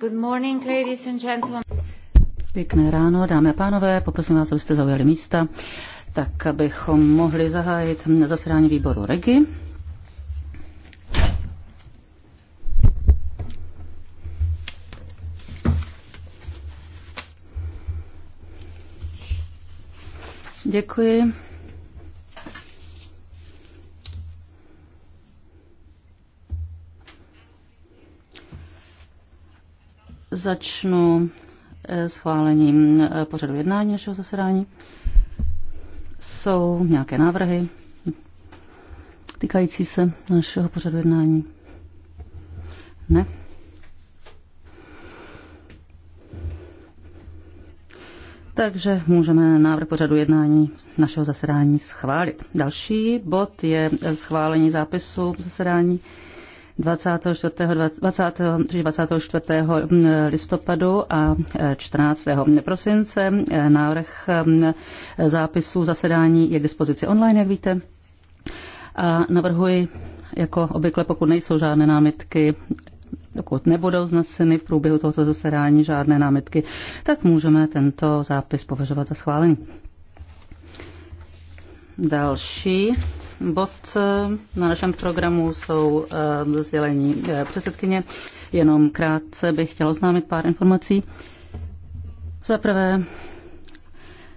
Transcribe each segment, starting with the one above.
Good morning, ladies and gentlemen. Pěkné ráno, dámy a pánové, poprosím vás, abyste zaujali místa, tak abychom mohli zahájit zasedání výboru REGI. Děkuji. Začnu eh, schválením eh, pořadu jednání našeho zasedání. Jsou nějaké návrhy týkající se našeho pořadu jednání? Ne? Takže můžeme návrh pořadu jednání našeho zasedání schválit. Další bod je schválení zápisu zasedání 24. 20, 24. listopadu a 14. Eh, prosince. Eh, návrh mm, zápisu zasedání je k dispozici online, jak víte. A navrhuji, jako obvykle, pokud nejsou žádné námitky, dokud nebudou zneseny v průběhu tohoto zasedání žádné námitky, tak můžeme tento zápis považovat za schválený. Další bod na našem programu jsou eh, sdělení eh, předsedkyně. Jenom krátce bych chtěla oznámit pár informací. Za prvé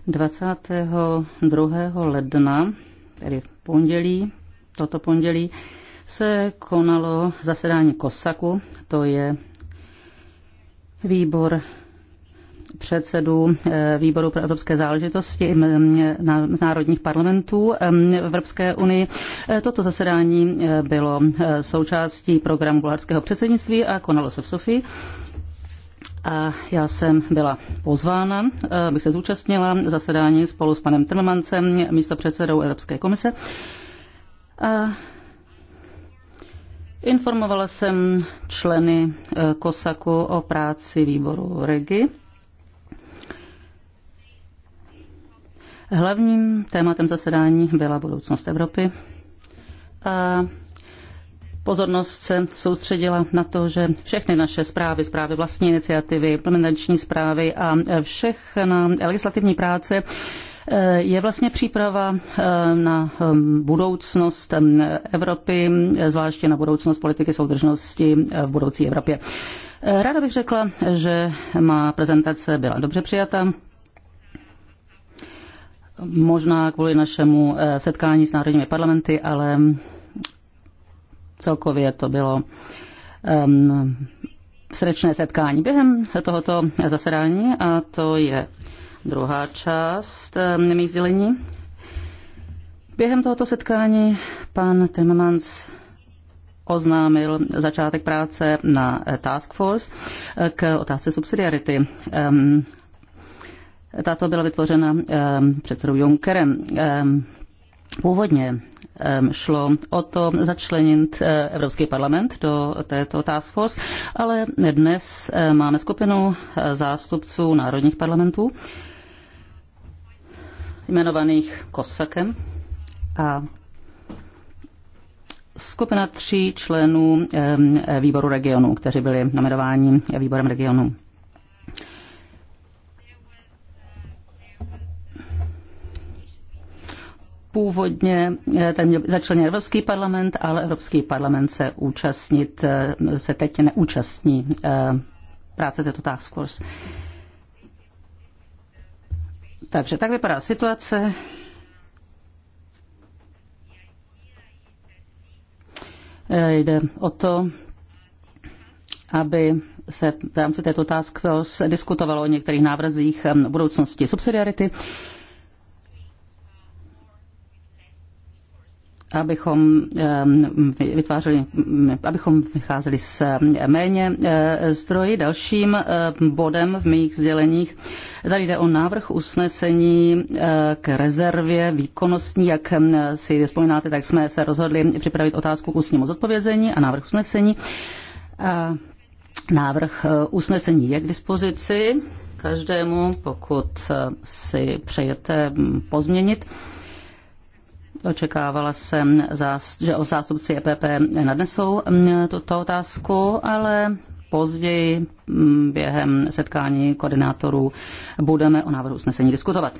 22. ledna, tedy pondělí, toto pondělí, se konalo zasedání Kosaku, to je výbor Předsedu eh, výboru pro evropské záležitosti z národních parlamentů Evropské unii. Eh, toto zasedání eh, bylo součástí programu bulharského předsednictví a konalo se v Sofii. A já jsem byla pozvána, abych se zúčastnila zasedání spolu s panem Trmemancem, místopředsedou Evropské komise. A Informovala jsem členy Kosaku o práci výboru REGI Hlavním tématem zasedání byla budoucnost Evropy. A pozornost se soustředila na to, že všechny naše zprávy, zprávy vlastní iniciativy, implementační zprávy a všechna legislativní práce eh, je vlastně příprava eh, na eh, budoucnost Evropy, zvláště na budoucnost politiky soudržnosti v budoucí Evropě. Ráda bych řekla, že má prezentace byla dobře přijata možná kvůli našemu eh, setkání s národními parlamenty, ale celkově to bylo um, srdečné setkání během tohoto zasedání a to je druhá část um, mých sdělení. Během tohoto setkání pan Timmermans oznámil začátek práce na eh, Task Force eh, k otázce subsidiarity. Um, tato byla vytvořena ehm, předsedou Junckerem. Ehm, původně ehm, šlo o to začlenit eh, Evropský parlament do této task force, ale dnes eh, máme skupinu eh, zástupců národních parlamentů jmenovaných Kosakem a skupina tří členů výboru regionu, kteří byli nominováni výborem regionu. Původně eh, ten měl začlenit Evropský parlament, ale Evropský parlament se účastnit, eh, se teď neúčastní eh, práce této task force. Takže tak vypadá situace. Jde o to, aby se v rámci této task force diskutovalo o některých návrzích budoucnosti subsidiarity. abychom eh, vytvářeli, abychom vycházeli s eh, méně eh, zdroji. Dalším bodem v mých sděleních tady jde o návrh usnesení k rezervě výkonnostní. Jak si vzpomínáte, tak jsme se rozhodli připravit otázku k ústnímu zodpovězení a návrh usnesení. návrh usnesení je k dispozici každému, pokud si přejete mm, pozměnit. Očekávala jsem, že o zástupci EPP nadnesou mm, tuto otázku, ale později mm, během setkání koordinátorů budeme o návrhu usnesení diskutovat.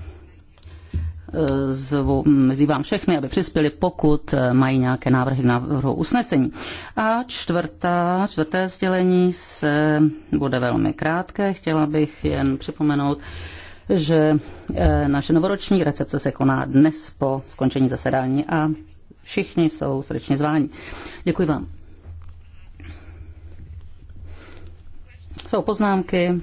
Zvu, zývám všechny, aby přispěli, pokud mají nějaké návrhy na návrhu usnesení. A čtvrtá, čtvrté sdělení se bude velmi krátké. Chtěla bych jen připomenout, že eh, naše novoroční recepce se koná dnes po skončení zasedání a všichni jsou srdečně zváni. Děkuji vám. Jsou poznámky,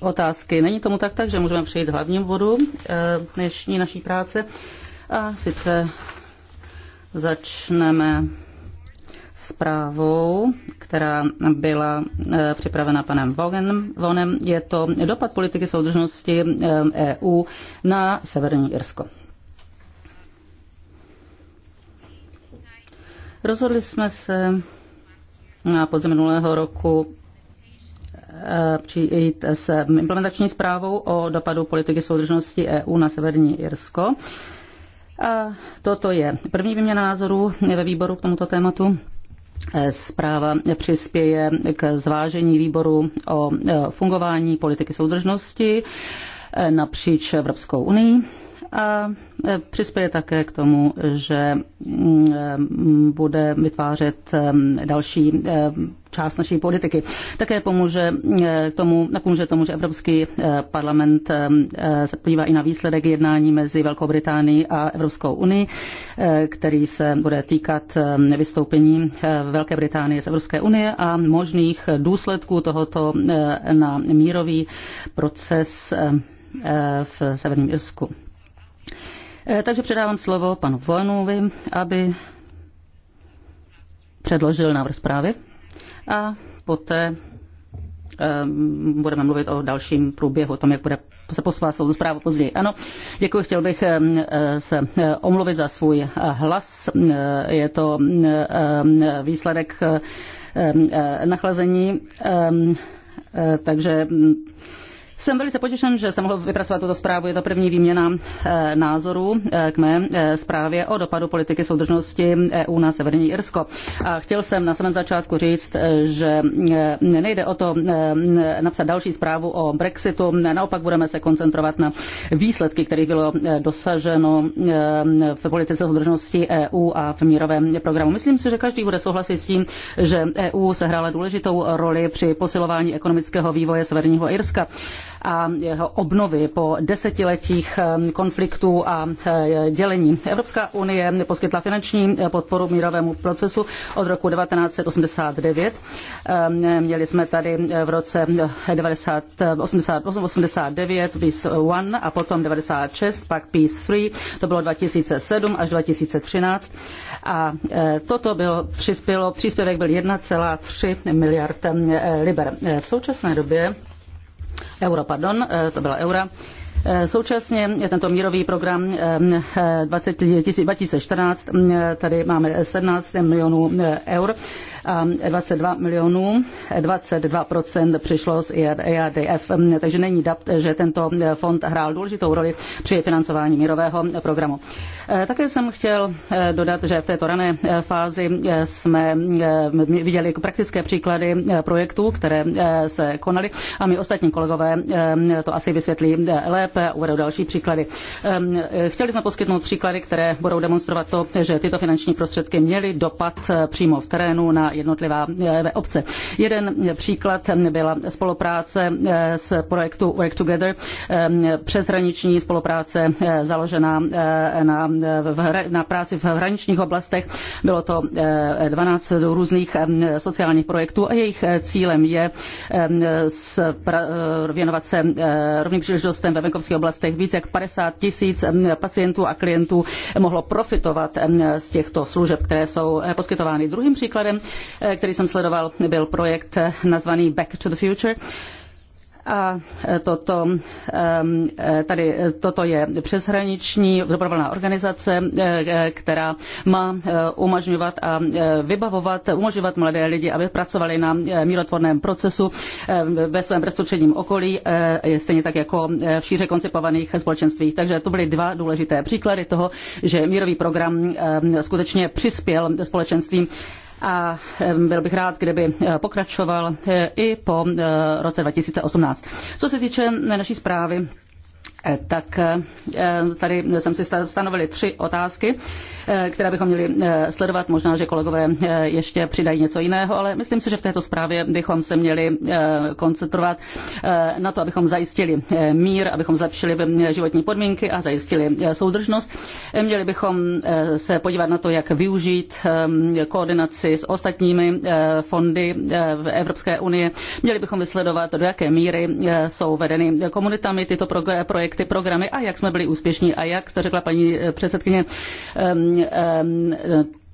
otázky. Není tomu tak, takže můžeme přejít k hlavnímu bodu eh, dnešní naší práce. A sice začneme zprávou, která byla eh, připravena panem Vonem. Je to dopad politiky soudržnosti EU eh, e na Severní Irsko. Rozhodli jsme se na podzim minulého roku eh, přijít s implementační zprávou o dopadu politiky soudržnosti EU na Severní Irsko. A toto je první výměna názorů ve výboru k tomuto tématu. Eh, zpráva přispěje k zvážení výboru o eh, fungování politiky soudržnosti eh, napříč Evropskou unii a přispěje také k tomu, že mm, bude vytvářet další část naší politiky. Také pomůže eh, tomu, napomůže tomu, že Evropský eh, parlament eh, se podívá i na výsledek jednání mezi Velkou Británií a Evropskou unii, který se bude týkat vystoupení Velké Británie z Evropské unie a možných důsledků tohoto na mírový proces v Severním Irsku. Takže předávám slovo panu Vojnovi, aby předložil návrh zprávy a poté ehm, budeme mluvit o dalším průběhu, o tom, jak bude se poslat soudní zprávu později. Ano, děkuji, chtěl bych ehm, eh, se eh, omluvit za svůj eh, hlas. Je to ehm, výsledek nachlazení, takže hm, jsem velice potěšen, že jsem mohl vypracovat tuto zprávu. Je to první výměna eh, názorů eh, k mé eh, zprávě o dopadu politiky soudržnosti EU na Severní Irsko. A chtěl jsem na samém začátku říct, že nejde o to napsat další zprávu o Brexitu, naopak budeme se koncentrovat na výsledky, kterých bylo dosaženo v politice soudržnosti EU a v mírovém programu. Myslím si, že každý bude souhlasit s tím, že EU sehrála důležitou roli při posilování ekonomického vývoje Severního Irska a jeho obnovy po desetiletích ehm, konfliktů a eh, dělení. Evropská unie poskytla finanční eh, podporu mírovému procesu od roku 1989. Ehm, měli jsme tady eh, v roce 90, 89 Peace one a potom 96, pak Peace free. to bylo 2007 až 2013 a toto bylo, přispělo, příspěvek byl 1,3 miliard ehm, liber. V současné době euro, pardon, eh, to byla eura. Eh, současně je tento mírový program 2014, eh, mm, tady máme 17 milionů eur a 22 milionů, 22% přišlo z EADF, takže není dat, že tento fond hrál důležitou roli při financování mírového programu. E, také jsem chtěl e, dodat, že v této rané e, fázi jsme viděli praktické příklady projektů, které se konaly a my ostatní kolegové to asi vysvětlí lépe a uvedou další příklady. Chtěli jsme poskytnout příklady, které budou demonstrovat to, že tyto finanční prostředky měly dopad přímo v terénu na jednotlivá eh, obce. Jeden eh, příklad eh, byla spolupráce s projektu Work Together, přeshraniční spolupráce založená na, na práci v hraničních oblastech. Bylo to 12 různých sociálních projektů a jejich cílem je věnovat se rovným příležitostem ve venkovských oblastech. Více jak 50 tisíc pacientů a klientů mohlo profitovat z těchto služeb, které jsou poskytovány. Druhým příkladem Eh, který jsem sledoval, byl projekt eh, nazvaný Back to the Future a eh, toto, ehm, tady, toto je přeshraniční dobrovolná organizace, která má umožňovat a vybavovat, umožňovat mladé lidi, aby pracovali na mírotvorném procesu ve svém bezprostředním okolí, stejně tak jako v šíře koncipovaných společenstvích. Takže to byly dva důležité příklady toho, že mírový program skutečně přispěl společenstvím a byl bych rád, kdyby eh, pokračoval eh, i po eh, roce 2018. Co se týče naší zprávy, Eh, tak eh, tady jsem si stanovili tři otázky, eh, které bychom měli sledovat. Možná, že kolegové ještě přidají něco jiného, ale myslím si, že v této zprávě bychom se měli koncentrovat na to, abychom zajistili mír, abychom zlepšili životní podmínky a zajistili soudržnost. Měli bychom se podívat na to, jak využít koordinaci s ostatními fondy v Evropské unie. Měli bychom vysledovat, do jaké míry jsou vedeny komunitami tyto projekty ty programy a jak jsme byli úspěšní a jak jste řekla paní eh, předsedkyně, ehm, ehm,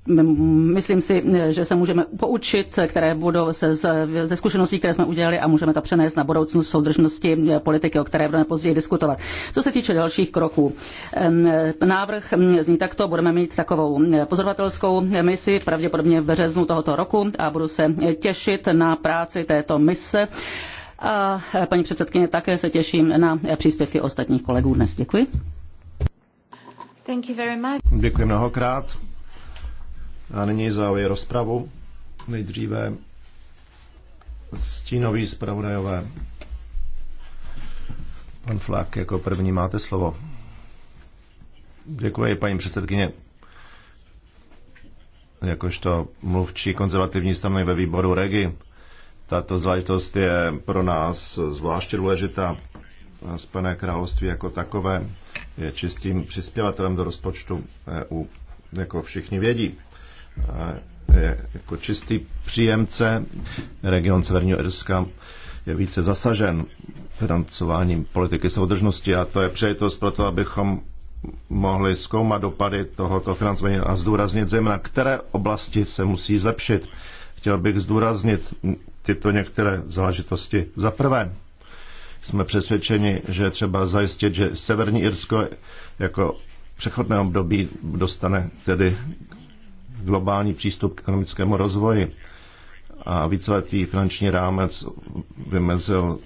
ehm, myslím si, že se můžeme poučit, které budou se z, ze zkušeností, které jsme udělali a můžeme to přenést na budoucnost soudržnosti politiky, o které budeme později diskutovat. Co se týče dalších kroků, návrh zní takto, budeme mít takovou eh, pozorovatelskou misi, pravděpodobně v březnu tohoto roku a budu se těšit na práci této mise a paní předsedkyně, také se těším na příspěvky ostatních kolegů dnes. Děkuji. Thank you very much. Děkuji mnohokrát. A nyní zahajuji rozpravu. Nejdříve stínový zpravodajové. Pan Flak, jako první máte slovo. Děkuji, paní předsedkyně. Jakožto mluvčí konzervativní strany ve výboru Regi tato záležitost je pro nás zvláště důležitá. Spojené království jako takové je čistým přispěvatelem do rozpočtu EU, jako všichni vědí. E, je jako čistý příjemce region Severního Irska je více zasažen financováním politiky soudržnosti a to je přejitost pro to, abychom mohli zkoumat dopady tohoto financování a zdůraznit zejména, které oblasti se musí zlepšit Chtěl bych zdůraznit tyto některé záležitosti. Za prvé, jsme přesvědčeni, že je třeba zajistit, že Severní Irsko jako přechodné období dostane tedy globální přístup k ekonomickému rozvoji. A víceletý finanční rámec vymezil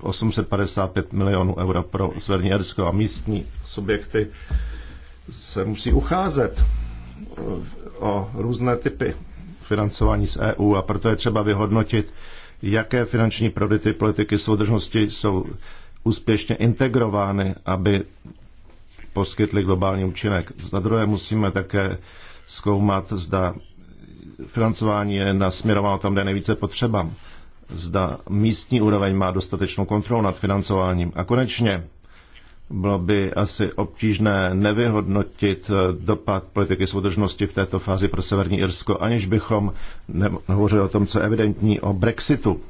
855 milionů euro pro Severní Irsko a místní subjekty se musí ucházet o různé typy financování z EU a proto je třeba vyhodnotit, jaké finanční priority politiky soudržnosti jsou úspěšně integrovány, aby poskytly globální účinek. Za druhé musíme také zkoumat, zda financování je nasměrováno tam, kde je nejvíce potřeba, zda místní úroveň má dostatečnou kontrolu nad financováním. A konečně bylo by asi obtížné nevyhodnotit eh, dopad politiky soudržnosti v této fázi pro Severní Irsko, aniž bychom hovořili o tom, co je evidentní o Brexitu.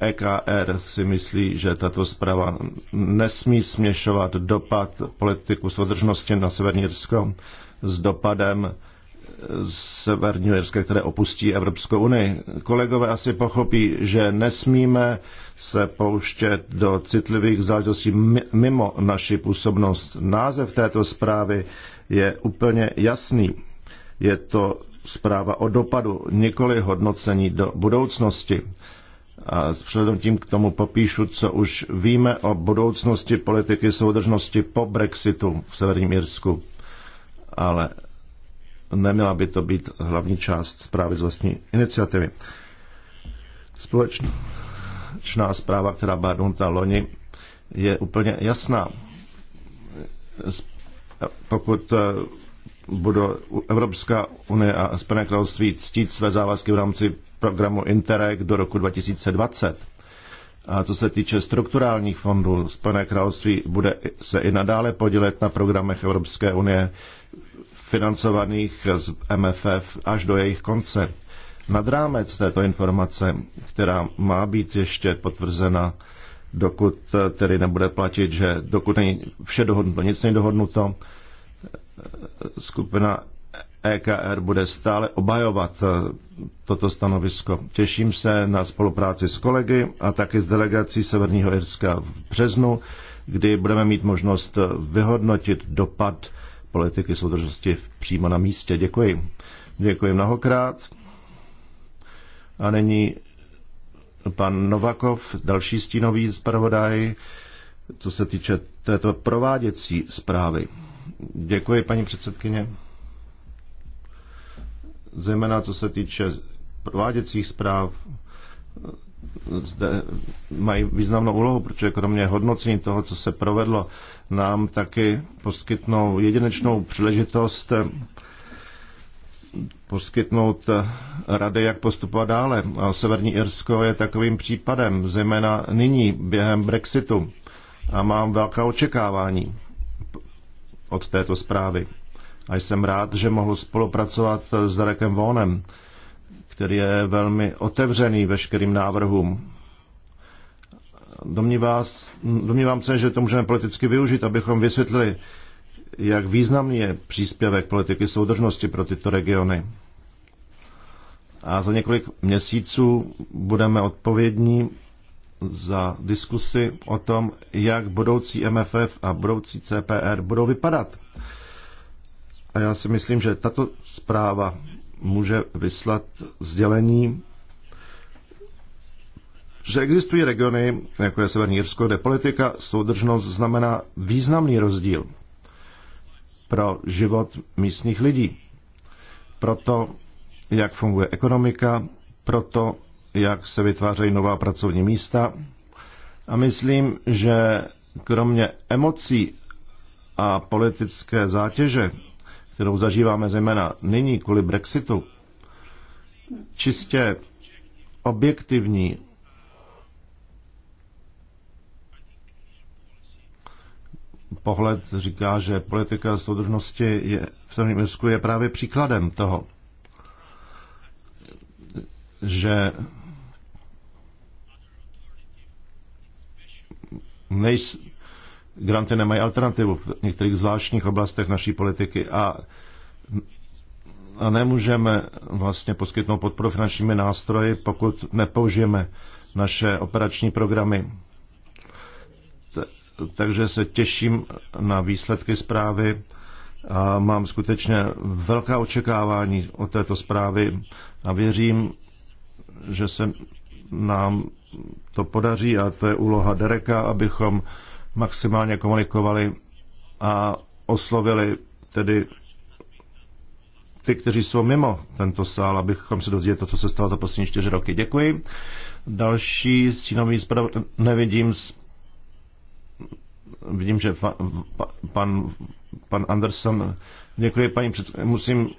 EKR si myslí, že tato zpráva nesmí směšovat dopad politiku soudržnosti na Severní Irsko s dopadem Severního Jirska, které opustí Evropskou unii. Kolegové asi pochopí, že nesmíme se pouštět do citlivých záležitostí mimo naši působnost. Název této zprávy je úplně jasný. Je to zpráva o dopadu, nikoli hodnocení do budoucnosti. A s tím, k tomu popíšu, co už víme o budoucnosti politiky soudržnosti po Brexitu v Severním Irsku. Ale neměla by to být hlavní část zprávy z vlastní iniciativy. Společná zpráva, která byla dohnutá loni, je úplně jasná. Pokud eh, budou Evropská unie a Spojené království ctít své závazky v rámci programu Interreg do roku 2020, a co se týče strukturálních fondů, Spojené království bude se i nadále podílet na programech Evropské unie financovaných z MFF až do jejich konce. Nad rámec této informace, která má být ještě potvrzena, dokud tedy nebude platit, že dokud není vše dohodnuto, nic není dohodnuto, skupina EKR bude stále obhajovat toto stanovisko. Těším se na spolupráci s kolegy a taky s delegací Severního Irska v březnu, kdy budeme mít možnost vyhodnotit dopad politiky soudržnosti přímo na místě. Děkuji. Děkuji mnohokrát. A nyní pan Novakov, další stínový zpravodaj, co se týče této prováděcí zprávy. Děkuji, paní předsedkyně. Zejména co se týče prováděcích zpráv, zde mají významnou úlohu, protože kromě hodnocení toho, co se provedlo, nám taky poskytnou jedinečnou příležitost eh, poskytnout eh, rady, jak postupovat dále. A Severní Irsko je takovým případem, zejména nyní, během Brexitu. A mám velká očekávání od této zprávy. A jsem rád, že mohl spolupracovat s Darekem Vonem který je velmi otevřený veškerým návrhům. domnívám se, že to můžeme politicky využít, abychom vysvětlili, jak významný je příspěvek politiky soudržnosti pro tyto regiony. A za několik měsíců budeme odpovědní za diskusy o tom, jak budoucí MFF a budoucí CPR budou vypadat. A já si myslím, že tato zpráva může vyslat sdělení, že existují regiony, jako je Severní Jirsko, kde politika soudržnost znamená významný rozdíl pro život místních lidí. Proto, jak funguje ekonomika, proto, jak se vytvářejí nová pracovní místa. A myslím, že kromě emocí a politické zátěže, kterou zažíváme zejména nyní kvůli Brexitu, čistě objektivní pohled říká, že politika soudržnosti je, v Severním Irsku je právě příkladem toho, že nejs, granty nemají alternativu v některých zvláštních oblastech naší politiky a, a nemůžeme vlastně poskytnout podporu finančními nástroji, pokud nepoužijeme naše operační programy. Takže se těším na výsledky zprávy a mám skutečně velká očekávání od této zprávy a věřím, že se nám to podaří a to je úloha Dereka, abychom maximálně komunikovali a oslovili tedy ty, kteří jsou mimo tento sál, abychom se dozvěděli to, co se stalo za poslední čtyři roky. Děkuji. Další stínový zprav... nevidím. Z... Vidím, že fa... pan, pan Anderson. Děkuji, paní před... Musím.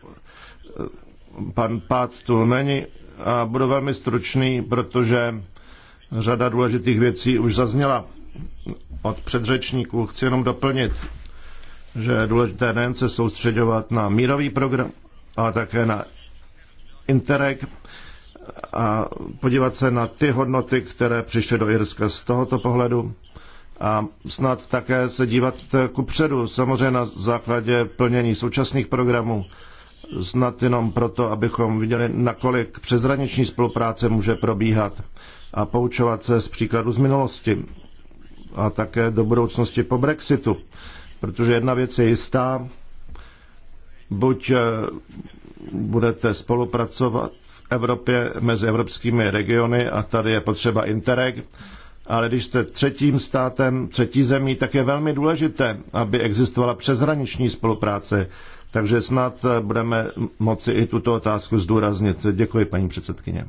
Pan Pát tu není a budu velmi stručný, protože řada důležitých věcí už zazněla od předřečníků. Chci jenom doplnit, že je důležité nejen se soustředovat na mírový program, ale také na Interreg a podívat se na ty hodnoty, které přišly do Irska z tohoto pohledu a snad také se dívat ku předu, samozřejmě na základě plnění současných programů, snad jenom proto, abychom viděli, nakolik přezraniční spolupráce může probíhat a poučovat se z příkladu z minulosti a také do budoucnosti po Brexitu. Protože jedna věc je jistá, buď eh, budete spolupracovat v Evropě mezi evropskými regiony a tady je potřeba Interreg, ale když jste třetím státem, třetí zemí, tak je velmi důležité, aby existovala přeshraniční spolupráce. Takže snad eh, budeme moci i tuto otázku zdůraznit. Děkuji, paní předsedkyně.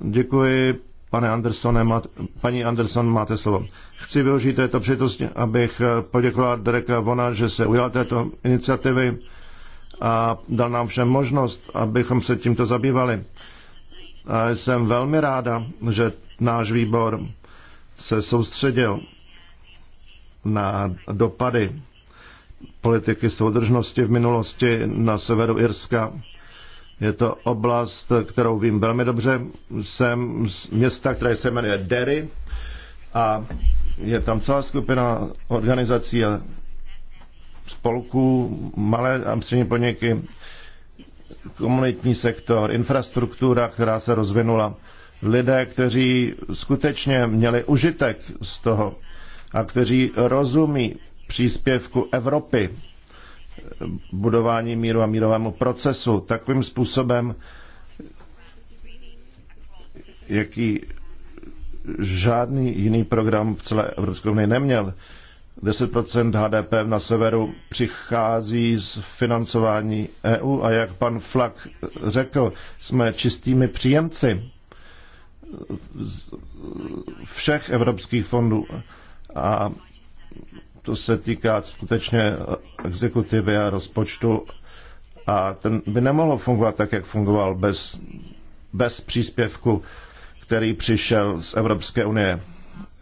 Děkuji, Pane Andersone, mat, paní Anderson, máte slovo. Chci využít této přítosti, abych eh, poděkoval Dereka Vona, že se ujal této iniciativy a dal nám všem možnost, abychom se tímto zabývali. A jsem velmi ráda, že náš výbor se soustředil na dopady politiky soudržnosti v minulosti na severu Irska je to oblast, kterou vím velmi dobře. Jsem z města, které se jmenuje Derry a je tam celá skupina organizací a spolků, malé a střední podniky, komunitní sektor, infrastruktura, která se rozvinula. Lidé, kteří skutečně měli užitek z toho a kteří rozumí příspěvku Evropy budování míru a mírovému procesu takovým způsobem, jaký žádný jiný program v celé Evropské unii neměl. 10% HDP na severu přichází z financování EU a jak pan Flak řekl, jsme čistými příjemci všech evropských fondů a to se týká skutečně exekutivy a rozpočtu a ten by nemohl fungovat tak, jak fungoval bez, bez příspěvku, který přišel z Evropské unie.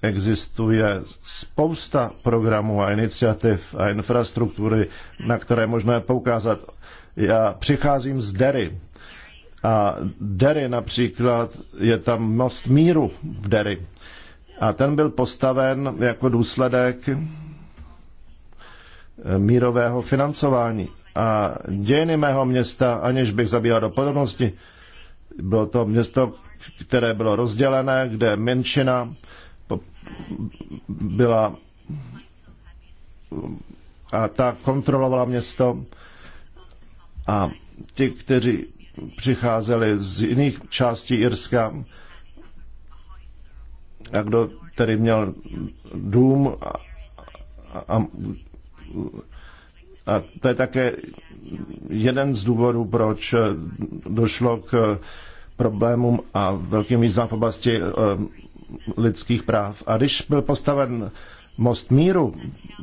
Existuje spousta programů a iniciativ a infrastruktury, na které možné poukázat. Já přicházím z Dery. A Dery například, je tam most míru v Dery. A ten byl postaven jako důsledek mírového financování. A dějiny mého města, aniž bych zabíhal do podrobnosti, bylo to město, které bylo rozdělené, kde menšina byla a ta kontrolovala město a ti, kteří přicházeli z jiných částí Irska a kdo tedy měl dům a, a, a a to je také jeden z důvodů, proč došlo k problémům a velkým výzvám v oblasti eh, lidských práv. A když byl postaven most míru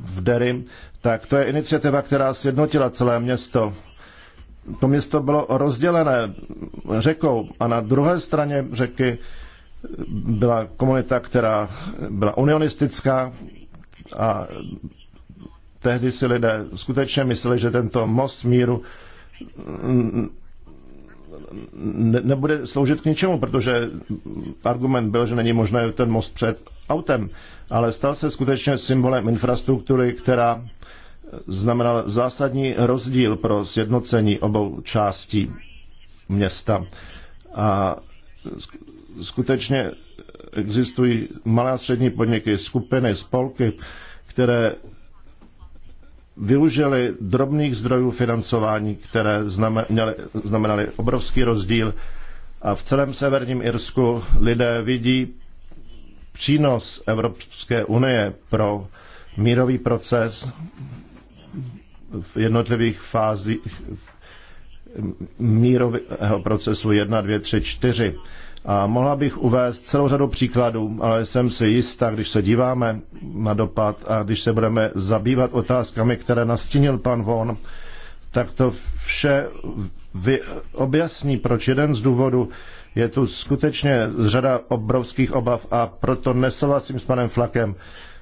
v Dery, tak to je iniciativa, která sjednotila celé město. To město bylo rozdělené řekou a na druhé straně řeky byla komunita, která byla unionistická a tehdy si lidé skutečně mysleli, že tento most míru ne, nebude sloužit k ničemu, protože argument byl, že není možné ten most před autem, ale stal se skutečně symbolem infrastruktury, která znamenala zásadní rozdíl pro sjednocení obou částí města. A skutečně existují malé a střední podniky, skupiny, spolky, které využili drobných zdrojů financování, které znamenaly, znamenaly obrovský rozdíl. A v celém severním Irsku lidé vidí přínos Evropské unie pro mírový proces v jednotlivých fázích mírového procesu 1, 2, 3, 4. A mohla bych uvést celou řadu příkladů, ale jsem si jistá, když se díváme na dopad a když se budeme zabývat otázkami, které nastínil pan Von, tak to vše vy, objasní, proč jeden z důvodů je tu skutečně řada obrovských obav a proto nesouhlasím s panem Flakem,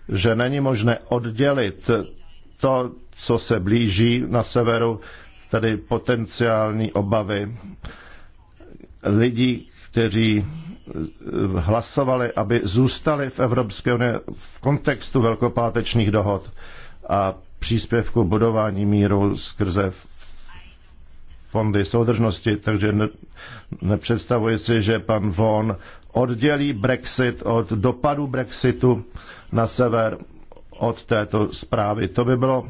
že není možné oddělit to, co se blíží na severu, tedy potenciální obavy lidí, kteří eh, hlasovali, aby zůstali v Evropské unii v kontextu velkopátečních dohod a příspěvku budování míru skrze fondy soudržnosti, takže ne, nepředstavuji si, že pan Von oddělí Brexit od dopadu Brexitu na sever od této zprávy. To by bylo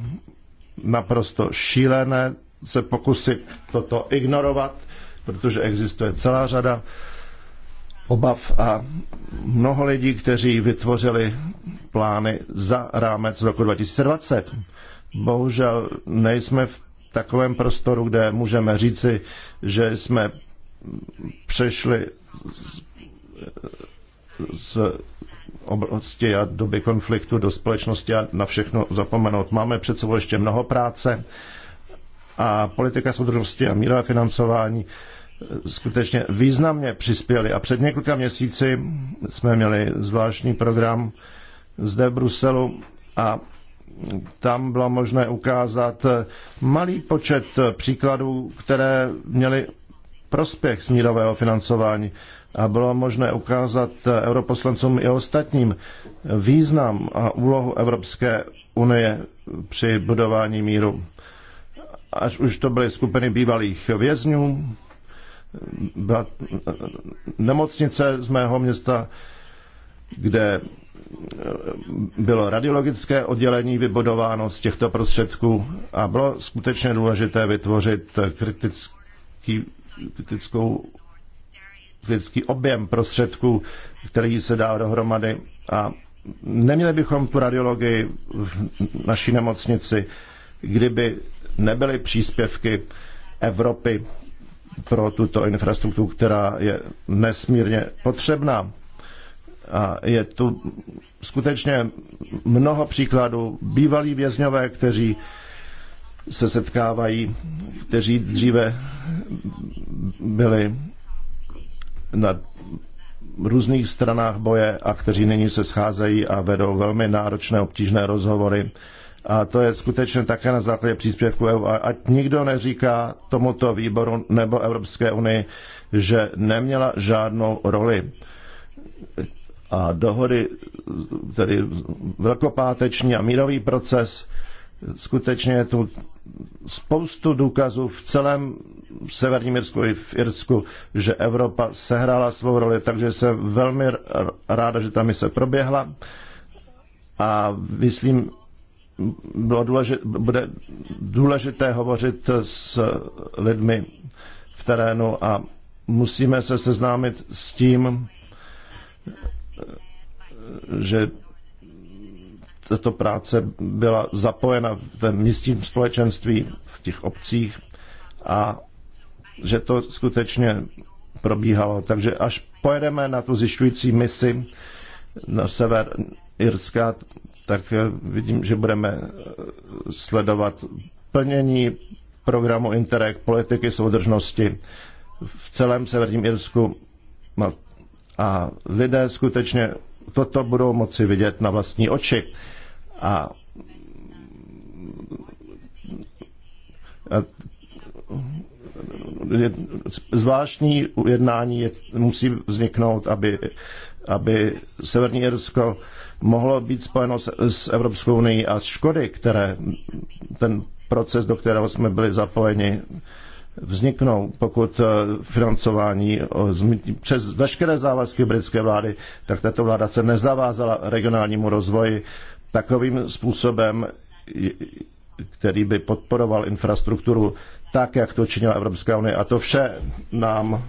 naprosto šílené se pokusit toto ignorovat, protože existuje celá řada uh, obav a mnoho lidí, kteří vytvořili plány za rámec roku 2020. Bohužel nejsme v takovém prostoru, kde můžeme říci, že jsme přešli z, z oblasti a doby konfliktu do společnosti a na všechno zapomenout. Máme před sebou ještě mnoho práce a politika soudržnosti a mírové financování skutečně významně přispěli. A před několika měsíci jsme měli zvláštní program zde v Bruselu a tam bylo možné ukázat malý počet příkladů, které měly prospěch smírového financování a bylo možné ukázat europoslancům i ostatním význam a úlohu Evropské unie při budování míru. Až už to byly skupiny bývalých vězňů, byla nemocnice z mého města, kde eh, bylo radiologické oddělení vybudováno z těchto prostředků a bylo skutečně důležité vytvořit kritický, kritickou, kritický objem prostředků, který se dá dohromady a neměli bychom tu radiologii v naší nemocnici, kdyby nebyly příspěvky Evropy pro tuto infrastrukturu, která je nesmírně potřebná. A je tu skutečně mnoho příkladů. Bývalí vězňové, kteří se setkávají, kteří dříve byli na různých stranách boje a kteří nyní se scházejí a vedou velmi náročné, obtížné rozhovory a to je skutečně také na základě příspěvku EU. A ať nikdo neříká tomuto výboru nebo Evropské unii, že neměla žádnou roli. A dohody, tedy velkopáteční a mírový proces, skutečně je tu spoustu důkazů v celém severním Irsku i v Irsku, že Evropa sehrála svou roli, takže jsem velmi ráda, že ta mise proběhla a myslím, bylo důležit, bude důležité hovořit s lidmi v terénu a musíme se seznámit s tím, že tato práce byla zapojena v místním společenství, v těch obcích a že to skutečně probíhalo. Takže až pojedeme na tu zjišťující misi na sever Irska, tak eh, vidím, že budeme eh, sledovat plnění programu Interreg politiky soudržnosti v celém severním Irsku. No, a lidé skutečně toto budou moci vidět na vlastní oči. A, a zvláštní jednání je, musí vzniknout, aby aby Severní Irsko mohlo být spojeno s, s Evropskou unii a škody, které ten proces, do kterého jsme byli zapojeni, vzniknou, pokud eh, financování přes veškeré závazky britské vlády, tak tato vláda se nezavázala regionálnímu rozvoji takovým způsobem, který by podporoval infrastrukturu tak, jak to činila Evropská unie. A to vše nám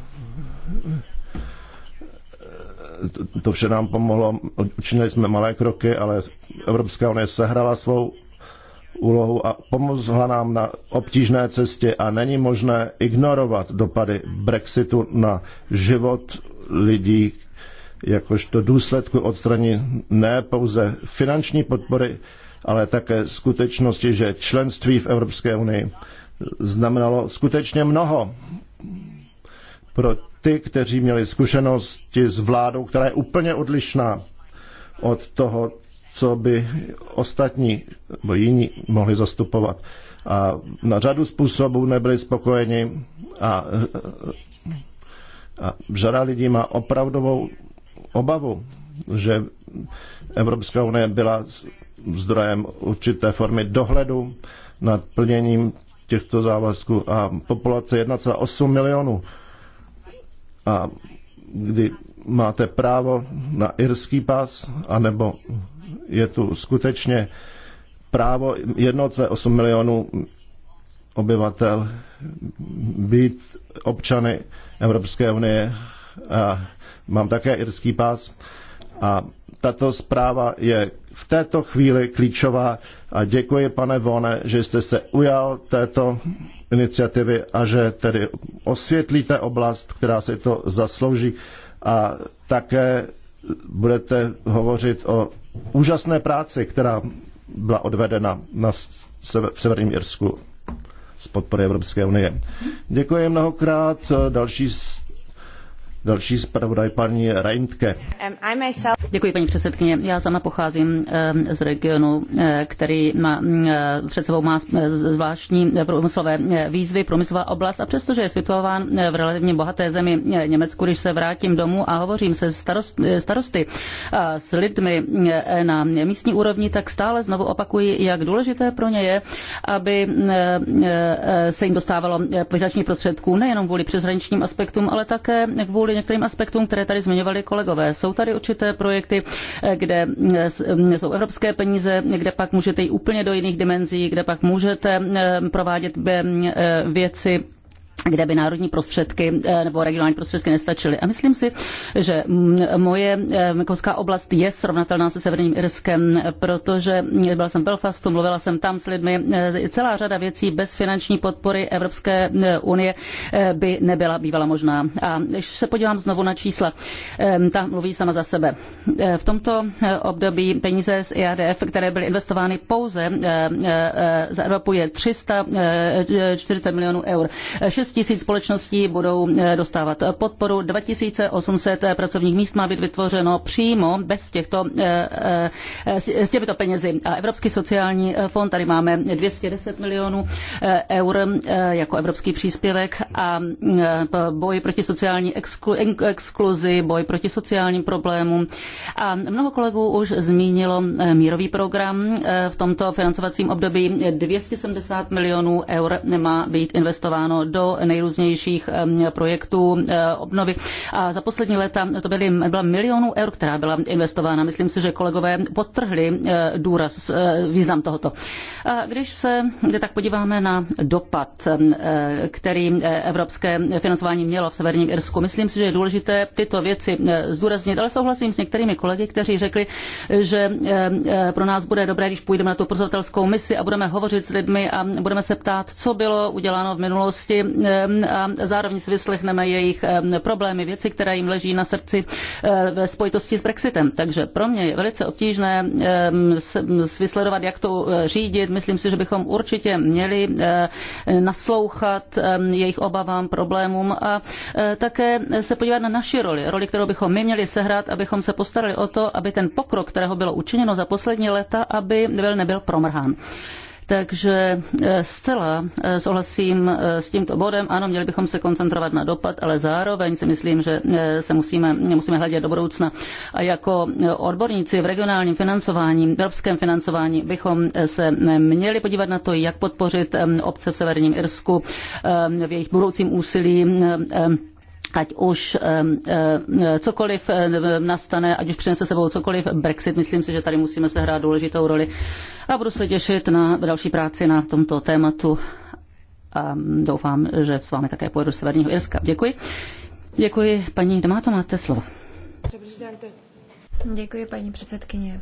to vše nám pomohlo. Učinili jsme malé kroky, ale Evropská unie sehrala svou úlohu a pomohla nám na obtížné cestě a není možné ignorovat dopady Brexitu na život lidí, jakožto důsledku odstraní ne pouze finanční podpory, ale také skutečnosti, že členství v Evropské unii znamenalo skutečně mnoho pro ty, kteří měli zkušenosti s vládou, která je úplně odlišná od toho, co by ostatní nebo jiní mohli zastupovat. A na řadu způsobů nebyli spokojeni a, a řada lidí má opravdovou obavu, že Evropská unie byla zdrojem určité formy dohledu nad plněním těchto závazků a populace 1,8 milionů a kdy máte právo na irský pas, anebo je tu skutečně právo jednotce 8 milionů obyvatel být občany Evropské unie. A mám také irský pas. A tato zpráva je v této chvíli klíčová a děkuji, pane Vone, že jste se ujal této iniciativy a že tedy osvětlíte oblast, která se to zaslouží a také budete hovořit o úžasné práci, která byla odvedena na v Severním Irsku z podpory Evropské unie. Děkuji mnohokrát. Další Další zpravodaj paní Reintke. Um, Děkuji paní předsedkyně. Já sama pocházím um, z regionu, uh, který má, uh, před sebou má uh, zvláštní průmyslové výzvy, průmyslová oblast a přestože je situován v relativně bohaté zemi Německu, když se vrátím domů a hovořím se starost, starosty a s lidmi na místní úrovni, tak stále znovu opakuji, jak důležité pro ně je, aby se jim dostávalo finančních prostředků nejenom kvůli přeshraničním aspektům, ale také kvůli kvůli některým aspektům, které tady zmiňovali kolegové. Jsou tady určité projekty, eh, kde eh, mm, jsou evropské peníze, kde pak můžete jít úplně do jiných dimenzí, kde pak můžete eh, provádět mm, věci kde by národní prostředky eh, nebo regionální prostředky nestačily. A myslím si, že mm, moje venkovská eh, oblast je srovnatelná se Severním Irskem, protože byla jsem v Belfastu, mluvila jsem tam s lidmi. Eh, celá řada věcí bez finanční podpory Evropské unie by nebyla bývala možná. A když se podívám znovu na čísla, ta mluví sama za sebe. V tomto období peníze z IADF, e které byly investovány pouze za Evropu, je 340 milionů eur. 6 společností budou eh, dostávat podporu, 2800 eh, pracovních míst má být vytvořeno přímo bez těchto, eh, s těmito penězi. A Evropský sociální fond, tady máme 210 milionů eur jako evropský příspěvek a boj proti sociální exkluzi, boj proti sociálním problémům. A mnoho kolegů už zmínilo mírový program v tomto financovacím období 270 milionů eur nemá být investováno do nejrůznějších projektů obnovy. A za poslední léta to byly, byla milionů eur, která byla investována. Myslím si, že kolegové potrhli důraz, e, význam tohoto. A když se tak podíváme na dopad, e, který e, evropské financování mělo v Severním Irsku, myslím si, že je důležité tyto věci zdůraznit, ale souhlasím s některými kolegy, kteří řekli, že pro nás bude dobré, když půjdeme na tu pozorovatelskou misi a budeme hovořit s lidmi a budeme se ptát, co bylo uděláno v minulosti Ehm, a zároveň si vyslechneme jejich ehm, problémy, věci, které jim leží na srdci eh, ve spojitosti s Brexitem. Takže pro mě je velice obtížné ehm, vysledovat, jak to eh, řídit. Myslím si, že bychom určitě měli eh, naslouchat jejich obavám, problémům a také se podívat na naši roli, roli, kterou bychom my měli sehrát, abychom se postarali o to, aby ten pokrok, kterého bylo učiněno za poslední léta, aby nebyl nebyl promrhán. Takže eh, zcela eh, souhlasím eh, s tímto bodem. Ano, měli bychom se koncentrovat na dopad, ale zároveň si myslím, že se musíme, musíme hledět do budoucna. A jako odborníci v regionálním financování, v evropském financování, bychom se měli podívat na to, jak podpořit obce v severním Irsku v jejich budoucím úsilí ať už cokoliv nastane, ať už přinese sebou cokoliv Brexit, myslím si, že tady musíme se hrát důležitou roli a budu se těšit na další práci na tomto tématu a doufám, že s vámi také pojedu do Severního Irska. Děkuji. Děkuji, paní Demáto, máte slovo. Děkuji, paní předsedkyně.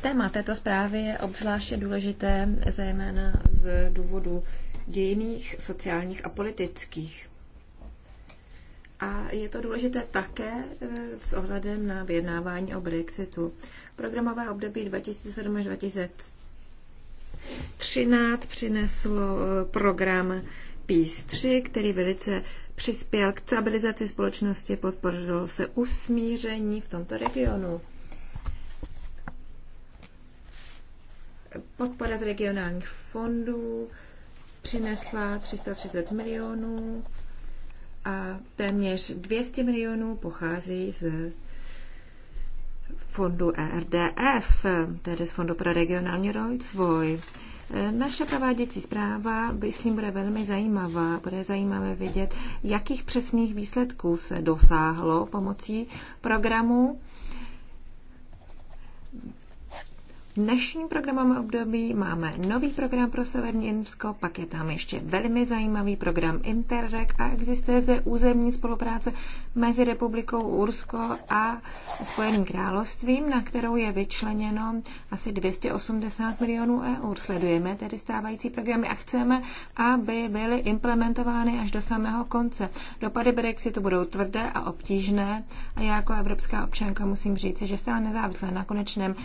Téma této zprávy je obzvláště důležité, zejména z důvodu dějiných, sociálních a politických. A je to důležité také eh, s ohledem na vyjednávání o Brexitu. Programové období 2007 až 2013 přineslo eh, program PIS 3, který velice přispěl k stabilizaci společnosti, podporoval se usmíření v tomto regionu. Podpora z regionálních fondů, přinesla 330 milionů a téměř 200 milionů pochází z fondu ERDF, tedy z Fondu pro regionální rozvoj. Naše prováděcí zpráva, myslím, bude velmi zajímavá. Bude zajímavé vidět, jakých přesných výsledků se dosáhlo pomocí programu dnešním programem období máme nový program pro Severní Irsko, pak je tam ještě velmi zajímavý program Interreg a existuje zde územní spolupráce mezi republikou Ursko a Spojeným královstvím, na kterou je vyčleněno asi 280 milionů eur. Sledujeme tedy stávající programy a chceme, aby byly implementovány až do samého konce. Dopady Brexitu budou tvrdé a obtížné a já jako evropská občanka musím říct, že stále nezávisle na konečném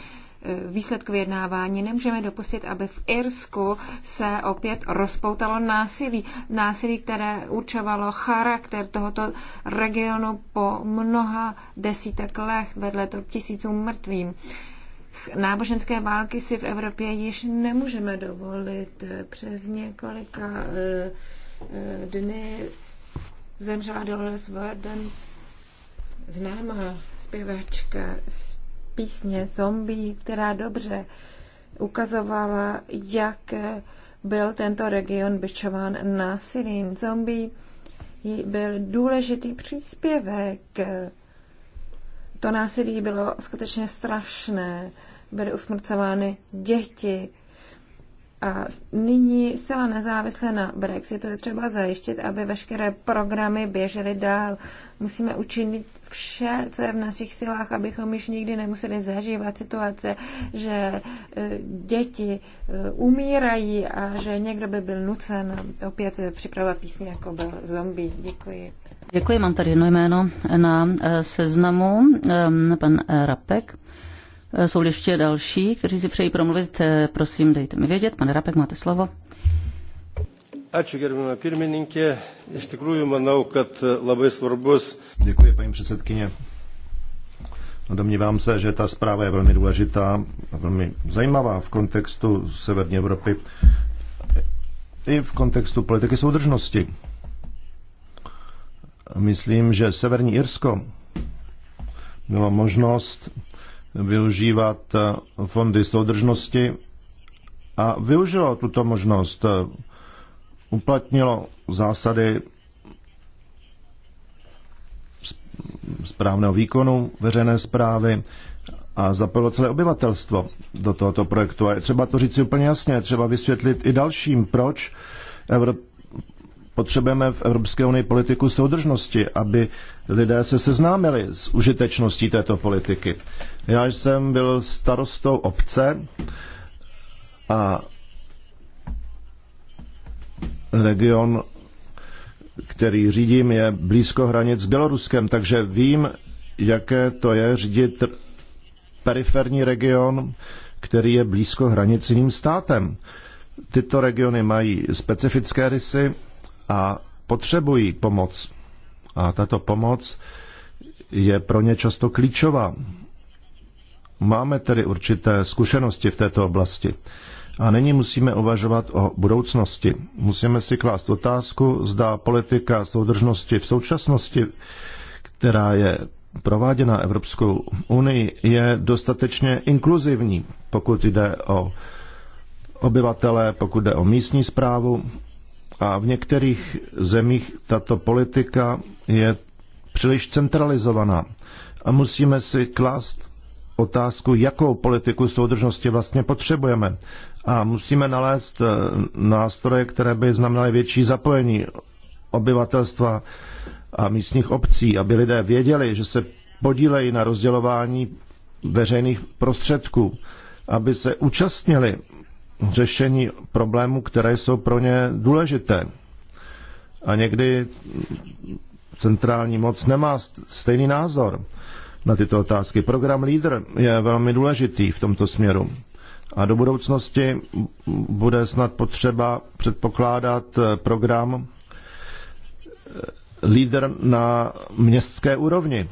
Eh, výsledku vyjednávání. Nemůžeme dopustit, aby v Irsku se opět rozpoutalo násilí. Násilí, které určovalo charakter tohoto regionu po mnoha desítek let, vedle to tisícům mrtvým. Náboženské války si v Evropě již nemůžeme dovolit. Přes několika eh, eh, dny zemřela Dolores Warden, známá zpěvačka, písně Zombie, která dobře ukazovala, jak byl tento region byčován násilím. Zombie byl důležitý příspěvek. To násilí bylo skutečně strašné. Byly usmrcovány děti. A nyní zcela nezávisle na Brexitu je třeba zajištit, aby veškeré programy běžely dál. Musíme učinit vše, co je v našich silách, abychom již nikdy nemuseli zažívat situace, že e, děti e, umírají a že někdo by byl nucen opět připravovat písně, jako byl zombie. Děkuji. Děkuji, mám tady jedno jméno na e, seznamu, pan Rapek. Jsou ještě další, kteří si přejí promluvit. Prosím, dejte mi vědět. Pane Rapek, máte slovo. Ačiū gerbiamą pirmininkė. Iš tikrųjų manau, kad e, labai svarbus. Děkuji, paní předsedkyně. No, domnívám se, že ta zpráva je velmi důležitá a velmi zajímavá v kontextu severní Evropy i v kontextu politiky soudržnosti. Myslím, že Severní Irsko mělo možnost využívat e, fondy soudržnosti a využilo tuto možnost e, uplatnilo zásady správného výkonu veřejné zprávy a zapojilo celé obyvatelstvo do tohoto projektu. A je třeba to říct si úplně jasně, třeba vysvětlit i dalším, proč Evrop... potřebujeme v Evropské unii politiku soudržnosti, aby lidé se seznámili s užitečností této politiky. Já jsem byl starostou obce a region, který řídím, je blízko hranic s Běloruskem, takže vím, jaké to je řídit periferní region, který je blízko hranic s jiným státem. Tyto regiony mají specifické rysy a potřebují pomoc. A tato pomoc je pro ně často klíčová. Máme tedy určité zkušenosti v této oblasti. A nyní musíme uvažovat o budoucnosti. Musíme si klást otázku, zda politika soudržnosti v současnosti, která je prováděna Evropskou unii, je dostatečně inkluzivní, pokud jde o obyvatele, pokud jde o místní zprávu. A v některých zemích tato politika je příliš centralizovaná. A musíme si klást otázku, jakou politiku soudržnosti vlastně potřebujeme a musíme nalézt eh, nástroje, které by znamenaly větší zapojení obyvatelstva a místních obcí, aby lidé věděli, že se podílejí na rozdělování veřejných prostředků, aby se účastnili řešení problémů, které jsou pro ně důležité. A někdy centrální moc nemá stejný názor na tyto otázky. Program LEADER je velmi důležitý v tomto směru. A do budoucnosti bude snad potřeba předpokládat eh, program eh, líder na městské úrovni,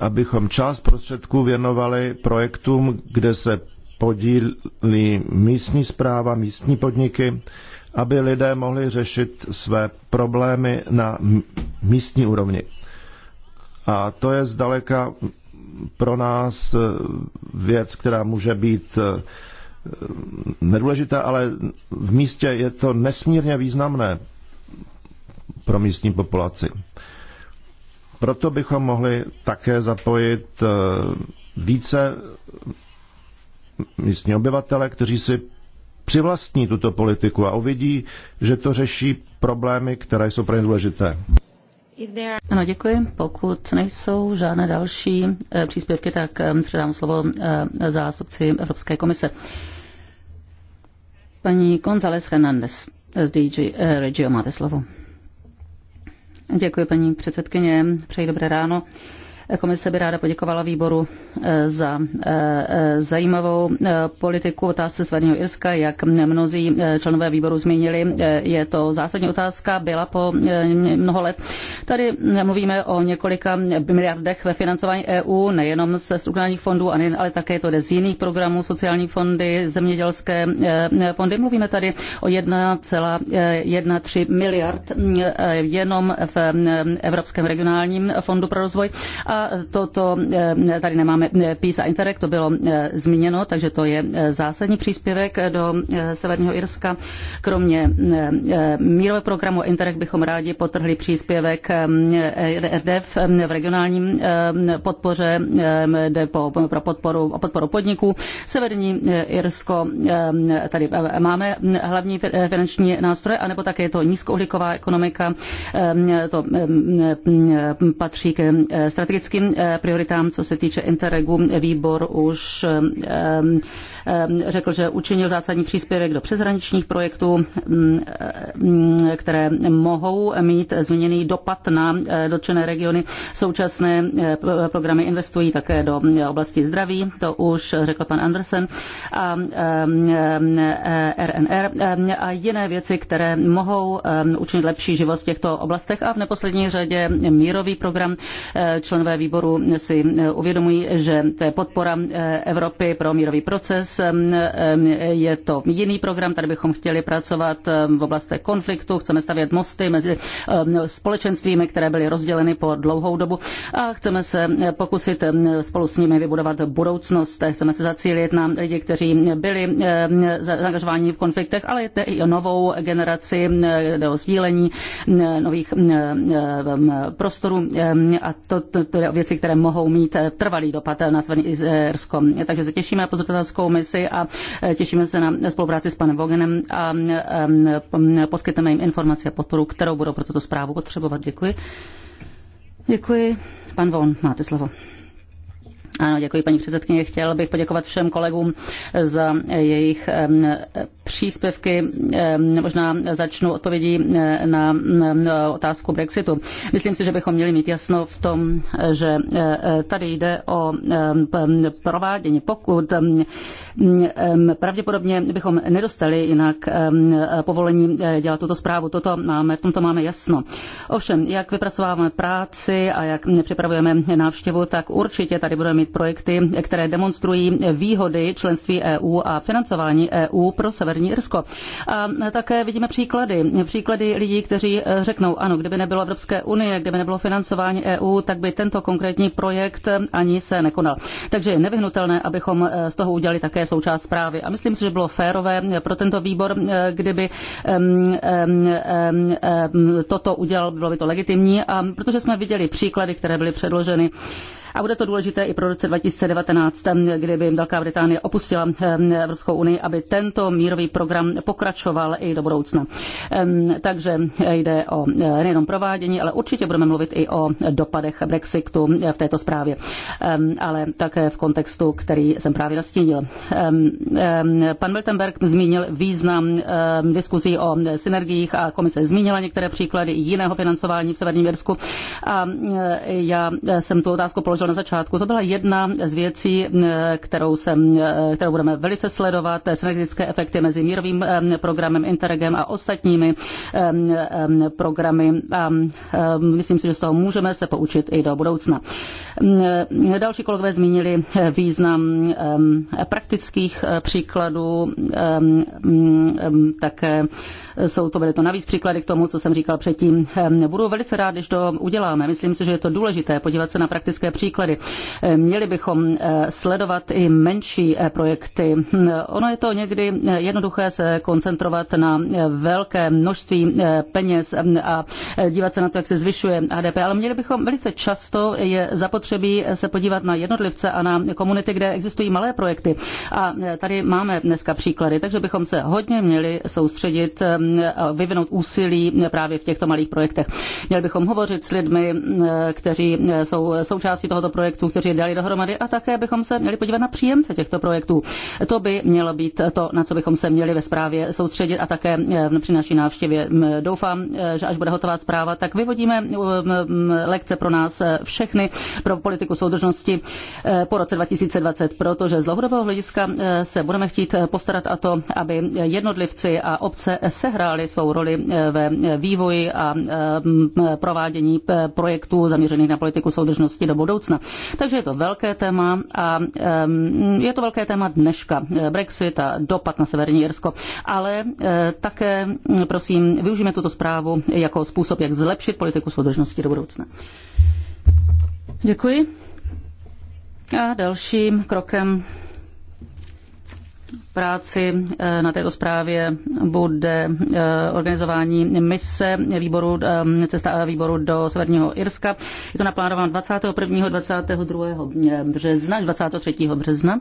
abychom část prostředků věnovali projektům, kde se podílí místní zpráva, místní podniky, aby lidé mohli řešit své problémy na místní úrovni. A to je zdaleka pro nás eh, věc, která může být Eh, nedůležité, ale v místě je to nesmírně významné pro místní populaci. Proto bychom mohli také zapojit eh, více místní obyvatele, kteří si přivlastní tuto politiku a uvidí, že to řeší problémy, které jsou pro ně důležité. Ano, děkuji. Pokud nejsou žádné další eh, příspěvky, tak předám slovo zástupci Evropské komise. Paní González Hernández z DG eh, Regio, máte slovo. Děkuji, paní předsedkyně. Přeji dobré ráno. Komise by ráda poděkovala výboru e, za e, e, zajímavou politiku otázce Severního Irska. Jak mnozí členové výboru zmínili, je to zásadní otázka, byla po mnoho let. Tady mluvíme o několika miliardech ve financování EU, nejenom ze strukturálních fondů, ale také to jde z jiných programů, sociální fondy, zemědělské fondy. Mluvíme tady o 1,13 miliard jenom v Evropském regionálním fondu pro rozvoj. A PISA, toto, eh, tady nemáme eh, PISA Interreg, to bylo eh, zmíněno, takže to je zásadní příspěvek do Severního Irska. Kromě mírového programu Interreg bychom rádi potrhli příspěvek RDF v regionálním podpoře jde pro podporu, podporu podniků. Severní Irsko, tady máme hlavní finanční nástroje, anebo také je to nízkouhlíková ekonomika, to patří k strategické politickým eh, prioritám, co se týče Interregu. Výbor už eh, Ehm, řekl, že učinil zásadní příspěvek do přeshraničních projektů, mm, ehm, mm, které mohou mít změněný dopad na eh, dotčené regiony. Současné eh, eh, programy investují také do mm, oblasti zdraví, to už řekl pan Andersen, a RNR ehm, a jiné věci, které mohou učinit lepší život v těchto oblastech a v neposlední řadě mírový program. Členové výboru si uvědomují, že to je podpora Evropy pro mírový proces, dnes je to jiný program, tady bychom chtěli pracovat v oblasti konfliktu, chceme stavět mosty mezi společenstvími, které byly rozděleny po dlouhou dobu a chceme se pokusit spolu s nimi vybudovat budoucnost. Chceme se zacílit na lidi, kteří byli zaangažováni v konfliktech, ale jde i o novou generaci, jde o sdílení nových prostorů a to, to, to je o věci, které mohou mít eh, trvalý dopad na Severní Izersko. Takže se těšíme na pozorovatelskou komisi a e, těšíme se na spolupráci s panem Vogenem a e, e, poskytneme jim informace a podporu, kterou budou pro tuto zprávu potřebovat. Děkuji. Děkuji. Pan Von, máte slovo. Ano, děkuji paní předsedkyně. Chtěl bych poděkovat všem kolegům za jejich příspěvky. Možná začnu odpovědí eh, na otázku Brexitu. Myslím si, že bychom měli mít jasno v tom, že eh, eh, tady jde o provádění. Pokud pravděpodobně bychom nedostali jinak povolení dělat tuto zprávu, toto máme, v tomto máme jasno. Ovšem, jak vypracováváme práci a jak připravujeme návštěvu, tak určitě tady budeme mít projekty, které demonstrují výhody členství EU a financování EU pro sever Severní Irsko. A také vidíme příklady. Příklady lidí, kteří eh, řeknou, ano, kdyby nebylo Evropské unie, kdyby nebylo financování EU, tak by tento konkrétní projekt eh, ani se nekonal. Takže je nevyhnutelné, abychom eh, z toho udělali také součást zprávy. A myslím si, že bylo férové pro tento výbor, kdyby toto udělal, bylo by to legitimní, a protože jsme viděli příklady, které byly předloženy a bude to důležité i pro roce 2019, kdyby Velká Británie opustila ehm, Evropskou unii, aby tento mírový program pokračoval i do budoucna. Ehm, takže jde o eh, nejenom provádění, ale určitě budeme mluvit i o dopadech Brexitu eh, v této zprávě, ehm, ale také v kontextu, který jsem právě nastínil. Pan Miltenberg zmínil význam diskuzí o synergiích a komise zmínila některé příklady jiného financování v Severním Jirsku a eh, já jsem tu otázku položil hovořil na začátku, to byla jedna z věcí, eh, kterou, jsem, eh, kterou budeme velice sledovat, synergické efekty mezi mírovým eh, programem Interregem a ostatními programy. A myslím si, že z toho můžeme se poučit i do budoucna. Další kolegové zmínili význam praktických příkladů, mm, také jsou to, byly to navíc příklady k tomu, co jsem říkal předtím. Budu velice rád, když to uděláme. Myslím si, že je to důležité podívat se na praktické příklady příklady. Eh, měli bychom eh, sledovat i menší eh, projekty. Hm, ono je to někdy jednoduché se koncentrovat na velké množství peněz hm, a dívat se na to, jak se zvyšuje HDP, ale měli bychom velice často je zapotřebí se podívat na jednotlivce a na komunity, kde existují malé projekty. A tady máme dneska příklady, takže bychom se hodně měli soustředit, hm, vyvinout úsilí právě v těchto malých projektech. Měli bychom hovořit s lidmi, kteří jsou součástí toho tohoto projektu, kteří je dali dohromady a také bychom se měli podívat na příjemce těchto projektů. To by mělo být to, na co bychom se měli ve zprávě soustředit a také eh, při naší návštěvě. Hm, doufám, eh, že až bude hotová zpráva, tak vyvodíme hm, hm, lekce pro nás eh, všechny, pro politiku soudržnosti po roce 2020, protože z dlouhodobého hlediska se budeme chtít postarat a to, aby jednotlivci a obce sehráli svou roli ve vývoji a provádění projektů zaměřených na politiku soudržnosti do budoucna budoucna. Takže je to velké téma a je to velké téma dneška. Brexit a dopad na Severní Jirsko. Ale eh, také, hm, prosím, využijeme tuto zprávu jako způsob, jak zlepšit politiku soudržnosti do budoucna. Děkuji. A dalším krokem práci eh, na této zprávě bude eh, organizování mise výboru, eh, cesta výboru do Severního Irska. Je to naplánováno 21. 22. března, 23. března.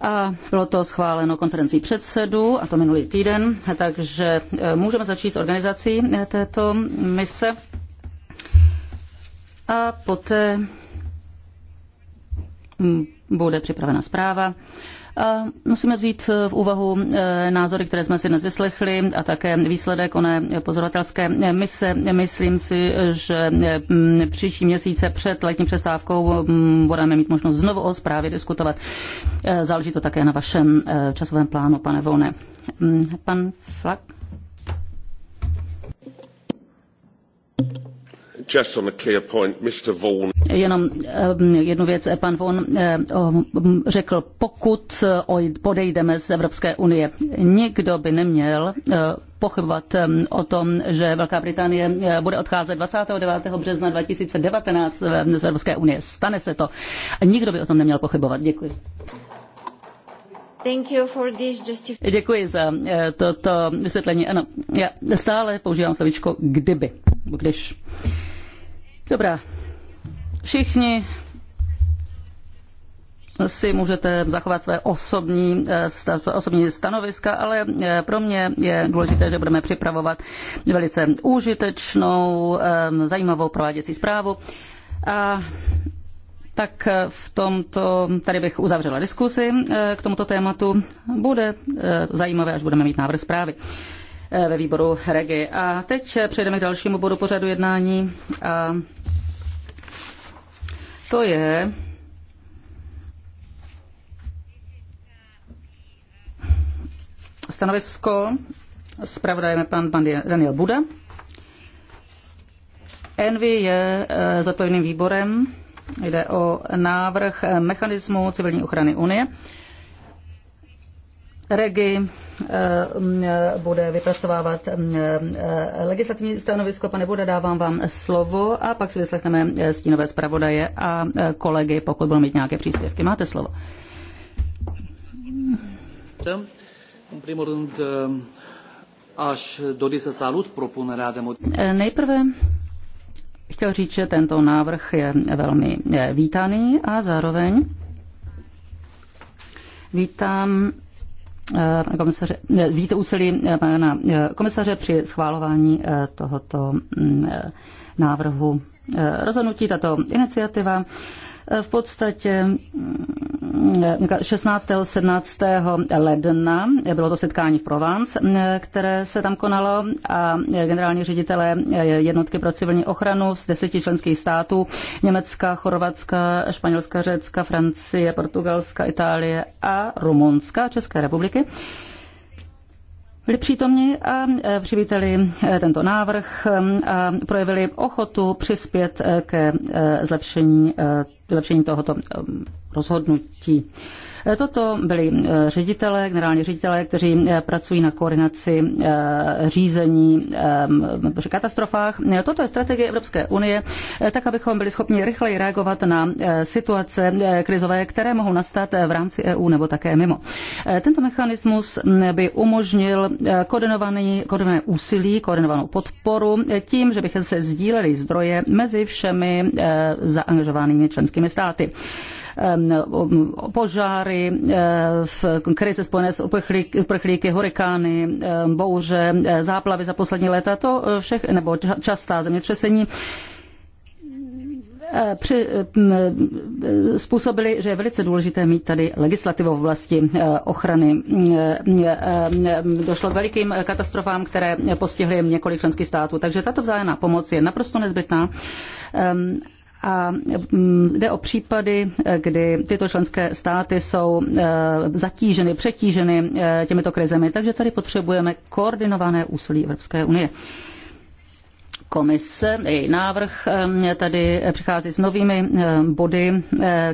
A bylo to schváleno konferencí předsedů, a to minulý týden, takže můžeme začít s organizací této mise. A poté hm, bude připravena zpráva Eh, musíme vzít eh, v úvahu eh, názory, které jsme si dnes vyslechli a také výsledek oné pozorovatelské mise. Myslím si, že mm, příští měsíce před letní přestávkou mm, budeme mít možnost znovu o zprávě diskutovat. Záleží to také na vašem časovém plánu, pane Vone. Mm, pan Flak? Jenom um, jednu věc, eh, pan Vaughan eh, řekl, pokud eh, podejdeme z Evropské unie, nikdo by neměl pochybovat o tom, že Velká Británie bude odcházet 29. března 2019 z Evropské unie. Stane se to. Nikdo by o tom neměl pochybovat. Děkuji. Děkuji za toto vysvětlení. Ano, já stále používám slovičko kdyby, když. Dobrá. Všichni si můžete zachovat své osobní, eh, osobní stanoviska, ale eh, pro mě je důležité, že budeme připravovat velice užitečnou, ehm, zajímavou prováděcí zprávu. A tak eh, v tomto, tady bych uzavřela diskusi k tomuto tématu. Bude zajímavé, až budeme mít návrh zprávy. Eh, ve výboru Regi. A teď přejdeme k dalšímu bodu pořadu jednání. A to je stanovisko zpravodajeme pan Daniel Buda. Envy je eh, zodpovědným výborem. Jde o návrh mechanismu civilní ochrany Unie. Regi eh, eh, bude vypracovávat eh, legislativní stanovisko. Pane Buda, dávám vám slovo a pak si vyslechneme stínové zpravodaje a kolegy, pokud budou mít nějaké příspěvky. Máte slovo. Nejprve chtěl říct, že tento návrh je velmi vítaný a zároveň vítám komisaře, víte úsilí eh, pana eh, komisaře při schválování eh, tohoto mm, návrhu rozhodnutí, tato iniciativa v podstatě 16. Mm, 17. Mm, ledna. Bylo to setkání v Provence, mm, které se tam konalo a generální ředitele eh, jednotky pro civilní ochranu z deseti členských států Německa, Chorvatska, Španělska, Řecka, Francie, Portugalska, Itálie a Rumunska České republiky byli přítomni a eh, eh, přivítali eh, tento návrh a projevili ochotu přispět ke zlepšení, zlepšení tohoto rozhodnutí. Toto byli eh, ředitelé, generální ředitelé, kteří eh, pracují na koordinaci eh, řízení při katastrofách. Toto je strategie Evropské unie, tak abychom byli schopni rychleji reagovat na situace krizové, které mohou nastat v rámci EU nebo také mimo. Tento mechanismus mm, by umožnil koordinovaný, koordinované úsilí, koordinovanou podporu tím, že bychom se sdíleli zdroje mezi všemi zaangažovanými členskými státy. Um, požáry, eh, v krize spojené s uprchlíky, hurikány, bouře, eh, záplavy za poslední léta, to eh, všech, nebo častá zemětřesení při, způsobili, že je velice důležité mít tady legislativu v oblasti ochrany. Došlo k velikým katastrofám, které postihly několik členských států, takže tato vzájemná pomoc je naprosto nezbytná a mm, jde o případy, kdy tyto členské státy jsou e, zatíženy, přetíženy e, těmito krizemi, takže tady potřebujeme koordinované úsilí Evropské unie komise, její návrh e, tady přichází s novými body,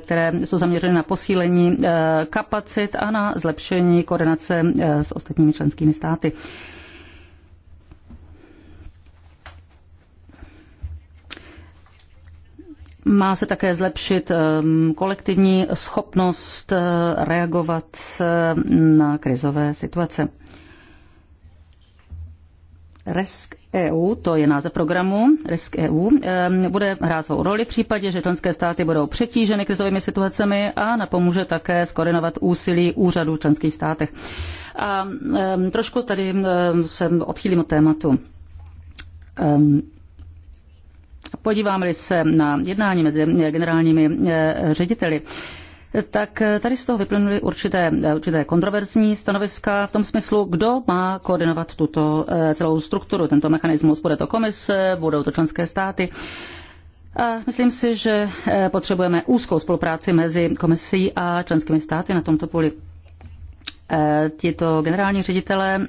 které jsou zaměřeny na posílení kapacit a na zlepšení koordinace s ostatními členskými státy. Má se také zlepšit ehm, kolektivní schopnost eh, reagovat ehm, na krizové situace. RESK EU, to je název programu RESK EU, ehm, bude hrát svou roli v případě, že členské státy budou přetíženy krizovými situacemi a napomůže také skoordinovat úsilí úřadů v členských státech. A trošku tady se odchýlím od tématu. Podíváme-li se na jednání mezi generálními eh, řediteli, tak eh, tady z toho vyplynuly určité, eh, určité kontroverzní stanoviska v tom smyslu, kdo má koordinovat tuto celou strukturu, tento mechanismus. Bude to komise, budou to členské státy. A myslím si, že potřebujeme úzkou spolupráci mezi komisí a členskými státy na tomto poli. Tito generální ředitelé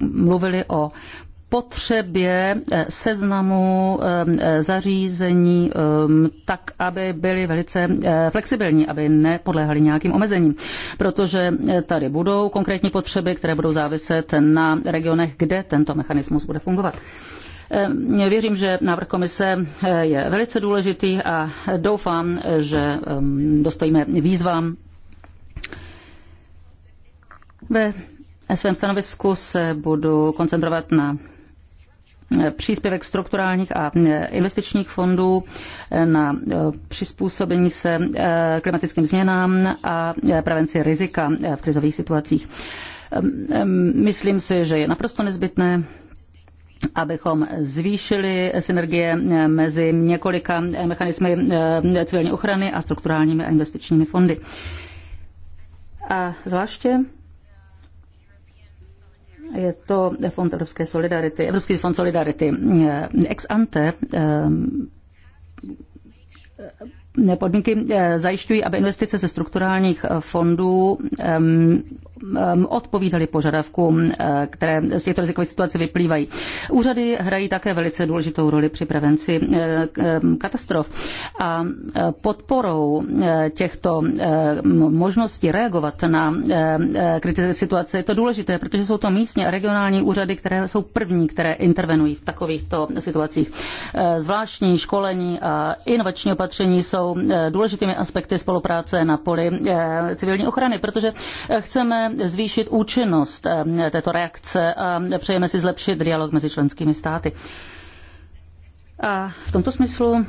mluvili o potřebě eh, seznamu eh, eh, zařízení ehm, tak, aby byly velice flexibilní, aby nepodléhaly nějakým omezením, protože tady budou konkrétní potřeby, které budou záviset na regionech, kde tento mechanismus bude fungovat. Ehm, věřím, že návrh komise je velice důležitý a doufám, že ehm, dostojíme výzvám. Ve svém stanovisku se budu koncentrovat na příspěvek strukturálních a e, investičních fondů e, na e, přizpůsobení se klimatickým změnám a prevenci rizika v krizových situacích. Myslím si, že je naprosto nezbytné abychom zvýšili synergie mezi několika mechanismy civilní ochrany a strukturálními a investičními fondy. A zvláště je to Fond Evropské solidarity, Evropský fond solidarity. Eh, ex ante eh, podmínky eh, zajišťují, aby investice ze strukturálních fondů Um, odpovídali požadavkům, uh, které z těchto rizikových situací vyplývají. Úřady hrají také velice důležitou roli při prevenci uh, um, katastrof a uh, podporou těchto možností reagovat na kritické situace je to důležité, protože jsou to místní a regionální úřady, které jsou první, které intervenují v takovýchto situacích. Zvláštní školení a inovační opatření jsou důležitými aspekty spolupráce na poli civilní ochrany, protože chceme zvýšit účinnost eh, této reakce a přejeme si zlepšit dialog mezi členskými státy. A v tomto smyslu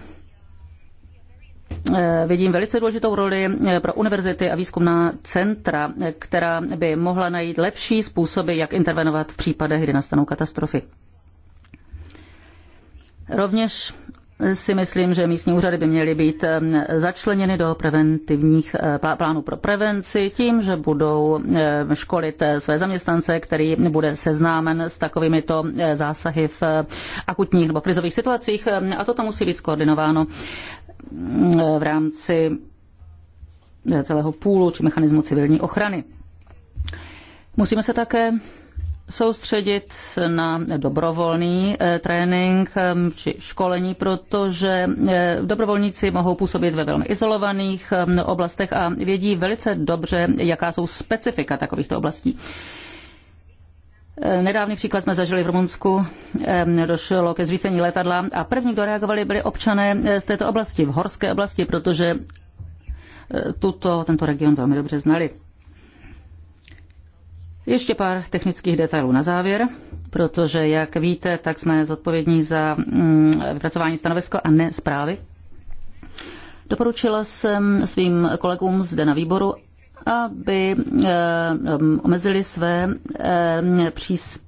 eh, vidím velice důležitou roli eh, pro univerzity a výzkumná centra, která by mohla najít lepší způsoby, jak intervenovat v případech, kdy nastanou katastrofy. Rovněž si myslím, že místní úřady by měly být začleněny do preventivních eh, plánů pro prevenci tím, že budou eh, školit eh, své zaměstnance, který bude seznámen s takovýmito zásahy v akutních nebo krizových situacích a toto musí být skoordinováno mm, v rámci celého půlu či mechanismu civilní ochrany. Musíme se také soustředit na dobrovolný eh, trénink ehm, či školení, protože eh, dobrovolníci mohou působit ve velmi izolovaných ehm, oblastech a vědí velice dobře, jaká jsou specifika takovýchto oblastí. Eh, nedávný příklad jsme zažili v Rumunsku, ehm, došlo ke zřícení letadla a první, kdo reagovali, byli občané z této oblasti, v horské oblasti, protože tuto, tento region velmi dobře znali. Ještě pár technických detailů na závěr, protože, jak víte, tak jsme zodpovědní za mm, vypracování stanoviska a ne zprávy. Doporučila jsem svým kolegům zde na výboru, aby eh, mm, omezili své eh, mm, příspěvky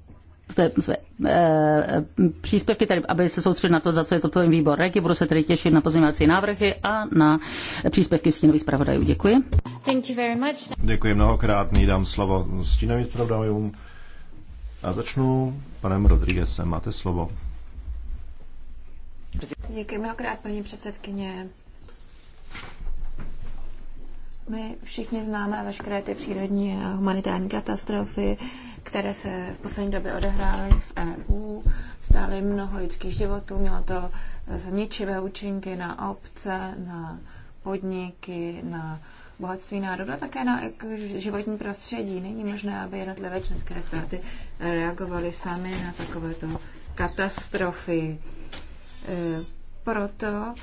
své, své e, příspěvky, tedy aby se soustředil na to, za co je to výbor Regi. Budu se tedy těšit na pozměňovací návrhy a na příspěvky stínových zpravodajů. Děkuji. Thank you very much. Děkuji mnohokrát, dám slovo stínovým zpravodajům. A začnu panem Rodríguezem. Máte slovo. Děkuji mnohokrát, paní předsedkyně. My všichni známe veškeré ty přírodní a humanitární katastrofy, které se v poslední době odehrály v EU. Stály mnoho lidských životů, mělo to zničivé účinky na obce, na podniky, na bohatství národa, také na životní prostředí. Není možné, aby jednotlivé členské státy reagovaly sami na takovéto katastrofy proto,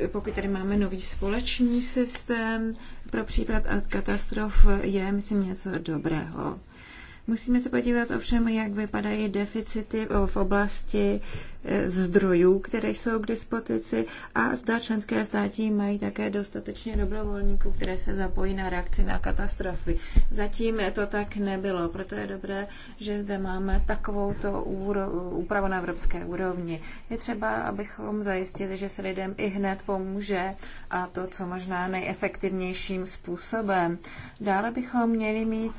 eh, pokud tady máme nový společný systém pro případ katastrof, je, myslím, něco dobrého. Musíme se podívat ovšem, jak vypadají deficity v oblasti zdrojů, které jsou k dispozici a zda členské státy mají také dostatečně dobrovolníků, které se zapojí na reakci na katastrofy. Zatím to tak nebylo, proto je dobré, že zde máme takovouto úpravu na evropské úrovni. Je třeba, abychom zajistili, že se lidem i hned pomůže a to, co možná nejefektivnějším způsobem. Dále bychom měli mít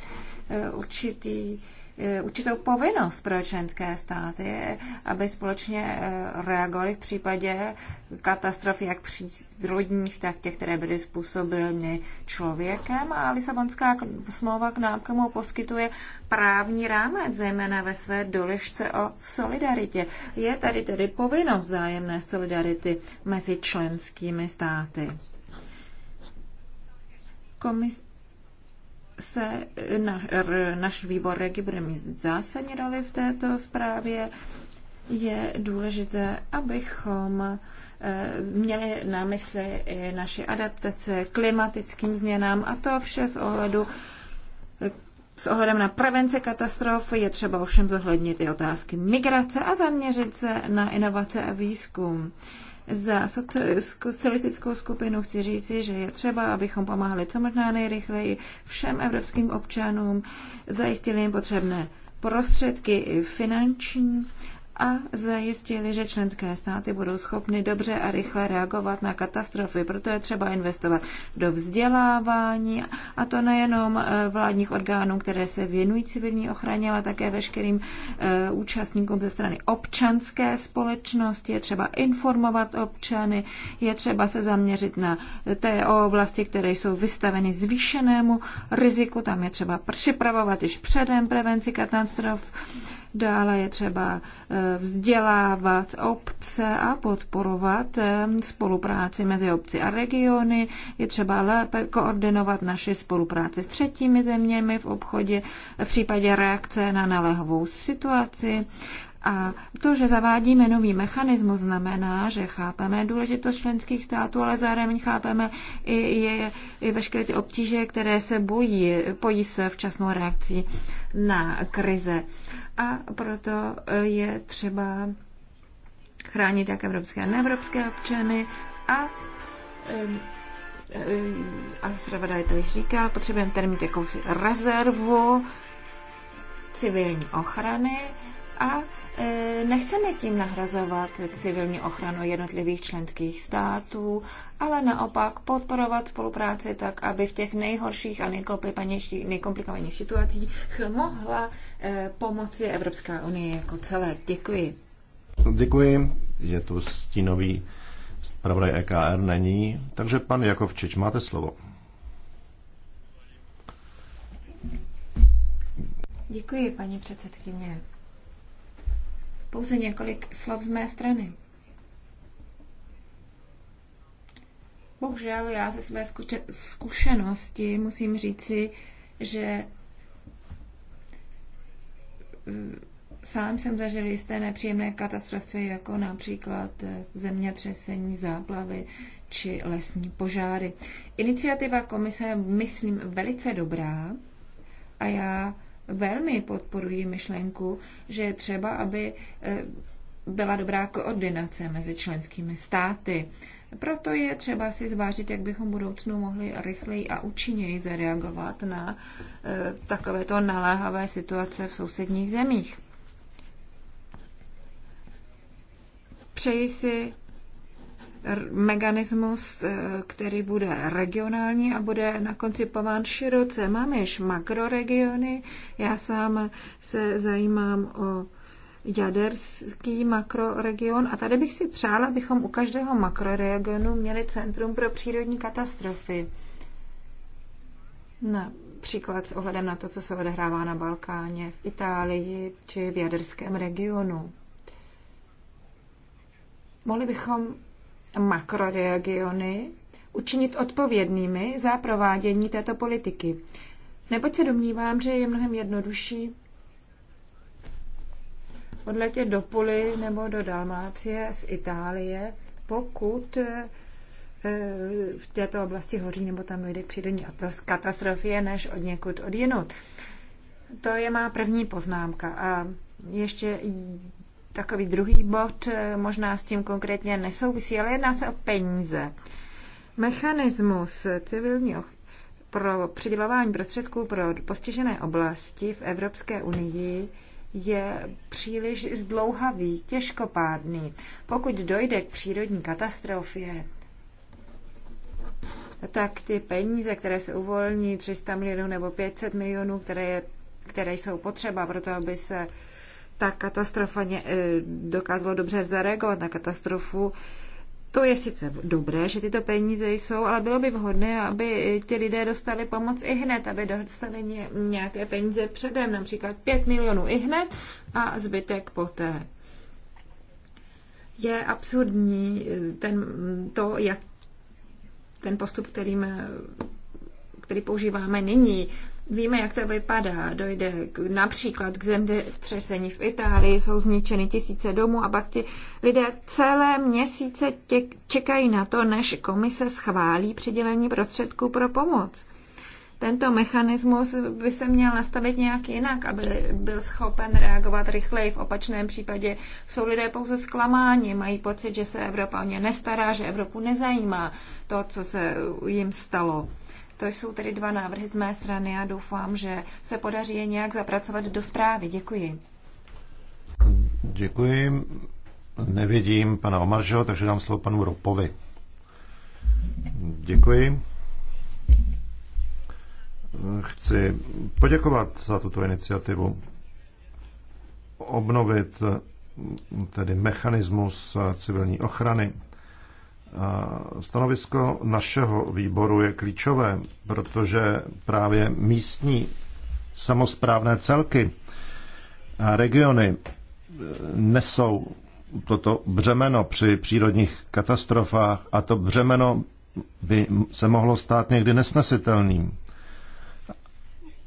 eh, určitý E, určitou povinnost pro členské státy, aby společně e, reagovali v případě katastrof, jak přírodních, tak těch, které byly způsobeny člověkem. A Lisabonská smlouva k nám k tomu poskytuje právní rámec, zejména ve své doležce o solidaritě. Je tady tedy povinnost zájemné solidarity mezi členskými státy. Komis- se eh, na, naš výbor Regi bude mít zásadní roli v této zprávě. Je důležité, abychom eh, měli na mysli i naše adaptace klimatickým změnám a to vše z ohledu eh, s ohledem na prevenci katastrof je třeba ovšem zohlednit i otázky migrace a zaměřit se na inovace a výzkum. Za socialistickou skupinu chci říci, že je třeba, abychom pomáhali co možná nejrychleji všem evropským občanům, zajistili jim potřebné prostředky finanční a zajistili, že členské státy budou schopny dobře a rychle reagovat na katastrofy. Proto je třeba investovat do vzdělávání a to nejenom eh, vládních orgánů, které se věnují civilní ochraně, ale také veškerým eh, účastníkům ze strany občanské společnosti. Je třeba informovat občany, je třeba se zaměřit na té oblasti, které jsou vystaveny zvýšenému riziku. Tam je třeba připravovat již předem prevenci katastrof Dále je třeba eh, vzdělávat obce a podporovat eh, spolupráci mezi obci a regiony. Je třeba lépe koordinovat naši spolupráci s třetími zeměmi v obchodě v případě reakce na naléhovou situaci. A to, že zavádíme nový mechanismus, znamená, že chápeme důležitost členských států, ale zároveň chápeme i, i, i veškeré ty obtíže, které se bojí, pojí se včasnou reakcí na krize a proto e, je třeba chránit jak evropské a neevropské občany a e, a zpravodaj to již říká, potřebujeme tady mít jakousi rezervu civilní ochrany, a e, nechceme tím nahrazovat civilní ochranu jednotlivých členských států, ale naopak podporovat spolupráci tak, aby v těch nejhorších a nejkomplikovanějších situacích mohla e, pomoci Evropská unie jako celé. Děkuji. Děkuji. Je tu stínový zpravodaj EKR není, takže pan Jakovčič, máte slovo. Děkuji, paní předsedkyně. Pouze několik slov z mé strany. Bohužel já ze své zkušenosti musím říci, že mm, sám jsem zažil jisté nepříjemné katastrofy, jako například eh, zemětřesení, záplavy či lesní požáry. Iniciativa komise je, myslím, velice dobrá a já velmi podporují myšlenku, že je třeba, aby eh, byla dobrá koordinace mezi členskými státy. Proto je třeba si zvážit, jak bychom budoucnu mohli rychleji a účinněji zareagovat na eh, takovéto naléhavé situace v sousedních zemích. Přeji si, mechanismus, eh, který bude regionální a bude nakoncipován široce. Máme již makroregiony, já sám se zajímám o jaderský makroregion a tady bych si přála, abychom u každého makroregionu měli centrum pro přírodní katastrofy. Například s ohledem na to, co se odehrává na Balkáně, v Itálii či v jaderském regionu. Mohli bychom makroregiony učinit odpovědnými za provádění této politiky. Neboť se domnívám, že je mnohem jednodušší odletět do Poli nebo do Dalmácie z Itálie, pokud eh, v této oblasti hoří nebo tam dojde k přírodní katastrofě, než od někud jinut. To je má první poznámka. A ještě takový druhý bod, eh, možná s tím konkrétně nesouvisí, ale jedná se o peníze. Mechanismus civilního pro přidělování prostředků pro postižené oblasti v Evropské unii je příliš zdlouhavý, těžkopádný. Pokud dojde k přírodní katastrofě, tak ty peníze, které se uvolní, 300 milionů nebo 500 milionů, které, je, které jsou potřeba pro to, aby se ta katastrofa eh, dokázalo dobře zareagovat na katastrofu, to je sice dobré, že tyto peníze jsou, ale bylo by vhodné, aby eh, ti lidé dostali pomoc i hned, aby dostali nějaké peníze předem, například 5 milionů i hned a zbytek poté. Je absurdní eh, ten, to, jak ten postup, kterým, který používáme nyní. Víme, jak to vypadá. Dojde k, například k zemětřesení v Itálii, jsou zničeny tisíce domů a pak ti lidé celé měsíce těk, čekají na to, než komise schválí přidělení prostředků pro pomoc. Tento mechanismus by se měl nastavit nějak jinak, aby byl schopen reagovat rychleji. V opačném případě jsou lidé pouze zklamáni, mají pocit, že se Evropa o ně nestará, že Evropu nezajímá to, co se jim stalo. To jsou tedy dva návrhy z mé strany a doufám, že se podaří je nějak zapracovat do zprávy. Děkuji. Děkuji. Nevidím pana Omaržo, takže dám slovo panu Ropovi. Děkuji. Chci poděkovat za tuto iniciativu obnovit tedy mechanismus civilní ochrany stanovisko našeho výboru je klíčové, protože právě místní samozprávné celky a regiony e, nesou toto břemeno při přírodních katastrofách a to břemeno by se mohlo stát někdy nesnesitelným.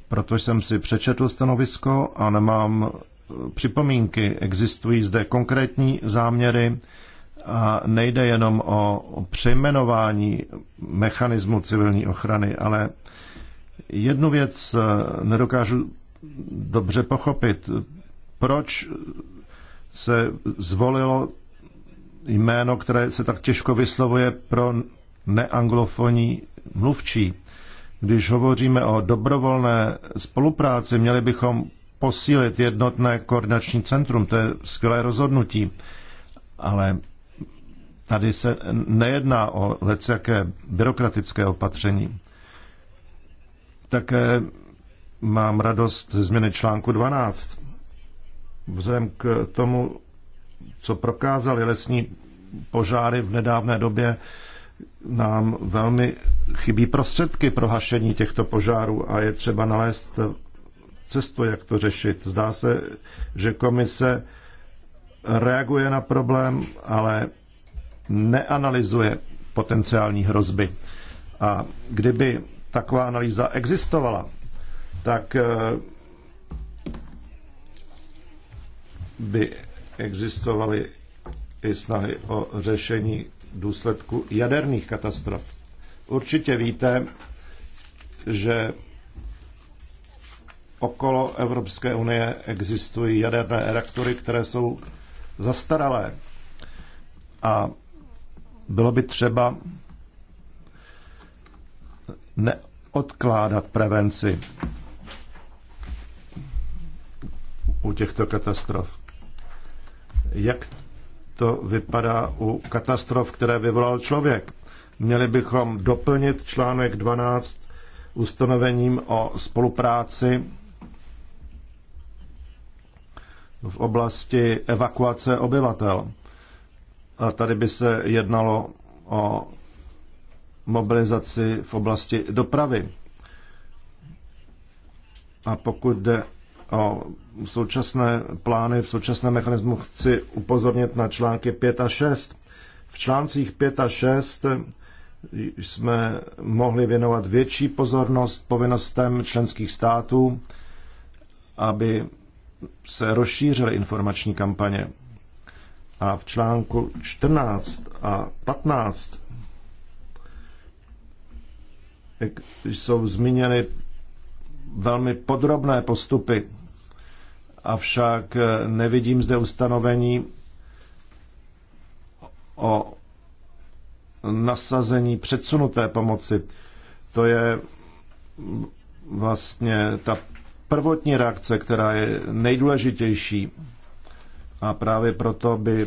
Protože jsem si přečetl stanovisko a nemám e, připomínky. Existují zde konkrétní záměry, a nejde jenom o přejmenování mechanismu civilní ochrany, ale jednu věc eh, nedokážu dobře pochopit. Proč se zvolilo jméno, které se tak těžko vyslovuje pro neanglofonní mluvčí. Když hovoříme o dobrovolné spolupráci, měli bychom posílit jednotné koordinační centrum. To je skvělé rozhodnutí. Ale Tady se nejedná o lecjaké byrokratické opatření. Také mám radost ze změny článku 12. Vzhledem k tomu, co prokázali lesní požáry v nedávné době, nám velmi chybí prostředky pro hašení těchto požárů a je třeba nalézt cestu, jak to řešit. Zdá se, že komise reaguje na problém, ale neanalyzuje potenciální hrozby. A kdyby taková analýza existovala, tak eh, by existovaly i snahy o řešení důsledku jaderných katastrof. Určitě víte, že okolo Evropské unie existují jaderné reaktory, které jsou zastaralé. A bylo by třeba neodkládat prevenci u těchto katastrof. Jak to vypadá u katastrof, které vyvolal člověk? Měli bychom doplnit článek 12 ustanovením o spolupráci v oblasti evakuace obyvatel. A tady by se jednalo o mobilizaci v oblasti dopravy. A pokud jde o současné plány, v současném mechanismu chci upozornit na články 5 a 6. V článcích 5 a 6 jsme mohli věnovat větší pozornost povinnostem členských států, aby se rozšířily informační kampaně a v článku 14 a 15 jsou zmíněny velmi podrobné postupy, avšak eh, nevidím zde ustanovení o nasazení předsunuté pomoci. To je vlastně ta prvotní reakce, která je nejdůležitější a právě proto by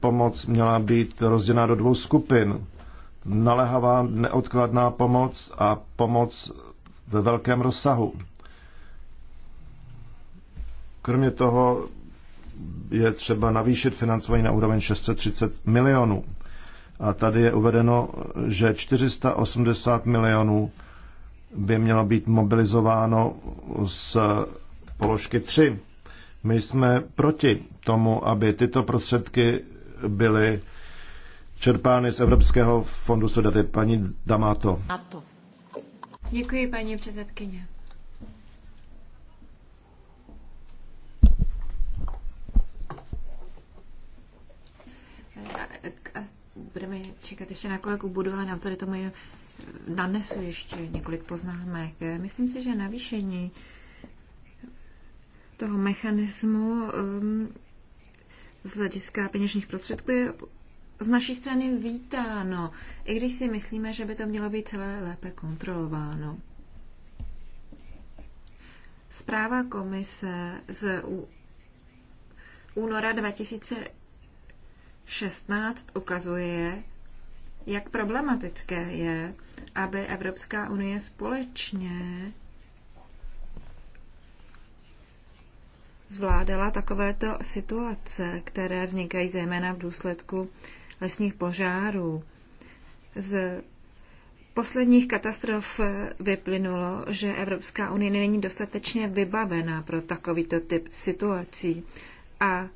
pomoc měla být rozdělena do dvou skupin. Nalehavá neodkladná pomoc a pomoc ve velkém rozsahu. Kromě toho je třeba navýšit financování na úroveň 630 milionů. A tady je uvedeno, že 480 milionů by mělo být mobilizováno z položky 3 my jsme proti tomu, aby tyto prostředky byly čerpány z Evropského fondu solidarity. Paní Damato. Děkuji, paní předsedkyně. budeme čekat ještě na kolegu budu, ale navzory tomu je, nanesu ještě několik poznámek. Myslím si, že navýšení toho mechanismu um, z hlediska peněžních prostředků je z naší strany vítáno, i když si myslíme, že by to mělo být celé lépe kontrolováno. Zpráva komise z února 2016 ukazuje, jak problematické je, aby Evropská unie společně zvládala takovéto situace, které vznikají zejména v důsledku lesních požárů. Z posledních katastrof vyplynulo, že Evropská unie není dostatečně vybavená pro takovýto typ situací a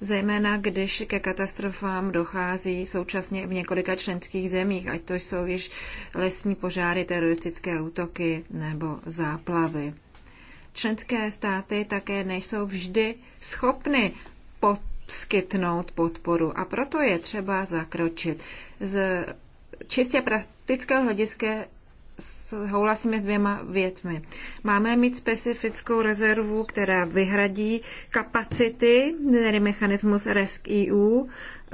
zejména když ke katastrofám dochází současně v několika členských zemích, ať to jsou již lesní požáry, teroristické útoky nebo záplavy. Členské státy také nejsou vždy schopny poskytnout podporu a proto je třeba zakročit. Z čistě praktického hlediska houlasíme s dvěma větmi. Máme mít specifickou rezervu, která vyhradí kapacity, tedy mechanismus RESC-EU.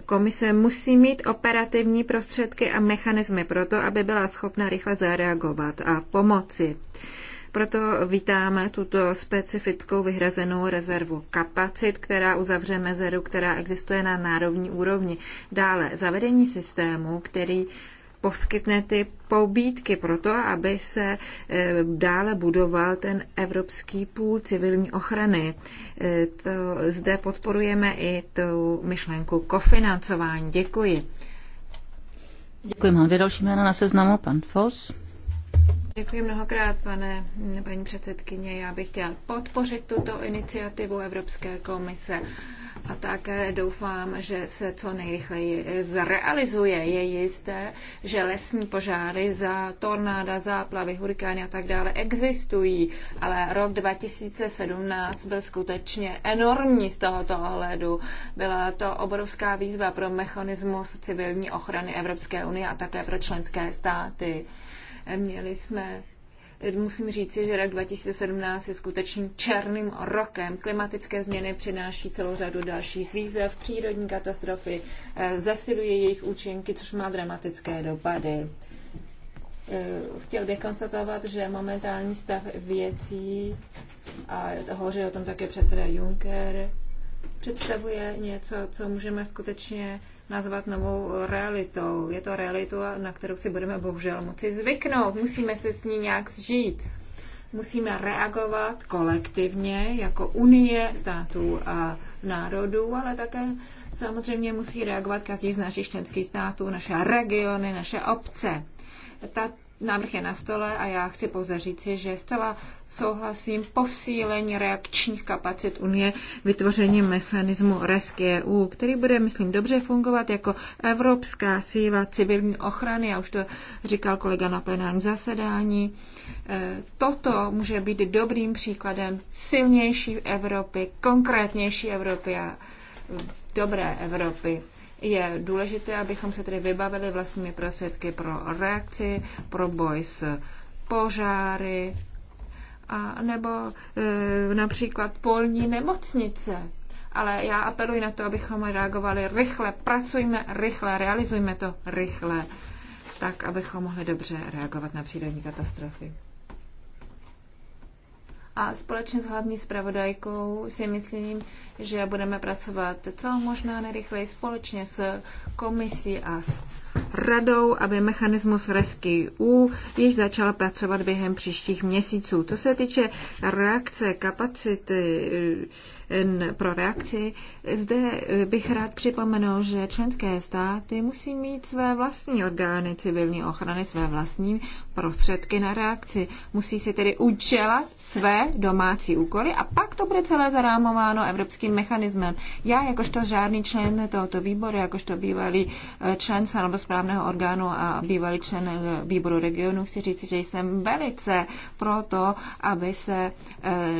Komise musí mít operativní prostředky a mechanismy pro to, aby byla schopna rychle zareagovat a pomoci. Uh, proto vítáme tuto specifickou vyhrazenou rezervu kapacit, která uzavře mezeru, která existuje na národní úrovni. Dále zavedení systému, který poskytne ty pobídky pro to, aby se e, dále budoval ten evropský půl civilní ochrany. E, to, zde podporujeme i tu myšlenku kofinancování. Děkuji. Děkuji. Mám dvě další jména na seznamu. Pan Foss. Děkuji mnohokrát, pane, paní předsedkyně. Já bych chtěl podpořit tuto iniciativu Evropské komise a také doufám, že se co nejrychleji zrealizuje. Je jisté, že lesní požáry za tornáda, záplavy, hurikány a tak dále existují, ale rok 2017 byl skutečně enormní z tohoto ohledu. Byla to obrovská výzva pro mechanismus civilní ochrany Evropské unie a také pro členské státy. Měli jsme Musím říci, že rok 2017 je skutečným černým rokem. Klimatické změny přináší celou řadu dalších výzev, přírodní katastrofy eh, zesiluje jejich účinky, což má dramatické dopady. Eh, chtěl bych konstatovat, že momentální stav věcí, a hovoří o tom také předseda Juncker, představuje něco, co můžeme skutečně nazvat novou realitou. Je to realitu, na kterou si budeme bohužel moci zvyknout. Musíme se s ní nějak zžít. Musíme reagovat kolektivně jako Unie států a národů, ale také samozřejmě musí reagovat každý z našich členských států, naše regiony, naše obce. Ta Návrh je na stole a já chci pouze říci, že zcela souhlasím posílení reakčních kapacit Unie vytvořením mechanismu RESC-EU, který bude, myslím, dobře fungovat jako evropská síla civilní ochrany, já už to říkal kolega na plenárním zasedání. E, toto může být dobrým příkladem silnější Evropy, konkrétnější Evropy a dobré Evropy. Je důležité, abychom se tedy vybavili vlastními prostředky pro reakci, pro boj s požáry, a nebo e, například polní nemocnice. Ale já apeluji na to, abychom reagovali rychle, pracujme rychle, realizujme to rychle, tak abychom mohli dobře reagovat na přírodní katastrofy a společně s hlavní zpravodajkou si myslím, že budeme pracovat co možná nejrychleji společně s komisí a s radou, aby mechanismus u již začal pracovat během příštích měsíců. To se týče reakce kapacity pro reakci. Zde eh, bych rád připomenul, že členské státy musí mít své vlastní orgány civilní ochrany, své vlastní prostředky na reakci. Musí si tedy učelat své domácí úkoly a pak to bude celé zarámováno evropským mechanismem. Já jakožto žádný člen tohoto výboru, jakožto bývalý eh, člen samosprávného orgánu a bývalý člen eh, výboru regionu, chci říct, že jsem velice pro to, aby se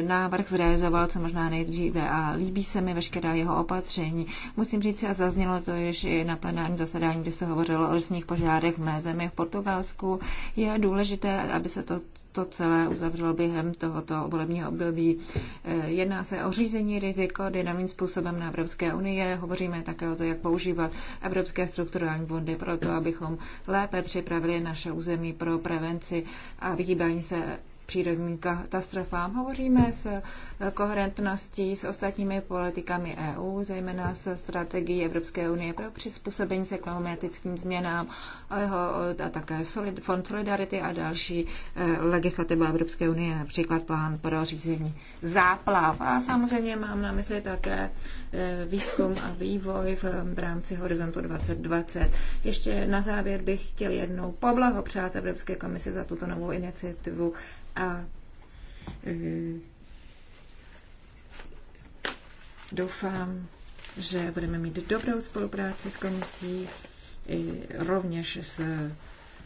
návrh zrealizoval co možná nejdříve dříve a líbí se mi veškerá jeho opatření. Musím říct, a zaznělo to již i na plenárním zasedání, kde se hovořilo o lesních požárech v mé zemi v Portugalsku. Je důležité, aby se to, to celé uzavřelo během tohoto volebního období. Eh, jedná se o řízení riziko dynamickým způsobem na Evropské unie. Hovoříme také o to, jak používat evropské strukturální fondy pro to, abychom lépe připravili naše území pro prevenci a vyhýbání se přírodním katastrofám. Hovoříme s eh, koherentností s ostatními politikami EU, zejména s strategií Evropské unie pro přizpůsobení se klimatickým změnám a, jeho, eh, a také Solid, Fond Solidarity a další eh, legislativa Evropské unie, například plán pro řízení záplav. A samozřejmě mám na mysli také výzkum a vývoj v rámci Horizontu 2020. Ještě na závěr bych chtěl jednou poblahopřát Evropské komisi za tuto novou iniciativu a e, doufám, že budeme mít dobrou spolupráci s komisí, rovněž s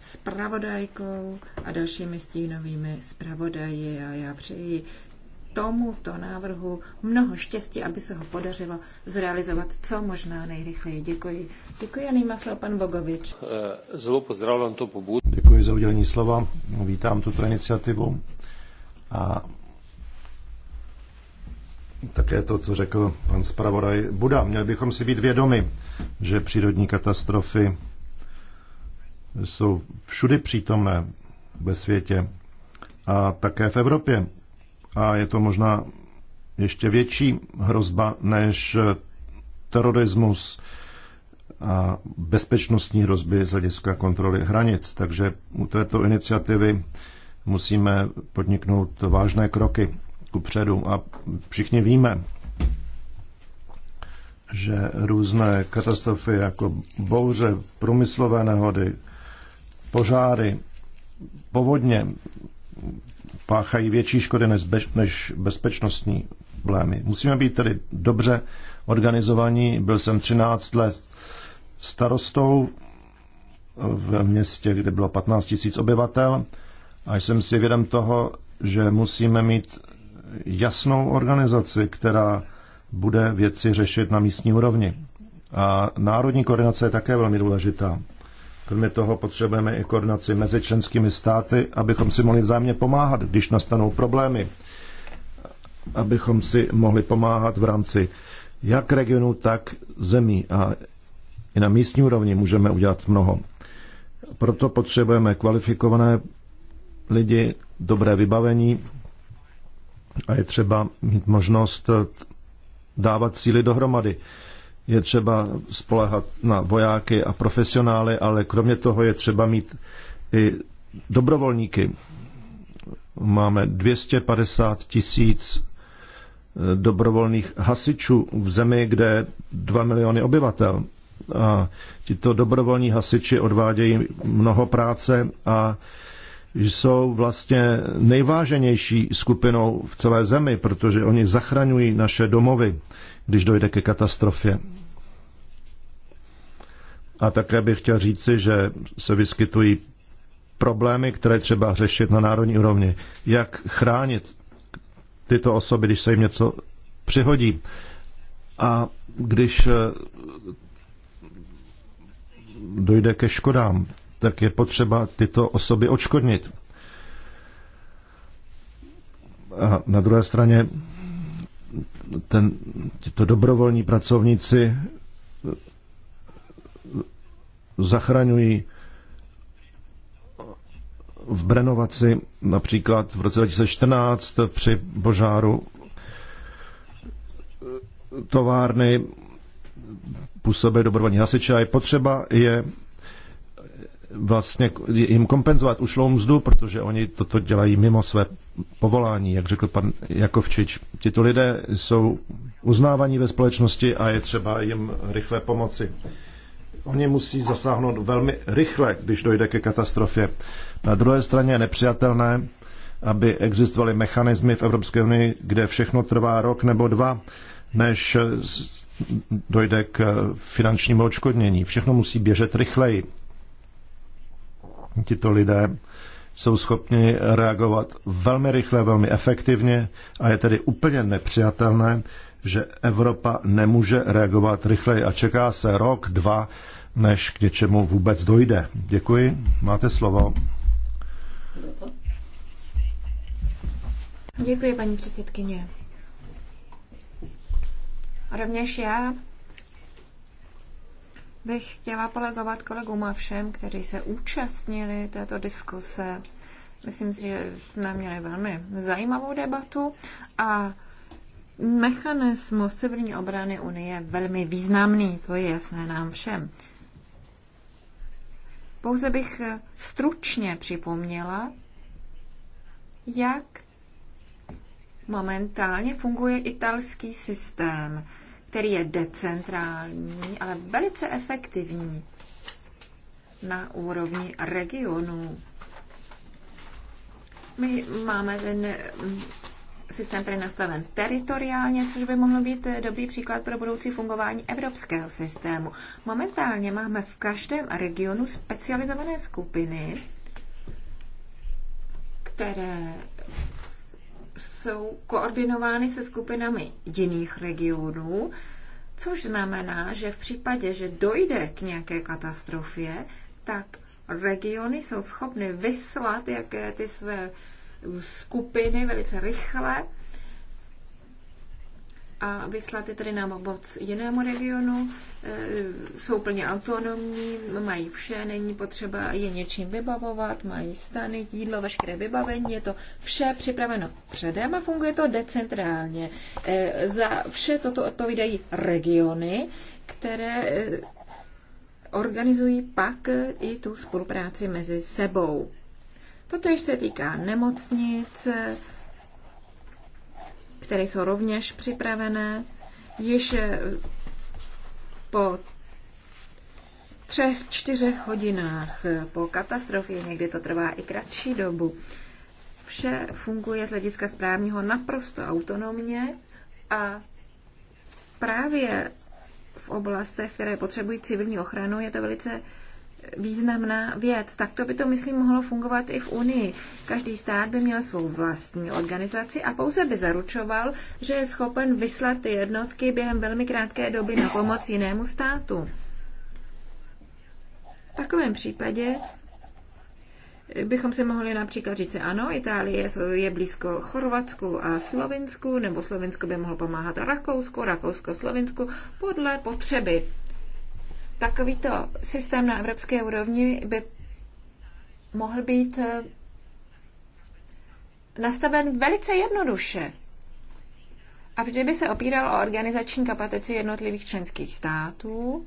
spravodajkou a dalšími stínovými spravodaji a já přeji tomuto návrhu mnoho štěstí, aby se ho podařilo zrealizovat co možná nejrychleji. Děkuji. Děkuji a nejma slovo pan Bogovič. Eh, zlo pozdravím to pobud. Děkuji za udělení slova. Vítám tuto iniciativu. A také to, co řekl pan zpravodaj Buda. Měli bychom si být vědomi, že přírodní katastrofy jsou všudy přítomné ve světě a také v Evropě a je to možná ještě větší hrozba než terorismus a bezpečnostní hrozby z hlediska kontroly hranic. Takže u této iniciativy musíme podniknout vážné kroky ku předu. A všichni víme, že různé katastrofy jako bouře, průmyslové nehody, požáry, povodně, páchají větší škody než bezpečnostní problémy. Musíme být tedy dobře organizovaní. Byl jsem 13 let starostou v městě, kde bylo 15 000 obyvatel a jsem si vědom toho, že musíme mít jasnou organizaci, která bude věci řešit na místní úrovni. A národní koordinace je také velmi důležitá. Kromě toho potřebujeme i koordinaci mezi členskými státy, abychom si mohli vzájemně pomáhat, když nastanou problémy. Abychom si mohli pomáhat v rámci jak regionu, tak zemí. A i na místní úrovni můžeme udělat mnoho. Proto potřebujeme kvalifikované lidi, dobré vybavení a je třeba mít možnost dávat síly dohromady je třeba spolehat na vojáky a profesionály, ale kromě toho je třeba mít i dobrovolníky. Máme 250 tisíc eh, dobrovolných hasičů v zemi, kde je 2 miliony obyvatel. A tito dobrovolní hasiči odvádějí mnoho práce a jsou vlastně nejváženější skupinou v celé zemi, protože oni zachraňují naše domovy když dojde ke katastrofě. A také bych chtěl říci, že se vyskytují problémy, které třeba řešit na národní úrovni. Jak chránit tyto osoby, když se jim něco přihodí. A když eh, dojde ke škodám, tak je potřeba tyto osoby odškodnit. A na druhé straně ten, tyto dobrovolní pracovníci zachraňují v Brenovaci například v roce 2014 při požáru továrny působí dobrovolní hasiče a je potřeba je vlastně jim kompenzovat ušlou mzdu, protože oni toto dělají mimo své povolání, jak řekl pan Jakovčič. Tito lidé jsou uznávaní ve společnosti a je třeba jim rychle pomoci. Oni musí zasáhnout velmi rychle, když dojde ke katastrofě. Na druhé straně je nepřijatelné, aby existovaly mechanismy v Evropské unii, kde všechno trvá rok nebo dva, než dojde k finančnímu odškodnění. Všechno musí běžet rychleji tito lidé jsou schopni reagovat velmi rychle, velmi efektivně a je tedy úplně nepřijatelné, že Evropa nemůže reagovat rychleji a čeká se rok, dva, než k něčemu vůbec dojde. Děkuji, máte slovo. Děkuji, paní předsedkyně. Rovněž já bych chtěla polegovat kolegům a všem, kteří se účastnili této diskuse. Myslím si, že jsme měli velmi zajímavou debatu a mechanismus civilní obrany Unie je velmi významný, to je jasné nám všem. Pouze bych stručně připomněla, jak momentálně funguje italský systém který je decentrální, ale velice efektivní na úrovni regionů. My máme ten mm, systém, který je nastaven teritoriálně, což by mohlo být dobrý příklad pro budoucí fungování evropského systému. Momentálně máme v každém regionu specializované skupiny, které jsou koordinovány se skupinami jiných regionů, což znamená, že v případě, že dojde k nějaké katastrofě, tak regiony jsou schopny vyslat jaké ty své skupiny velice rychle a vyslat je tedy na pomoc jinému regionu. E, jsou plně autonomní, mají vše, není potřeba je něčím vybavovat, mají stany, jídlo, veškeré vybavení, je to vše připraveno předem a funguje to decentrálně. E, za vše toto odpovídají regiony, které e, organizují pak i tu spolupráci mezi sebou. Totež se týká nemocnic, které jsou rovněž připravené. Již eh, po třech, čtyřech hodinách eh, po katastrofě, někdy to trvá i kratší dobu, vše funguje z hlediska správního naprosto autonomně a právě v oblastech, které potřebují civilní ochranu, je to velice významná věc. Tak to by to, myslím, mohlo fungovat i v Unii. Každý stát by měl svou vlastní organizaci a pouze by zaručoval, že je schopen vyslat ty jednotky během velmi krátké doby na pomoc jinému státu. V takovém případě bychom si mohli například říct, ano, Itálie je blízko Chorvatsku a Slovinsku, nebo Slovensko by mohlo pomáhat Rakousku, Rakousko Slovinsku podle potřeby. Takovýto systém na evropské úrovni by mohl být eh, nastaven velice jednoduše a vždy by se opíral o organizační kapacity jednotlivých členských států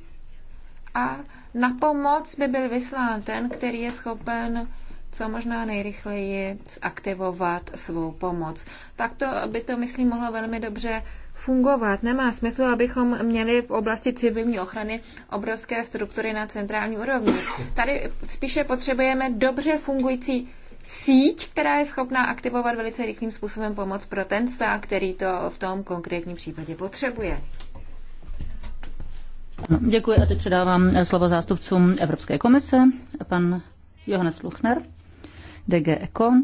a na pomoc by byl vyslán ten, který je schopen co možná nejrychleji zaktivovat svou pomoc. Takto by to, myslím, mohlo velmi dobře fungovat. Nemá smysl, abychom měli v oblasti civilní ochrany obrovské struktury na centrální úrovni. Tady spíše potřebujeme dobře fungující síť, která je schopná aktivovat velice rychlým způsobem pomoc pro ten stát, který to v tom konkrétním případě potřebuje. Děkuji a teď předávám slovo zástupcům Evropské komise, pan Johannes Luchner, DG Econ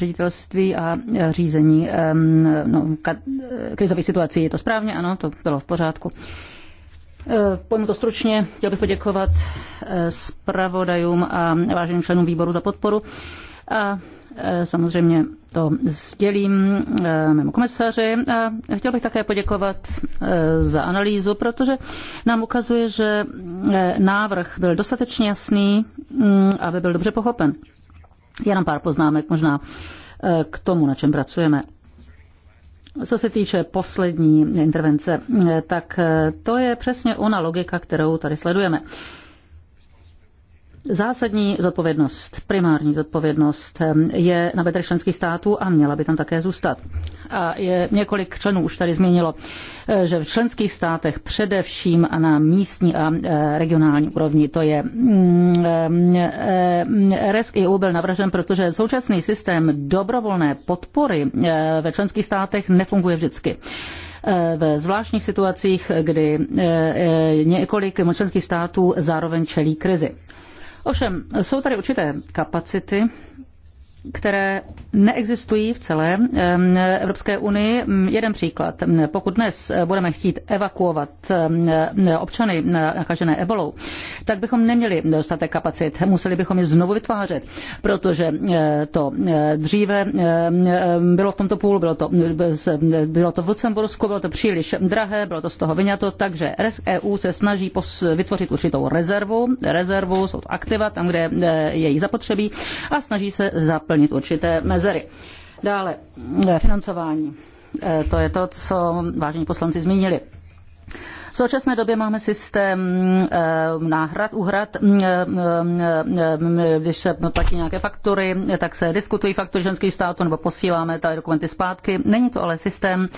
ředitelství a e, řízení no, e, krizové situací. Je to správně? Ano, to bylo v pořádku. E, pojmu to stručně. Chtěl bych poděkovat zpravodajům a váženým členům výboru za podporu. A samozřejmě to sdělím mému komisaři. A chtěl bych také poděkovat za analýzu, protože nám ukazuje, že návrh byl dostatečně jasný, mm, aby byl dobře pochopen. Jenom pár poznámek možná eh, k tomu, na čem pracujeme. Co se týče poslední intervence, eh, tak eh, to je přesně ona logika, kterou tady sledujeme. Zásadní zodpovědnost, primární zodpovědnost ehm, je na bedre členských států a měla by tam také zůstat. A je, několik členů už tady zmínilo, eh, že v členských státech především a na místní a eh, regionální úrovni to je. Mm, ehm, eh, mm, RESK EU byl navržen, protože současný systém dobrovolné podpory ve členských státech nefunguje vždycky v zvláštních situacích, kdy několik členských států zároveň čelí krizi. Ovšem, jsou tady určité kapacity, které neexistují v celé Evropské unii. Jeden příklad. Pokud dnes budeme chtít evakuovat občany nakažené ebolou, tak bychom neměli dostatek kapacit. Museli bychom je znovu vytvářet, protože to dříve bylo v tomto půlu, bylo to, bylo to v Lucembursku, bylo to příliš drahé, bylo to z toho vyňato, takže EU e se snaží vytvořit určitou rezervu. Rezervu jsou to aktiva, tam, kde je jejich zapotřebí a snaží se zaplnit plnit určité mezery. Dále eh, financování. Eh, to je to, co vážení poslanci zmínili. V současné době máme systém eh, náhrad, uhrad, mm, eh, mm, eh, mm, když se platí nějaké faktory, tak se diskutují faktory ženských států nebo posíláme ty dokumenty zpátky. Není to ale systém,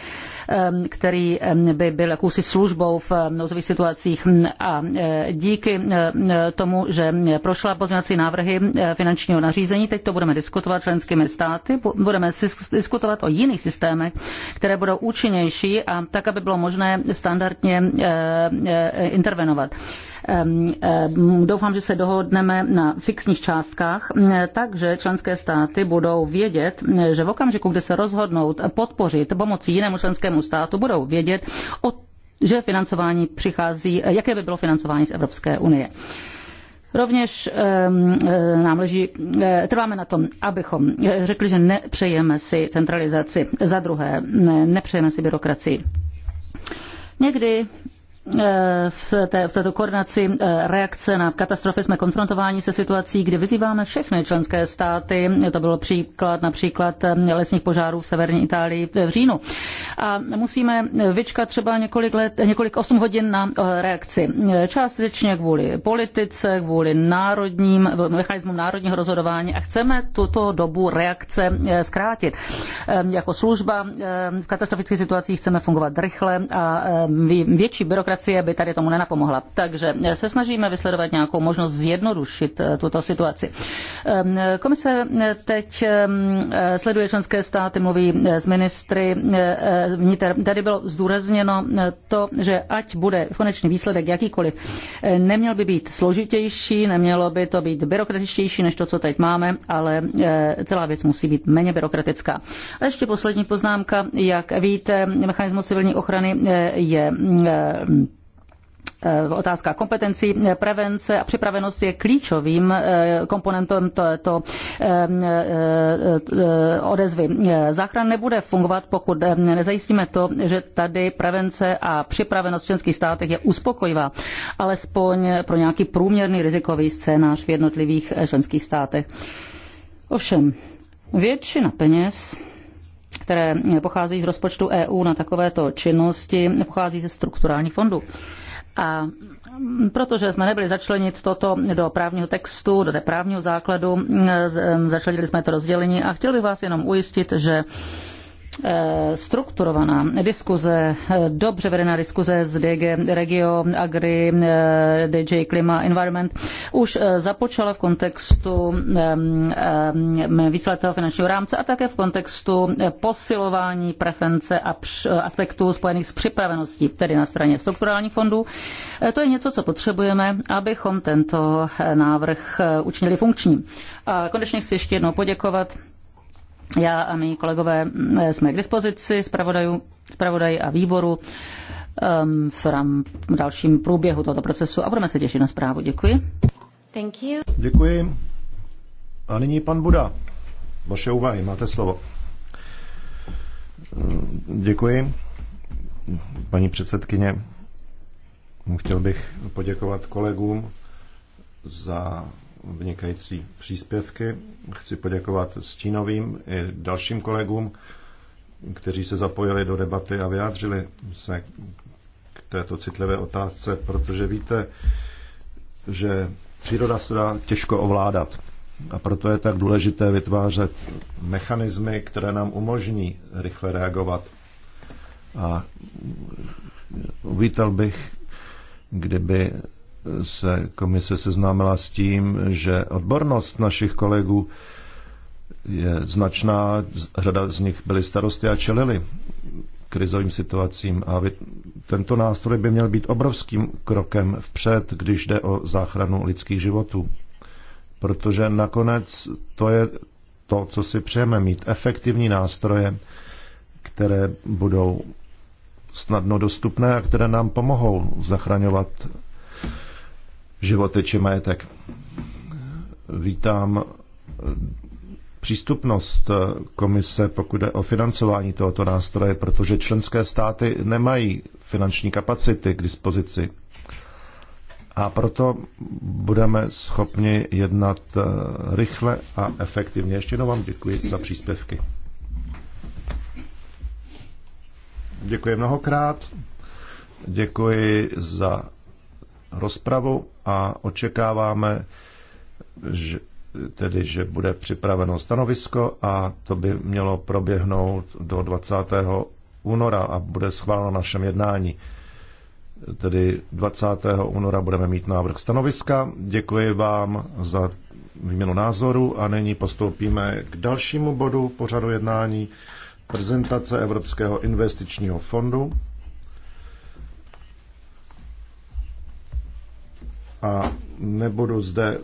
který by byl jakousi službou v nouzových situacích a díky tomu, že prošla pozměňovací návrhy finančního nařízení, teď to budeme diskutovat s členskými státy, budeme diskutovat o jiných systémech, které budou účinnější a tak, aby bylo možné standardně Eh, eh, intervenovat. Doufám, že se dohodneme na fixních částkách, eh, takže členské státy budou vědět, že v okamžiku, kdy se rozhodnou podpořit pomocí jinému členskému státu, budou vědět, že financování přichází, jaké by bylo financování z Evropské unie. Rovněž nám leží, trváme na tom, abychom řekli, že nepřejeme si centralizaci. Za druhé, nepřejeme si byrokracii. Někdy Eh, v, té, v této koordinaci eh, reakce na katastrofy jsme konfrontováni se situací, kdy vyzýváme všechny členské státy. To byl příklad například eh, lesních požárů v severní Itálii v říjnu. A musíme vyčkat třeba několik, let, několik 8 hodin na reakci. Částečně kvůli politice, kvůli národním, mechanismům národního rozhodování a chceme tuto dobu reakce zkrátit. Jako služba v katastrofických situacích chceme fungovat rychle a větší byrokracie byrokracie by tady tomu nenapomohla. Takže eh, se snažíme vysledovat nějakou možnost zjednodušit eh, tuto situaci. Ehm, komise eh, teď ehm, sleduje členské státy, mluví s ministry vnitr. Tady bylo zdůrazněno to, že ať bude konečný výsledek jakýkoliv, neměl by být složitější, nemělo by to být byrokratičtější než to, co teď máme, ale celá věc musí být méně byrokratická. A ještě poslední poznámka, jak víte, mechanismus civilní ochrany je mm, Eh, otázka kompetencí, eh, prevence a připravenost je klíčovým eh, komponentem této odezvy. Záchran nebude fungovat, pokud nezajistíme to, že tady prevence a připravenost v členských státech je uspokojivá, alespoň pro nějaký průměrný rizikový scénář v jednotlivých členských státech. Ovšem, většina peněz které pochází z rozpočtu EU na takovéto činnosti, pochází ze strukturálních fondů. A protože jsme nebyli začlenit toto do právního textu, do té právního základu, začlenili jsme to rozdělení a chtěl bych vás jenom ujistit, že Eh, strukturovaná diskuze, eh, dobře vedená diskuze z DG Regio, Agri, eh, DJ Klima, Environment už započala v kontextu víceletého finančního rámce a také v kontextu posilování preference a aspektů spojených s připraveností, tedy na straně strukturálních fondů. To je něco, co potřebujeme, abychom tento návrh učinili funkční. A konečně chci ještě jednou poděkovat já a mý kolegové mm, jsme k dispozici zpravodaj a výboru um, v dalším průběhu tohoto procesu a budeme se těšit na zprávu. Děkuji. Thank you. Děkuji. A nyní pan Buda. Vaše úvahy, máte slovo. Mm, děkuji. Paní předsedkyně, chtěl bych poděkovat kolegům za vynikající příspěvky. Chci poděkovat Stínovým i dalším kolegům, kteří se zapojili do debaty a vyjádřili se k této citlivé otázce, protože víte, že příroda se dá těžko ovládat. A proto je tak důležité vytvářet mechanismy, které nám umožní rychle reagovat. A uvítal bych, kdyby se komise seznámila s tím, že odbornost našich kolegů je značná, řada z nich byli starosty a čelili krizovým situacím a tento nástroj by měl být obrovským krokem vpřed, když jde o záchranu lidských životů. Protože nakonec to je to, co si přejeme, mít efektivní nástroje, které budou snadno dostupné a které nám pomohou zachraňovat životy či majetek. Vítám eh, přístupnost eh, komise, pokud jde o financování tohoto nástroje, protože členské státy nemají finanční kapacity k dispozici. A proto budeme schopni jednat eh, rychle a efektivně. Ještě jednou vám děkuji za příspěvky. Děkuji mnohokrát. Děkuji za rozpravu a očekáváme, že, tedy, že bude připraveno stanovisko a to by mělo proběhnout do 20. února a bude schváleno našem jednání. Tedy 20. února budeme mít návrh stanoviska. Děkuji vám za výměnu názoru a nyní postoupíme k dalšímu bodu pořadu jednání prezentace Evropského investičního fondu. a nebudu zde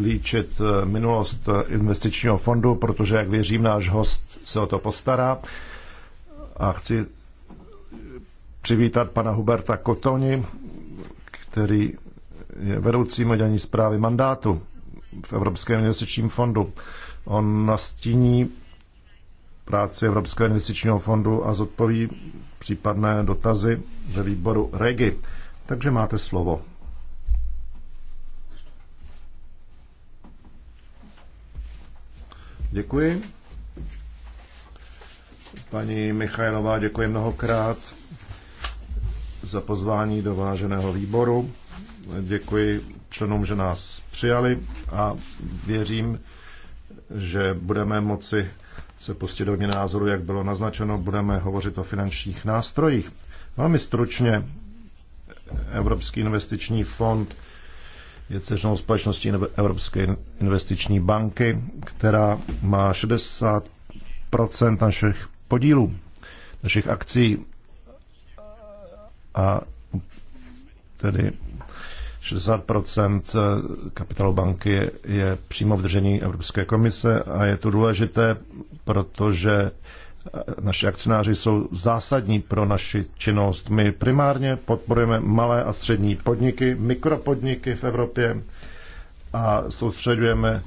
líčit eh, minulost eh, investičního fondu, protože, jak věřím, náš host se o to postará. A chci přivítat pana Huberta Kotoni, který je vedoucím oddělení zprávy mandátu v Evropském investičním fondu. On nastíní práci Evropského investičního fondu a zodpoví případné dotazy ve výboru REGI. Takže máte slovo. Děkuji. Paní Michajlová, děkuji mnohokrát za pozvání do váženého výboru. Děkuji členům, že nás přijali a věřím, že budeme moci se pustit do názoru, jak bylo naznačeno, budeme hovořit o finančních nástrojích. Velmi stručně Evropský investiční fond je dceřinou společností Evropské investiční banky, která má 60 našich podílů, našich akcí a tedy 60 eh, kapitálu banky je přímo v držení Evropské komise a je to důležité, protože naši akcionáři jsou zásadní pro naši činnost. My primárně podporujeme malé a střední podniky, mikropodniky v Evropě a soustředujeme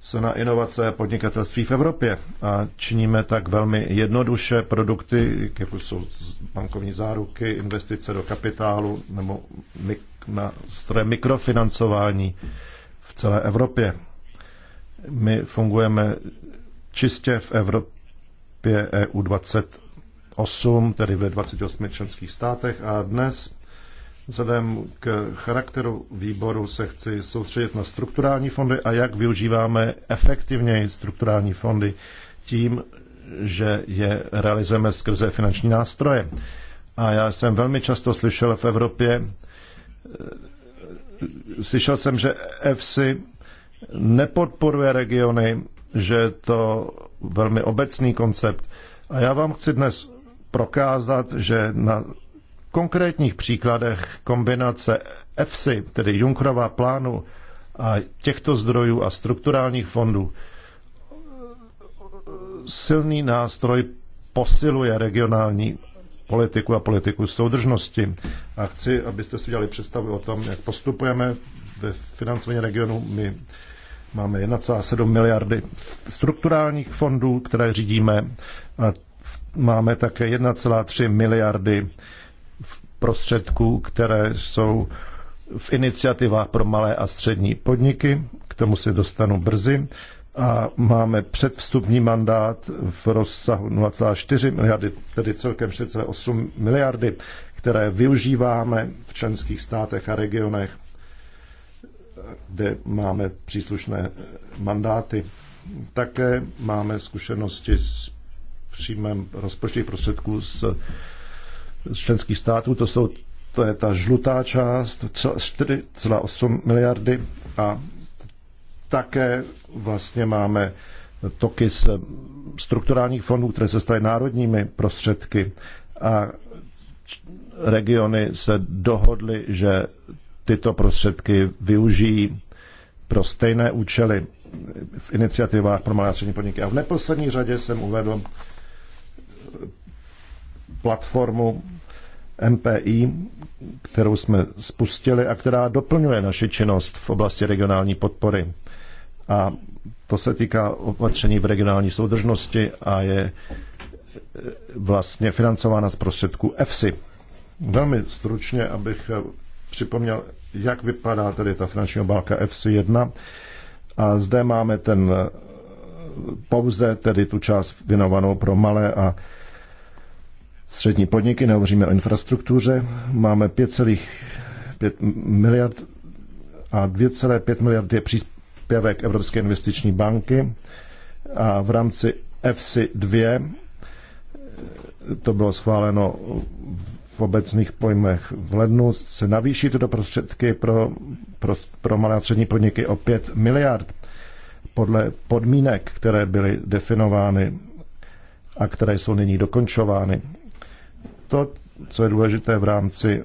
se na inovace a podnikatelství v Evropě. A činíme tak velmi jednoduše produkty, jako jsou bankovní záruky, investice do kapitálu nebo na stroje mikrofinancování v celé Evropě. My fungujeme čistě v Evropě Evropě EU 28, tedy ve 28 členských státech. A dnes vzhledem k charakteru výboru se chci soustředit na strukturální fondy a jak využíváme efektivněji strukturální fondy tím, že je realizujeme skrze finanční nástroje. A já jsem velmi často slyšel v Evropě, slyšel jsem, že EFSI nepodporuje regiony, že to velmi obecný koncept. A já vám chci dnes prokázat, že na konkrétních příkladech kombinace EFSI, tedy Junkrova plánu a těchto zdrojů a strukturálních fondů, silný nástroj posiluje regionální politiku a politiku soudržnosti. A chci, abyste si dělali představu o tom, jak postupujeme ve financování regionu. My Máme 1,7 miliardy strukturálních fondů, které řídíme a máme také 1,3 miliardy prostředků, které jsou v iniciativách pro malé a střední podniky, k tomu se dostanu brzy, a máme předvstupní mandát v rozsahu 0,4 miliardy, tedy celkem 6,8 miliardy, které využíváme v členských státech a regionech kde máme příslušné mandáty. Také máme zkušenosti s příjmem rozpočtových prostředků z, z členských států. To, jsou, to je ta žlutá část, 4,8 miliardy a také vlastně máme toky z strukturálních fondů, které se staly národními prostředky a regiony se dohodly, že tyto prostředky využijí pro stejné účely v iniciativách pro malé a střední podniky. A v neposlední řadě jsem uvedl platformu MPI, kterou jsme spustili a která doplňuje naši činnost v oblasti regionální podpory. A to se týká opatření v regionální soudržnosti a je e, vlastně financována z prostředků EFSI. Velmi stručně, abych připomněl, jak vypadá tedy ta finanční obálka FC1. A zde máme ten eh, pouze tedy tu část věnovanou pro malé a střední podniky, nehovoříme o infrastruktuře. Máme 5,5 miliard a 2,5 miliard je příspěvek Evropské investiční banky a v rámci FC 2 eh, to bylo schváleno v obecných pojmech. V lednu se navýší tyto prostředky pro, pro, pro malé a střední podniky o 5 miliard podle podmínek, které byly definovány a které jsou nyní dokončovány. To, co je důležité v rámci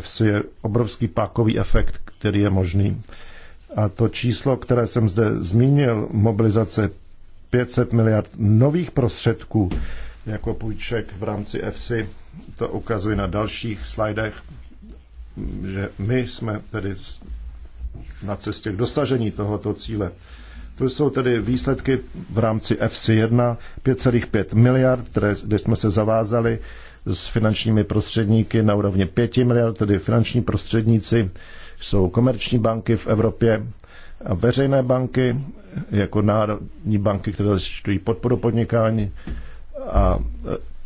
FC, je obrovský pákový efekt, který je možný. A to číslo, které jsem zde zmínil, mobilizace 500 miliard nových prostředků jako půjček v rámci FC to ukazuje na dalších slajdech, že my jsme tedy na cestě k dosažení tohoto cíle. To jsou tedy výsledky v rámci FC1 5,5 miliard, které, kde jsme se zavázali s finančními prostředníky na úrovni 5 miliard, tedy finanční prostředníci jsou komerční banky v Evropě a veřejné banky, jako národní banky, které zajišťují podporu podnikání a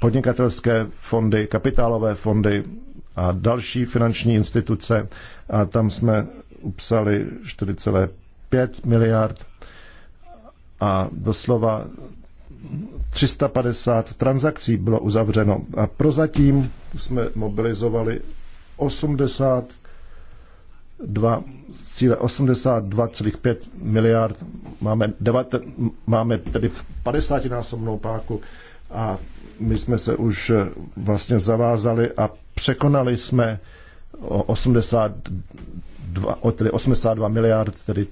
podnikatelské fondy, kapitálové fondy a další finanční instituce a tam jsme upsali 4,5 miliard a doslova 350 transakcí bylo uzavřeno a prozatím jsme mobilizovali 82 z cíle 82,5 miliard. Máme, devat, máme tedy 50 násobnou páku a my jsme se už eh, vlastně zavázali a překonali jsme 82, tedy 82 miliard, tedy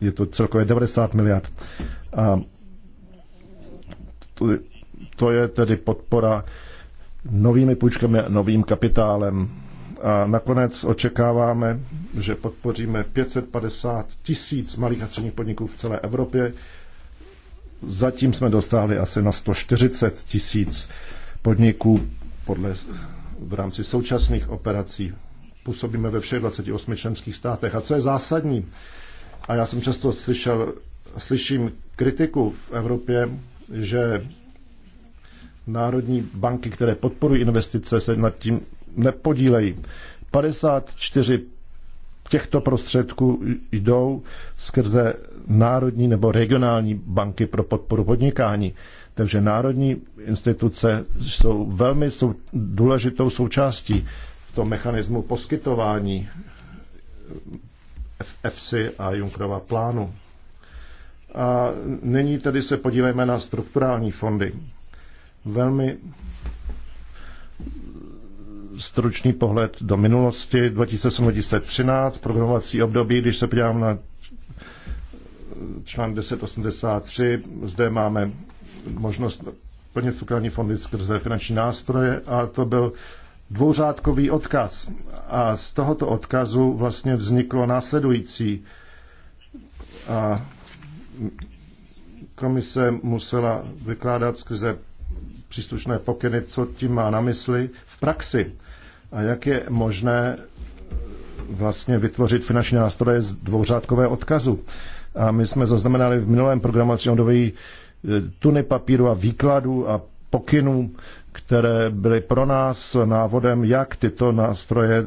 je to celkově 90 miliard. A to, to je tedy podpora novými půjčkami a novým kapitálem. A nakonec očekáváme, že podpoříme 550 tisíc malých a středních podniků v celé Evropě Zatím jsme dostáli asi na 140 tisíc podniků podle, v rámci současných operací. Působíme ve všech 28 členských státech. A co je zásadní, a já jsem často slyšel, slyším kritiku v Evropě, že národní banky, které podporují investice, se nad tím nepodílejí. 54 těchto prostředků jdou skrze národní nebo regionální banky pro podporu podnikání. Takže národní instituce jsou velmi sou, důležitou součástí v tom mechanismu poskytování EFSI eh, a Junkrova plánu. A nyní tedy se podívejme na strukturální fondy. Velmi stručný pohled do minulosti 2007-2013, programovací období, když se podívám na článek 1083. Zde máme možnost plnit strukturální fondy skrze finanční nástroje a to byl dvouřádkový odkaz. A z tohoto odkazu vlastně vzniklo následující. A komise musela vykládat skrze příslušné pokyny, co tím má na mysli v praxi a jak je možné vlastně vytvořit finanční nástroje z dvouřádkového odkazu. A my jsme zaznamenali v minulém programovacím období eh, tuny papíru a výkladů a pokynů, které byly pro nás návodem, jak tyto nástroje eh,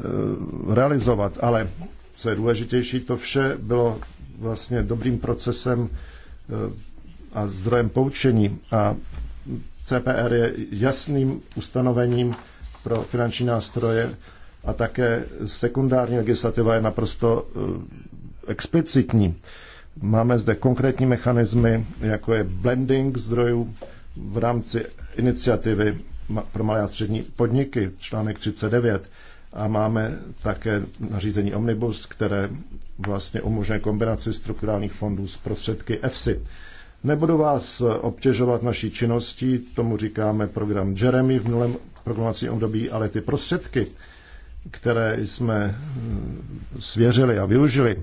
realizovat. Ale co je důležitější, to vše bylo vlastně dobrým procesem eh, a zdrojem poučení. A CPR je jasným ustanovením pro finanční nástroje a také sekundární legislativa je naprosto explicitní. Máme zde konkrétní mechanismy, jako je blending zdrojů v rámci iniciativy pro malé a střední podniky, článek 39. A máme také nařízení Omnibus, které vlastně umožňuje kombinaci strukturálních fondů s prostředky EFSI. Nebudu vás obtěžovat naší činností, tomu říkáme program Jeremy v minulém programovacím období, ale ty prostředky, které jsme hm, svěřili a využili,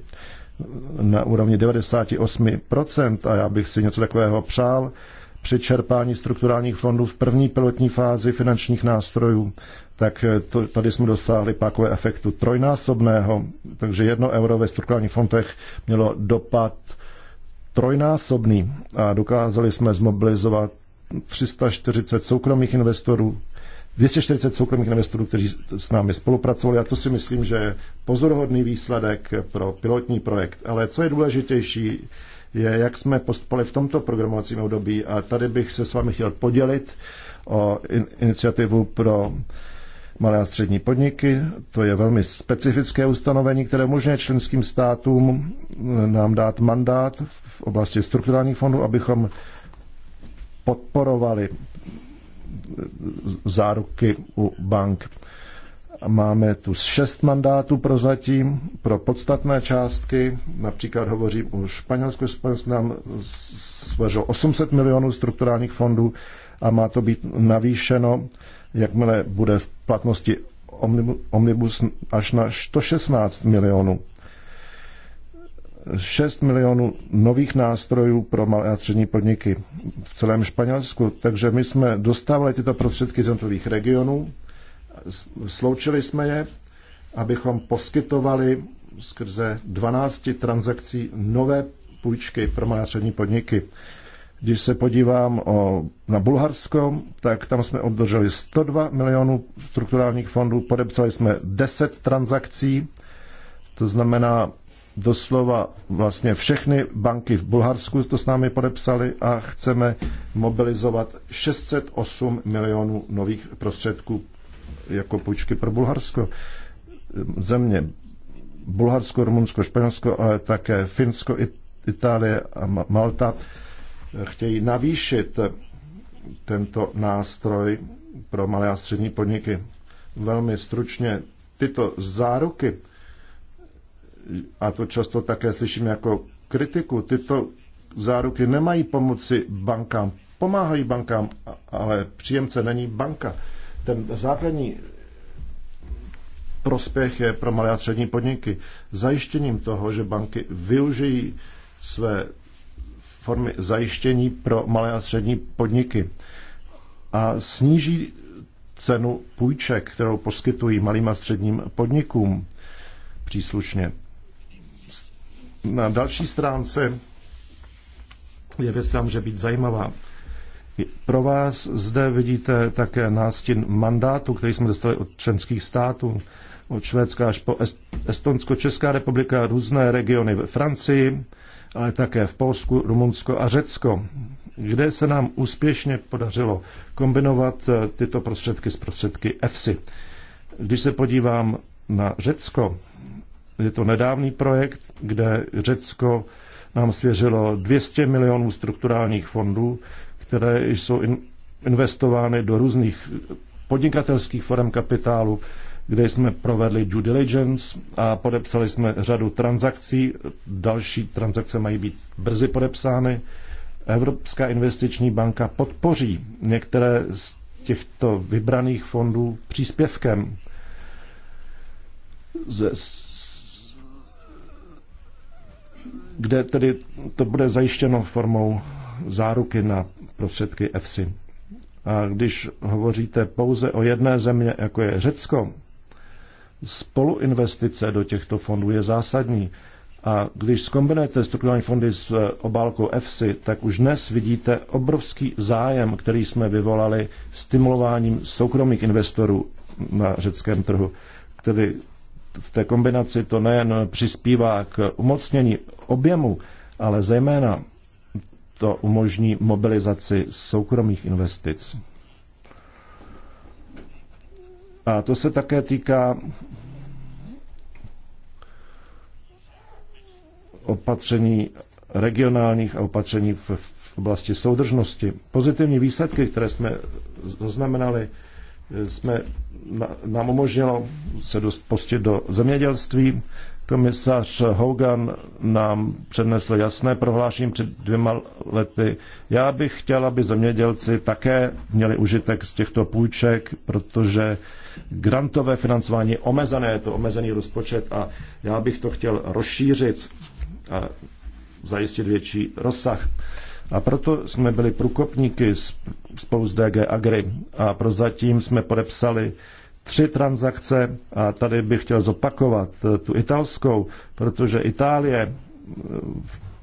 na úrovni 98% a já bych si něco takového přál při čerpání strukturálních fondů v první pilotní fázi finančních nástrojů, tak eh, to, tady jsme dosáhli pákové efektu trojnásobného, takže jedno euro ve strukturálních fondech mělo dopad trojnásobný a dokázali jsme zmobilizovat 340 soukromých investorů, 240 soukromých investorů, kteří s námi spolupracovali a to si myslím, že je pozoruhodný výsledek pro pilotní projekt. Ale co je důležitější, je, jak jsme postupovali v tomto programovacím období a tady bych se s vámi chtěl podělit o in- iniciativu pro malé a střední podniky. To je velmi specifické ustanovení, které umožňuje členským státům eh, nám dát mandát v oblasti strukturálních fondů, abychom podporovali záruky u bank. Máme tu šest mandátů pro zatím, pro podstatné částky, například hovořím o Španělsku, Španělsku nám svěřil 800 milionů strukturálních fondů a má to být navýšeno, jakmile bude v platnosti omnibus až na 116 milionů 6 milionů nových nástrojů pro malé a střední podniky v celém Španělsku. Takže my jsme dostávali tyto prostředky z jednotlivých regionů, sloučili jsme je, abychom poskytovali skrze 12 transakcí nové půjčky pro malé a střední podniky. Když se podívám o, na Bulharsko, tak tam jsme obdrželi 102 milionů strukturálních fondů, podepsali jsme 10 transakcí, to znamená doslova vlastně všechny banky v Bulharsku to s námi podepsali a chceme mobilizovat 608 milionů nových prostředků jako půjčky pro Bulharsko. Země Bulharsko, Rumunsko, Španělsko, ale také Finsko, Itálie a Malta chtějí navýšit tento nástroj pro malé a střední podniky. Velmi stručně tyto záruky a to často také slyším jako kritiku, tyto záruky nemají pomoci bankám, pomáhají bankám, ale příjemce není banka. Ten základní prospěch je pro malé a střední podniky zajištěním toho, že banky využijí své formy zajištění pro malé a střední podniky a sníží cenu půjček, kterou poskytují malým a středním podnikům příslušně na další stránce je věc, která může být zajímavá. Pro vás zde vidíte také nástin mandátu, který jsme dostali od členských států, od Švédska až po Estonsko, Česká republika, různé regiony ve Francii, ale také v Polsku, Rumunsko a Řecko, kde se nám úspěšně podařilo kombinovat eh, tyto prostředky s prostředky EFSI. Když se podívám na Řecko, je to nedávný projekt, kde Řecko nám svěřilo 200 milionů strukturálních fondů, které jsou investovány do různých podnikatelských forem kapitálu, kde jsme provedli due diligence a podepsali jsme řadu transakcí. Další transakce mají být brzy podepsány. Evropská investiční banka podpoří některé z těchto vybraných fondů příspěvkem. Z, kde tedy to bude zajištěno formou záruky na prostředky EFSI. A když hovoříte pouze o jedné země, jako je Řecko, spoluinvestice do těchto fondů je zásadní. A když zkombinujete strukturální fondy s eh, obálkou EFSI, tak už dnes vidíte obrovský zájem, který jsme vyvolali stimulováním soukromých investorů na řeckém trhu, který v té kombinaci to nejen přispívá k umocnění objemu, ale zejména to umožní mobilizaci soukromých investic. A to se také týká opatření regionálních a opatření v, v oblasti soudržnosti. Pozitivní výsledky, které jsme zaznamenali, jsme nám umožnilo se dost postit do zemědělství. Komisař Hogan nám přednesl jasné prohlášení před dvěma lety. Já bych chtěl, aby zemědělci také měli užitek z těchto půjček, protože grantové financování je omezené, je to omezený rozpočet a já bych to chtěl rozšířit a zajistit větší rozsah. A proto jsme byli průkopníky spolu s DG Agri a prozatím jsme podepsali tři transakce a tady bych chtěl zopakovat eh, tu italskou, protože Itálie eh,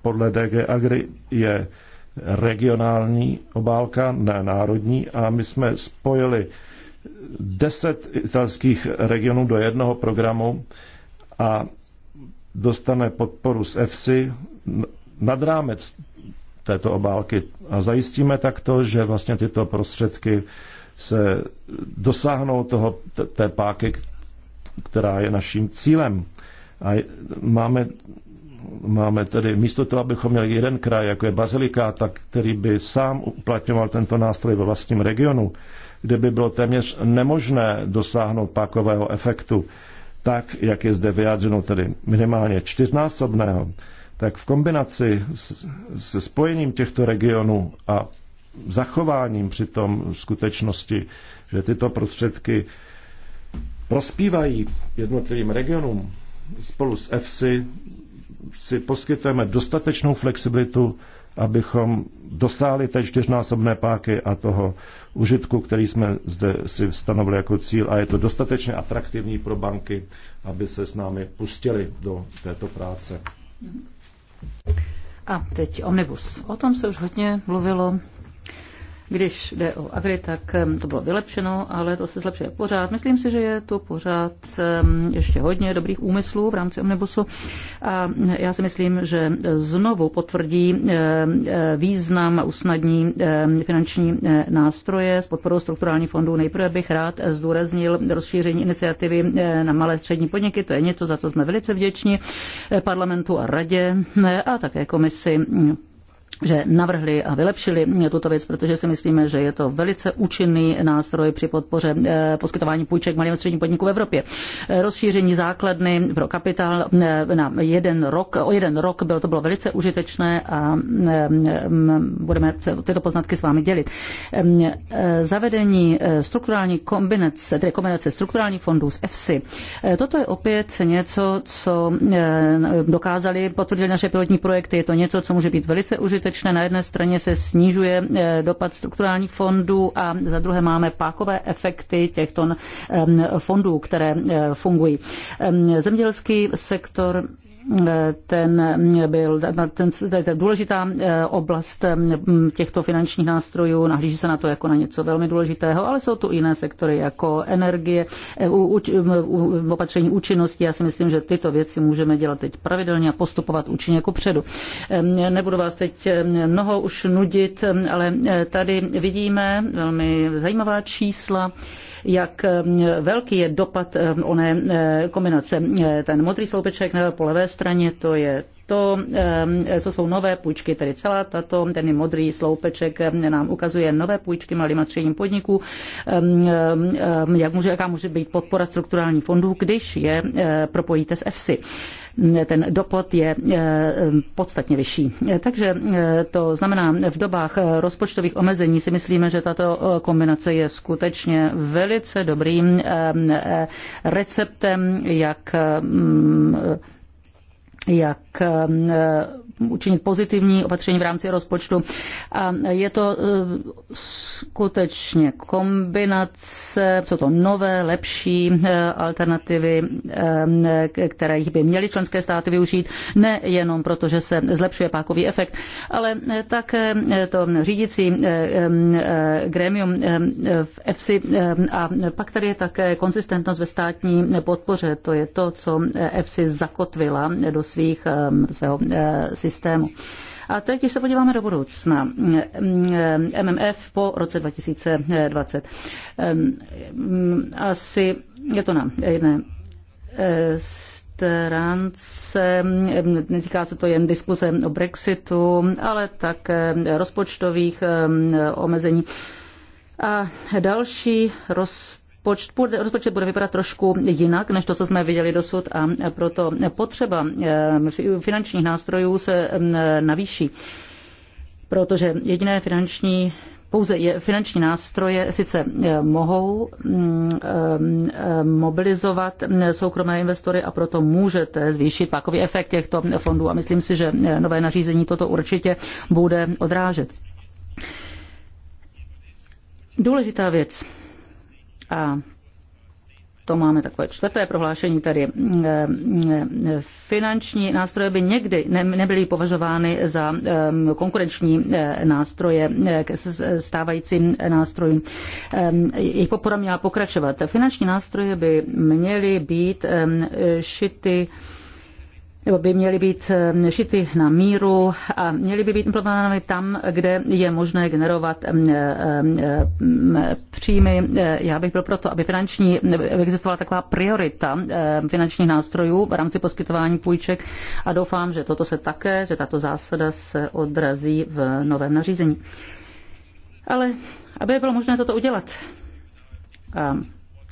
podle DG Agri je regionální obálka, ne národní, a my jsme spojili deset italských regionů do jednoho programu a dostane podporu z EFSI nad rámec této obálky. A zajistíme takto, že vlastně tyto prostředky se dosáhnou toho, té páky, která je naším cílem. A máme, máme tedy, místo toho, abychom měli jeden kraj, jako je Bazilika, tak který by sám uplatňoval tento nástroj ve vlastním regionu, kde by bylo téměř nemožné dosáhnout pákového efektu, tak, jak je zde vyjádřeno, tedy minimálně čtyřnásobného, tak v kombinaci se spojením těchto regionů a zachováním přitom skutečnosti, že tyto prostředky prospívají jednotlivým regionům spolu s EFSI, si poskytujeme dostatečnou flexibilitu, abychom dosáhli té čtyřnásobné páky a toho užitku, který jsme zde si stanovili jako cíl a je to dostatečně atraktivní pro banky, aby se s námi pustili do této práce. A teď omnibus. O tom se už hodně mluvilo. Když jde o Agri, tak to bylo vylepšeno, ale to se zlepšuje pořád. Myslím si, že je tu pořád ještě hodně dobrých úmyslů v rámci Omnibusu a já si myslím, že znovu potvrdí eh, význam a usnadní finanční eh, nástroje s podporou strukturálních fondů. Nejprve bych rád zdůraznil rozšíření iniciativy na malé střední podniky. To je něco, za co jsme velice vděční eh, parlamentu a radě a také komisi že navrhli a vylepšili tuto věc, protože si myslíme, že je to velice účinný nástroj při podpoře eh, poskytování půjček malým a středním podnikům v Evropě. Eh, rozšíření základny pro kapitál eh, na jeden rok, o jeden rok bylo to bylo velice užitečné a mm, budeme tyto poznatky s vámi dělit. Mm, zavedení strukturální kombinace, tedy kombinace strukturálních fondů z EFSI. Toto je opět něco, co dokázali, potvrdili naše pilotní projekty, je to něco, co může být velice užitečné skutečně na jedné straně se snižuje eh, dopad strukturálních fondů a za druhé máme pákové efekty těchto eh, fondů, které eh, fungují. Ehm, zemědělský sektor ten byl ten, ten důležitá eh, oblast eh, těchto finančních nástrojů, nahlíží se na to jako na něco velmi důležitého, ale jsou tu jiné sektory jako energie, eh, u, u, u, opatření účinnosti. Já si myslím, že tyto věci můžeme dělat teď pravidelně a postupovat účinně jako předu. Ehm, nebudu vás teď mnoho už nudit, ehm, ale tady vidíme velmi zajímavá čísla jak eh, velký je dopad eh, oné eh, kombinace. Ten modrý sloupeček po levé straně, to je to, co jsou nové půjčky, tedy celá tato, ten modrý sloupeček nám ukazuje nové půjčky malým a středním podniků, jak může, jaká může být podpora strukturálních fondů, když je propojíte s EFSI ten dopad je eh, podstatně vyšší. Eh, takže eh, to znamená, v dobách rozpočtových omezení si myslíme, že tato kombinace je skutečně velice dobrým receptem, jak mm, jak učinit pozitivní opatření v rámci rozpočtu. A je to e, skutečně kombinace, jsou to nové, lepší e, alternativy, e, které by měly členské státy využít, nejenom proto, že se zlepšuje pákový efekt, ale také to řídící gremium v EFSI a pak tady je také konzistentnost ve státní podpoře. To je to, co EFSI zakotvila do svých, svého systému systému. A teď, když se podíváme do budoucna, MMF po roce 2020, mm, asi je to na jedné eh, stránce, mm, netýká se to jen diskuze o Brexitu, ale také rozpočtových eh, omezení. A další rozpočtových rozpočet bude vypadat trošku jinak, než to, co jsme viděli dosud a proto potřeba eh, finančních nástrojů se mm, navýší, protože jediné finanční pouze je, finanční nástroje sice eh, mohou mm, eh, mobilizovat mm, soukromé investory a proto můžete zvýšit pakový efekt těchto fondů a myslím si, že nové nařízení toto určitě bude odrážet. Důležitá věc a to máme takové čtvrté prohlášení tady. Eh, eh, finanční nástroje by někdy nebyly považovány za eh, konkurenční nástroje k stávajícím nástrojům. Jejich podpora měla pokračovat. Finanční nástroje by měly být šity nebo by měly být eh, šity na míru a měly by být implementovány tam, kde je možné generovat eh, eh, příjmy. Já bych byl proto, aby finanční, existovala taková priorita finančních nástrojů v rámci poskytování půjček a doufám, že toto se také, že tato zásada se odrazí v novém nařízení. Ale aby bylo možné toto udělat,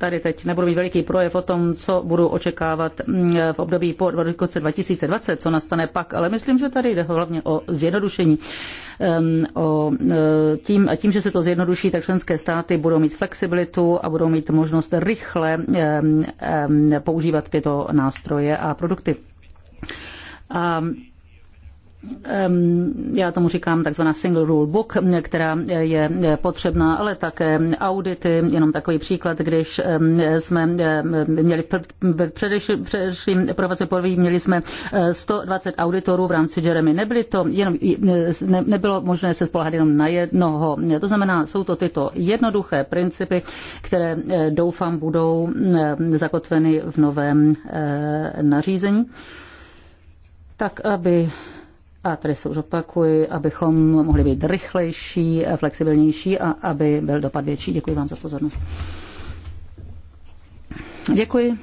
tady teď nebudu mít veliký projev o tom, co budu očekávat mm, v období po roce 2020, co nastane pak, ale myslím, že tady jde hlavně o zjednodušení. O e, tím, a tím, že se to zjednoduší, tak členské státy budou mít flexibilitu a budou mít možnost rychle používat tyto nástroje a produkty. A já tomu říkám takzvaná single rule book, která je potřebná, ale také audity, jenom takový příklad, když jsme měli předešlým provace poví, měli jsme 120 eh, auditorů v rámci Jeremy. Nebyly to jenom, eh, ne, nebylo možné se spolehat jenom na jednoho. To znamená, jsou to tyto jednoduché principy, které eh, doufám budou zakotveny v novém nařízení tak aby a tady se už opakuji, abychom mohli být rychlejší, flexibilnější a aby byl dopad větší. Děkuji vám za pozornost. Děkuji.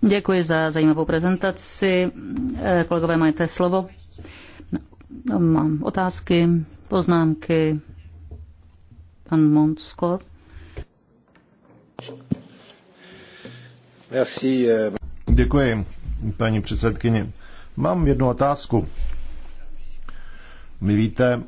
Děkuji za zajímavou prezentaci. Eh, kolegové, majte slovo. No, mám otázky, poznámky. Pan Monskor. Eh. Děkuji, paní předsedkyně. Mám jednu otázku. My víte,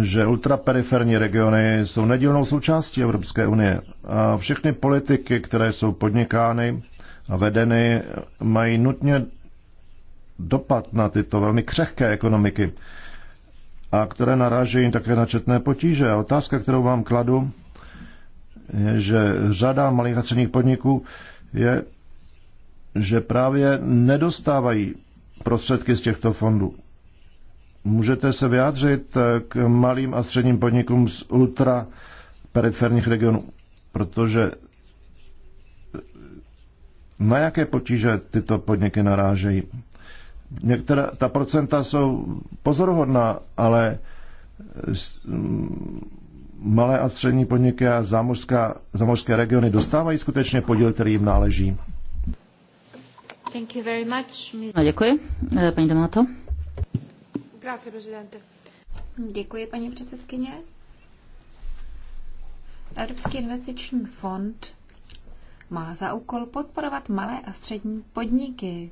že ultraperiferní regiony jsou nedílnou součástí Evropské unie a všechny politiky, které jsou podnikány a vedeny, mají nutně dopad na tyto velmi křehké ekonomiky a které narážejí také na četné potíže. A otázka, kterou vám kladu, je, že řada malých a středních podniků je, že právě nedostávají prostředky z těchto fondů. Můžete se vyjádřit eh, k malým a středním podnikům z ultra periferních regionů, protože eh, na jaké potíže tyto podniky narážejí? Některá ta procenta jsou pozoruhodná, ale eh, mm, malé a střední podniky a zámořská, zámořské regiony dostávají skutečně podíl, který jim náleží. Thank you very much, No, děkuji. Paní Domato. Grazie, prezidente. Děkuji, paní předsedkyně. Evropský investiční fond má za úkol podporovat malé a střední podniky.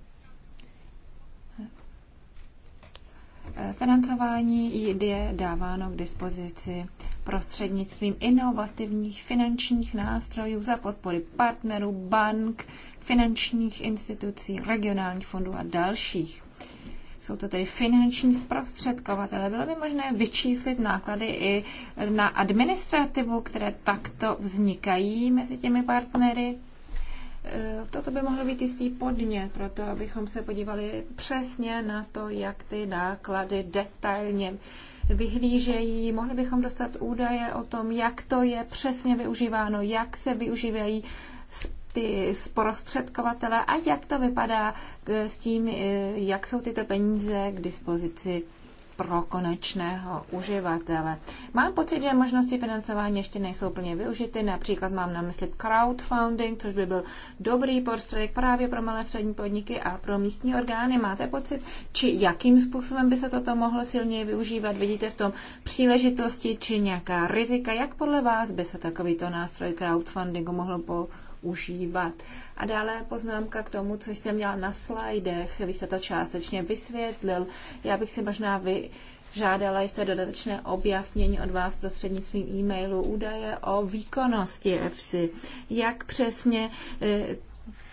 Financování je dáváno k dispozici prostřednictvím inovativních finančních nástrojů za podpory partnerů, bank, finančních institucí, regionálních fondů a dalších. Jsou to tedy finanční zprostředkovatele. Bylo by možné vyčíslit náklady i na administrativu, které takto vznikají mezi těmi partnery? E, toto by mohlo být jistý podnět pro to, abychom se podívali přesně na to, jak ty náklady detailně vyhlížejí. Mohli bychom dostat údaje o tom, jak to je přesně využíváno, jak se využívají ty zprostředkovatele a jak to vypadá s tím, eh, jak jsou tyto peníze k dispozici pro konečného uživatele. Mám pocit, že možnosti financování ještě nejsou plně využity, například mám na mysli crowdfunding, což by byl dobrý prostředek právě pro malé střední podniky a pro místní orgány. Máte pocit, či jakým způsobem by se toto mohlo silněji využívat? Vidíte v tom příležitosti či nějaká rizika? Jak podle vás by se takovýto nástroj crowdfundingu mohl po užívat. A dále poznámka k tomu, co jsem měla na slajdech, vy jste to částečně vysvětlil. Já bych si možná vy, Žádala jste dodatečné objasnění od vás prostřednictvím e-mailu údaje o výkonnosti EFSI. Jak přesně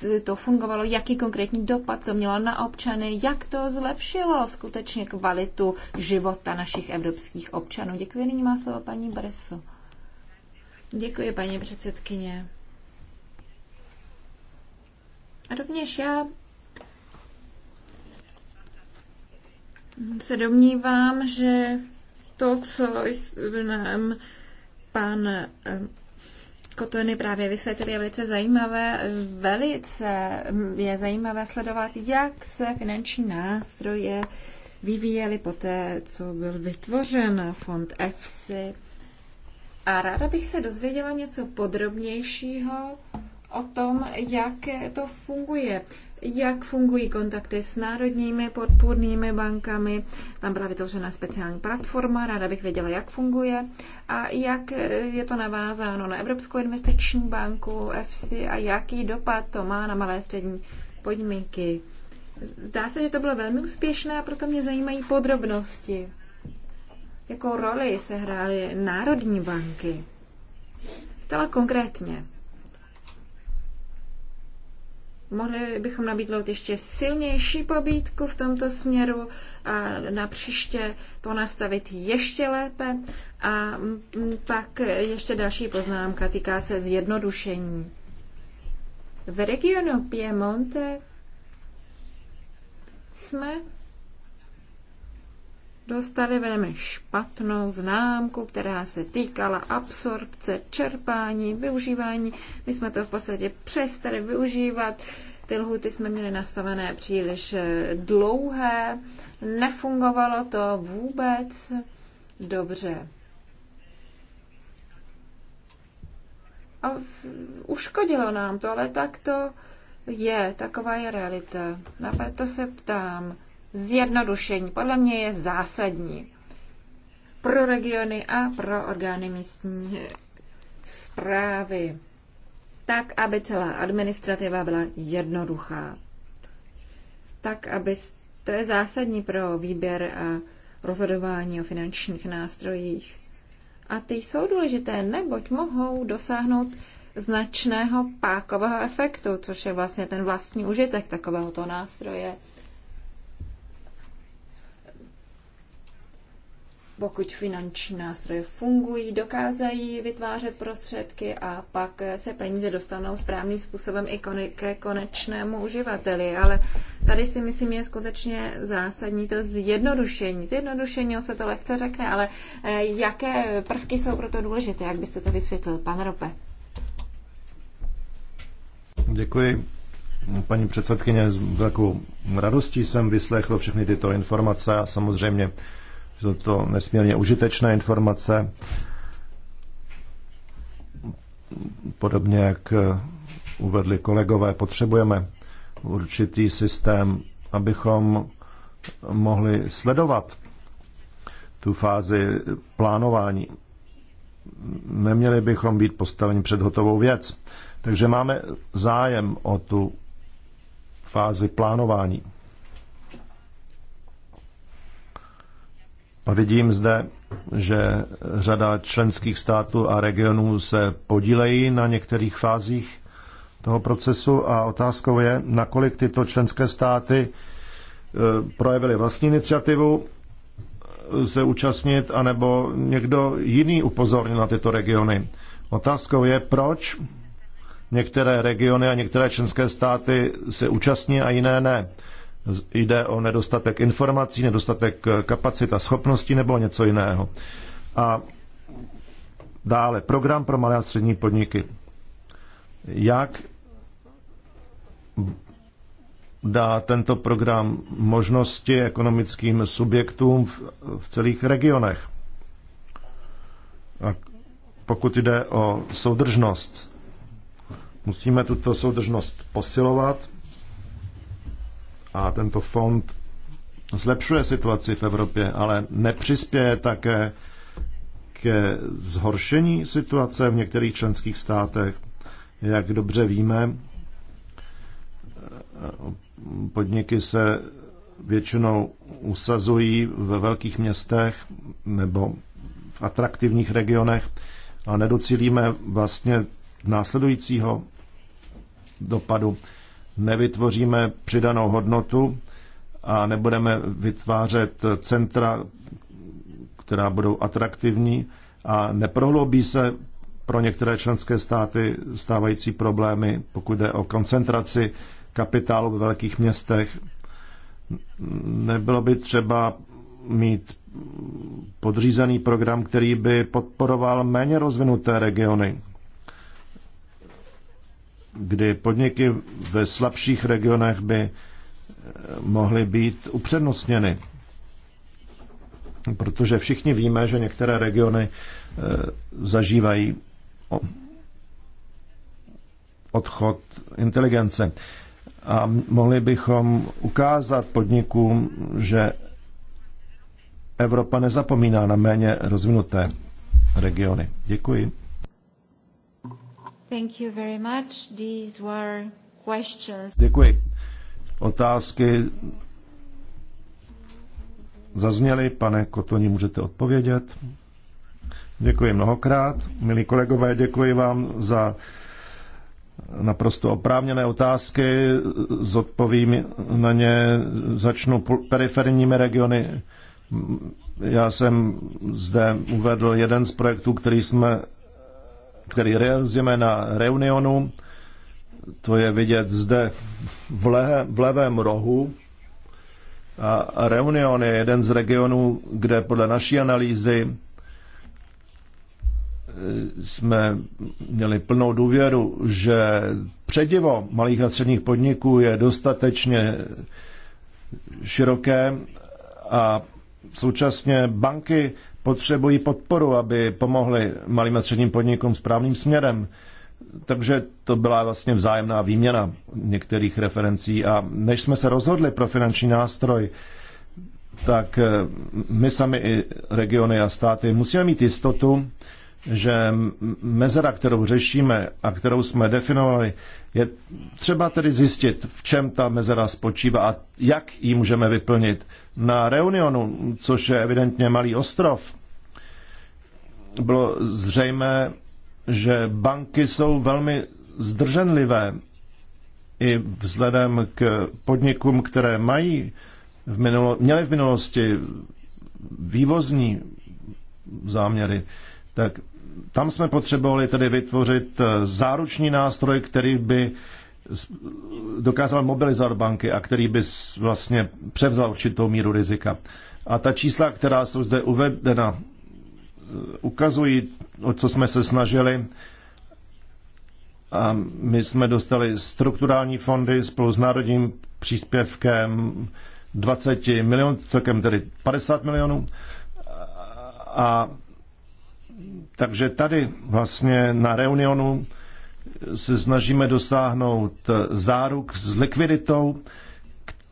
e, to fungovalo, jaký konkrétní dopad to mělo na občany, jak to zlepšilo skutečně kvalitu života našich evropských občanů. Děkuji, nyní má slovo paní Breso. Děkuji, paní předsedkyně. A rovněž já se domnívám, že to, co nám pan eh, Kotony právě vysvětlil, je velice zajímavé. Velice je zajímavé sledovat, jak se finanční nástroje vyvíjely poté, co byl vytvořen fond EFSI. A ráda bych se dozvěděla něco podrobnějšího o tom, jak to funguje jak fungují kontakty s národními podpůrnými bankami. Tam byla vytvořena speciální platforma, ráda bych věděla, jak funguje a jak je to navázáno na Evropskou investiční banku, EFSI a jaký dopad to má na malé střední podmínky. Zdá se, že to bylo velmi úspěšné a proto mě zajímají podrobnosti. Jakou roli se hrály národní banky? Stala konkrétně mohli bychom nabídnout ještě silnější pobídku v tomto směru a na příště to nastavit ještě lépe. A mm, pak ještě další poznámka týká se zjednodušení. V regionu Piemonte jsme dostali velmi špatnou známku, která se týkala absorpce, čerpání, využívání. My jsme to v podstatě přestali využívat. Ty lhuty jsme měli nastavené příliš eh, dlouhé, nefungovalo to vůbec dobře. A uškodilo nám to, ale tak to je, taková je realita. Na to se ptám zjednodušení podle mě je zásadní pro regiony a pro orgány místní zprávy, tak, aby celá administrativa byla jednoduchá. Tak, aby to je zásadní pro výběr a rozhodování o finančních nástrojích. A ty jsou důležité, neboť mohou dosáhnout značného pákového efektu, což je vlastně ten vlastní užitek takovéhoto nástroje. pokud finanční nástroje fungují, dokázají vytvářet prostředky a pak se peníze dostanou správným způsobem i ke konečnému uživateli. Ale tady si myslím je skutečně zásadní to zjednodušení. Zjednodušení se to lehce řekne, ale eh, jaké prvky jsou proto důležité, jak byste to vysvětlil, pan Rope? Děkuji. Paní předsedkyně, s velkou radostí jsem vyslechl všechny tyto informace a samozřejmě jsou to nesmírně užitečné informace, podobně jak uvedli kolegové, potřebujeme určitý systém, abychom mohli sledovat tu fázi plánování. Neměli bychom být postaveni před hotovou věc. Takže máme zájem o tu fázi plánování. Vidím zde, že řada členských států a regionů se podílejí na některých fázích toho procesu a otázkou je, nakolik tyto členské státy e, projevily vlastní iniciativu e, se účastnit, anebo někdo jiný upozornil na tyto regiony. Otázkou je, proč některé regiony a některé členské státy se účastní a jiné ne jde o nedostatek informací, nedostatek eh, kapacit a schopností nebo něco jiného. A dále program pro malé a střední podniky. Jak dá tento program možnosti ekonomickým subjektům v, v celých regionech? A pokud jde o soudržnost, musíme tuto soudržnost posilovat a tento fond zlepšuje situaci v Evropě, ale nepřispěje také ke zhoršení situace v některých členských státech. Jak dobře víme, podniky se většinou usazují ve velkých městech nebo v atraktivních regionech a nedocílíme vlastně následujícího dopadu nevytvoříme přidanou hodnotu a nebudeme vytvářet centra, která budou atraktivní a neprohloubí se pro některé členské státy stávající problémy, pokud jde o koncentraci kapitálu ve velkých městech. Nebylo by třeba mít podřízený program, který by podporoval méně rozvinuté regiony, kdy podniky ve slabších regionech by eh, mohly být upřednostněny. Protože všichni víme, že některé regiony eh, zažívají odchod inteligence. A mohli bychom ukázat podnikům, že Evropa nezapomíná na méně rozvinuté regiony. Děkuji. Thank you very much. These were questions. Děkuji. Otázky zazněly. Pane Kotoni, můžete odpovědět. Děkuji mnohokrát. Milí kolegové, děkuji vám za naprosto oprávněné otázky. Zodpovím na ně. Začnu periferními regiony. Já jsem zde uvedl jeden z projektů, který jsme který realizujeme na Reunionu. To je vidět zde v, le, v levém rohu. A Reunion je jeden z regionů, kde podle naší analýzy eh, jsme měli plnou důvěru, že předivo malých a středních podniků je dostatečně široké a současně banky potřebují podporu, aby pomohli malým a středním podnikům správným směrem. Takže to byla vlastně vzájemná výměna některých referencí a než jsme se rozhodli pro finanční nástroj, tak eh, my sami i regiony a státy musíme mít jistotu, že mezera, kterou řešíme a kterou jsme definovali, je třeba tedy zjistit, v čem ta mezera spočívá a jak ji můžeme vyplnit. Na Reunionu, což je evidentně malý ostrov, bylo zřejmé, že banky jsou velmi zdrženlivé i vzhledem k podnikům, které mají v minulo, měly v minulosti vývozní záměry, tak tam jsme potřebovali tedy vytvořit eh, záruční nástroj, který by dokázal mobilizovat banky a který by vlastně převzal určitou míru rizika. A ta čísla, která jsou zde uvedena, eh, ukazují, o co jsme se snažili. A my jsme dostali strukturální fondy spolu s národním příspěvkem 20 milionů, celkem tedy 50 milionů. A takže tady vlastně na Reunionu se snažíme dosáhnout záruk s likviditou,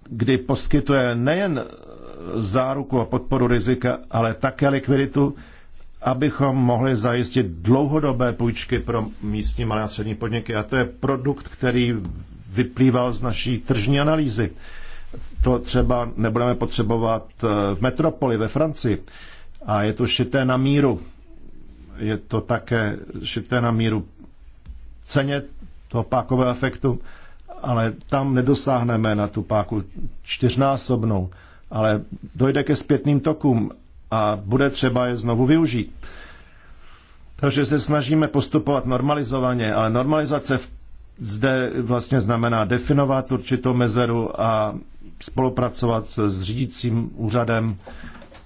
kdy poskytuje nejen záruku a podporu rizika, ale také likviditu, abychom mohli zajistit dlouhodobé půjčky pro místní malé a střední podniky. A to je produkt, který vyplýval z naší tržní analýzy. To třeba nebudeme potřebovat v metropoli ve Francii. A je to šité na míru je to také šité na míru ceně toho pákového efektu, ale tam nedosáhneme na tu páku čtyřnásobnou, ale dojde ke zpětným tokům a bude třeba je znovu využít. Takže se snažíme postupovat normalizovaně, ale normalizace zde vlastně znamená definovat určitou mezeru a spolupracovat s řídícím úřadem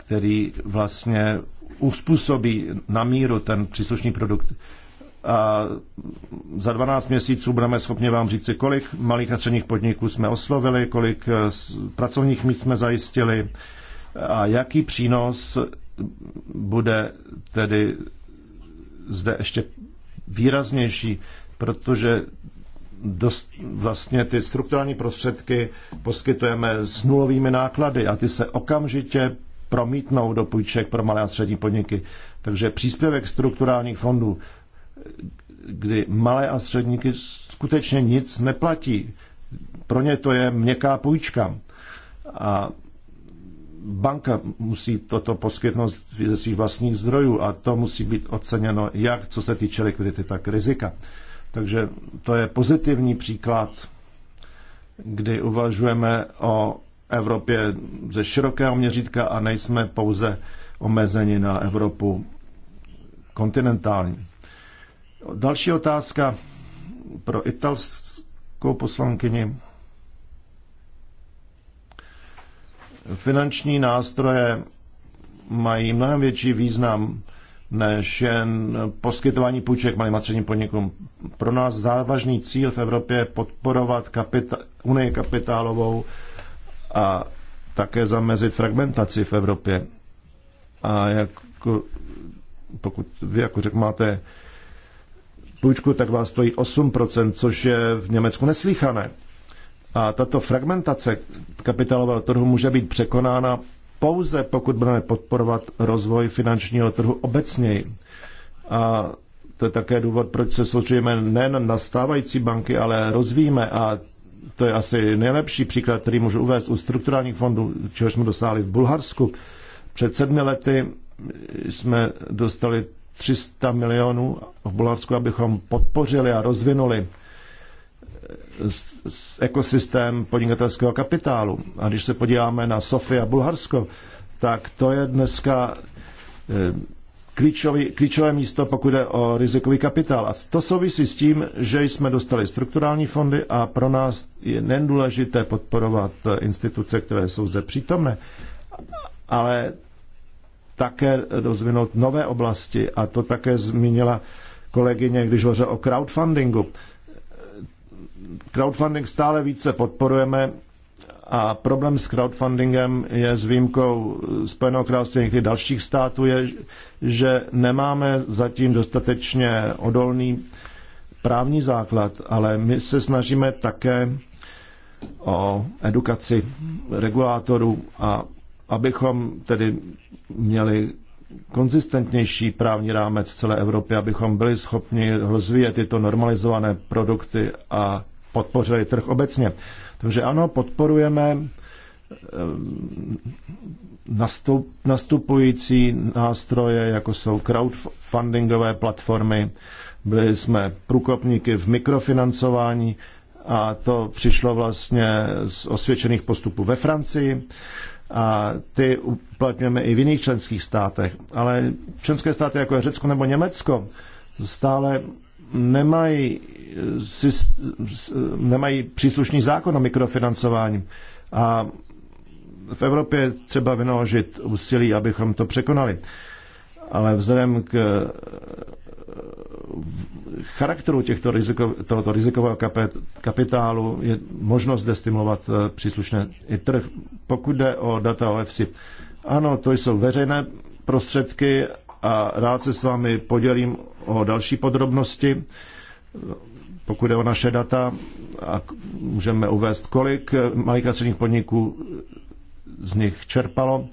který vlastně uspůsobí na míru ten příslušný produkt. A za 12 měsíců budeme schopni vám říct, kolik malých a středních podniků jsme oslovili, kolik eh, pracovních míst jsme zajistili a jaký přínos bude tedy zde ještě výraznější, protože dost, vlastně ty strukturální prostředky poskytujeme s nulovými náklady a ty se okamžitě promítnou do půjček pro malé a střední podniky. Takže příspěvek strukturálních fondů, kdy malé a středníky skutečně nic neplatí. Pro ně to je měkká půjčka. A banka musí toto poskytnout ze svých vlastních zdrojů a to musí být oceněno jak co se týče likvidity, tak rizika. Takže to je pozitivní příklad, kdy uvažujeme o Evropě ze širokého měřítka a nejsme pouze omezeni na Evropu kontinentální. Další otázka pro italskou poslankyni. Finanční nástroje mají mnohem větší význam než jen poskytování půjček malým a středním podnikům. Pro nás závažný cíl v Evropě je podporovat kapita- unii kapitálovou a také zamezit fragmentaci v Evropě. A jako, pokud vy jako řekl máte půjčku, tak vás stojí 8%, což je v Německu neslýchané. A tato fragmentace kapitálového trhu může být překonána pouze pokud budeme podporovat rozvoj finančního trhu obecněji. A to je také důvod, proč se soustředíme nejen na stávající banky, ale rozvíjíme a to je asi nejlepší příklad, který můžu uvést u strukturálních fondů, čeho jsme dosáhli v Bulharsku. Před sedmi lety jsme dostali 300 milionů v Bulharsku, abychom podpořili a rozvinuli ekosystém podnikatelského kapitálu. A když se podíváme na Sofia a Bulharsko, tak to je dneska eh, klíčový, klíčové místo, pokud jde o rizikový kapitál. A to souvisí s tím, že jsme dostali strukturální fondy a pro nás je nejen důležité podporovat eh, instituce, které jsou zde přítomné, ale také rozvinout nové oblasti a to také zmínila kolegyně, když hovořila o crowdfundingu. Eh, crowdfunding stále více podporujeme a problém s crowdfundingem je s výjimkou Spojeného království a některých dalších států je, že nemáme zatím dostatečně odolný právní základ, ale my se snažíme také o edukaci regulátorů a abychom tedy měli konzistentnější právní rámec v celé Evropě, abychom byli schopni rozvíjet tyto normalizované produkty a podpořili trh obecně. Takže ano, podporujeme eh, nastup, nastupující nástroje, jako jsou crowdfundingové platformy. Byli jsme průkopníky v mikrofinancování a to přišlo vlastně z osvědčených postupů ve Francii a ty uplatňujeme i v jiných členských státech. Ale členské státy, jako je Řecko nebo Německo, stále nemají nemají příslušný zákon o mikrofinancování. A v Evropě třeba vynaložit úsilí, abychom to překonali. Ale vzhledem k eh, charakteru těchto riziko, tohoto rizikového kapitálu je možnost destimulovat eh, příslušné i trh. Pokud jde o data FC, ano, to jsou veřejné prostředky a rád se s vámi podělím o další podrobnosti. Pokud je o naše data, a můžeme uvést, kolik malých a středních podniků z nich čerpalo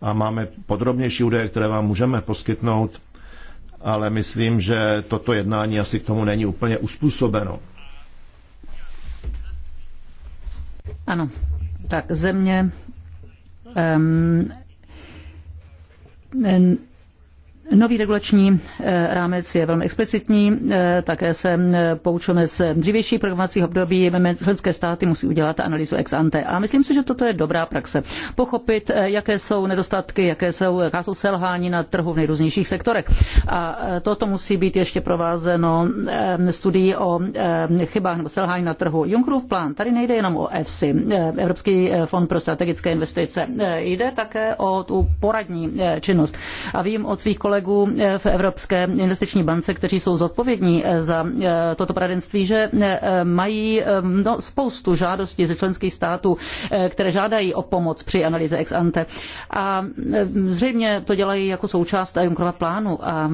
a máme podrobnější údaje, které vám můžeme poskytnout, ale myslím, že toto jednání asi k tomu není úplně uspůsobeno. Ano, tak země um, Nový regulační eh, rámec je velmi explicitní, eh, také se eh, poučujeme z dřívější programovacích období, členské státy musí udělat analýzu ex ante. A myslím si, že toto je dobrá praxe. Pochopit, jaké jsou nedostatky, jaké jsou, jaká jsou selhání na trhu v nejrůznějších sektorech. A toto musí být ještě provázeno studií o chybách nebo selhání na trhu. Junckerův plán, tady nejde jenom o EFSI, Evropský fond pro strategické investice, jde také o tu poradní činnost. A vím od svých kolegů, kolegů eh, v Evropské investiční bance, kteří jsou zodpovědní eh, za eh, toto poradenství, že mají no, spoustu žádostí ze členských států, které žádají o pomoc při analýze ex ante. A zřejmě to dělají jako součást Junckerova plánu. A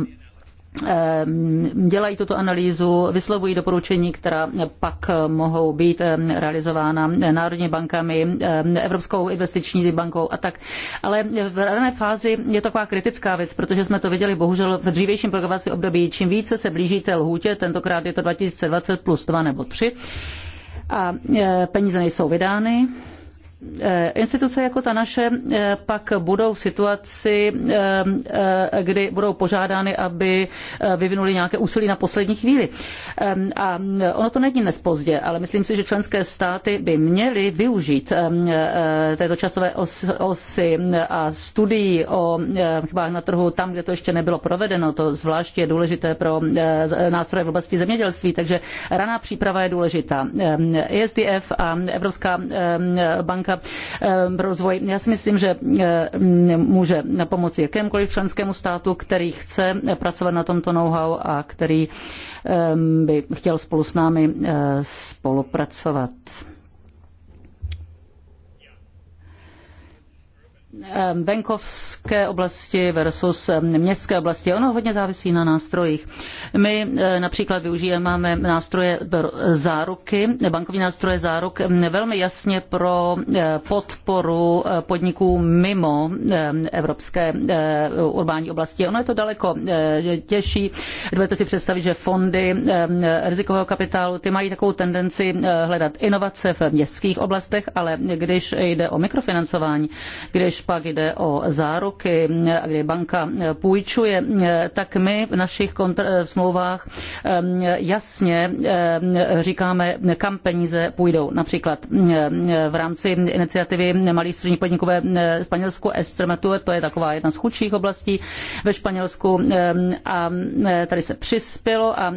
Ehm, dělají tuto analýzu, vyslovují doporučení, která pak mohou být ehm, realizována národní bankami, ehm, Evropskou investiční bankou a tak. Ale v rané fázi je to taková kritická věc, protože jsme to viděli bohužel v dřívějším programovací období. Čím více se blížíte lhůtě, tentokrát je to 2020 plus 2 nebo 3, a e, peníze nejsou vydány, Eh, instituce jako ta naše eh, pak budou v situaci, eh, kdy budou požádány, aby vyvinuli nějaké úsilí na poslední chvíli. Ehm, a ono to není dnes pozdě, ale myslím si, že členské státy by měly využít ehm, této časové osy a studií o chybách na trhu tam, kde to ještě nebylo provedeno. To zvláště je důležité pro nástroje v oblasti zemědělství, takže raná příprava je důležitá. ESDF ehm, e a Evropská banka E, rozvoj. Já si myslím, že e, může pomoci jakémkoliv členskému státu, který chce pracovat na tomto know-how a který e, by chtěl spolu s námi spolupracovat. venkovské oblasti versus městské oblasti. Ono hodně závisí na nástrojích. My e, například využíváme nástroje záruky, bankovní nástroje záruk velmi jasně pro e, podporu e, podniků mimo evropské urbání oblasti. Ono je to daleko těžší. Dovedete si představit, že fondy rizikového kapitálu, ty mají takovou tendenci hledat inovace v městských oblastech, ale když jde o mikrofinancování, když naopak jde o záruky, kdy banka půjčuje, tak my v našich kontr- smlouvách jasně říkáme, kam peníze půjdou. Například v rámci iniciativy malých středních podniků ve Španělsku Estrematur, to je taková jedna z chudších oblastí ve Španělsku a tady se přispělo a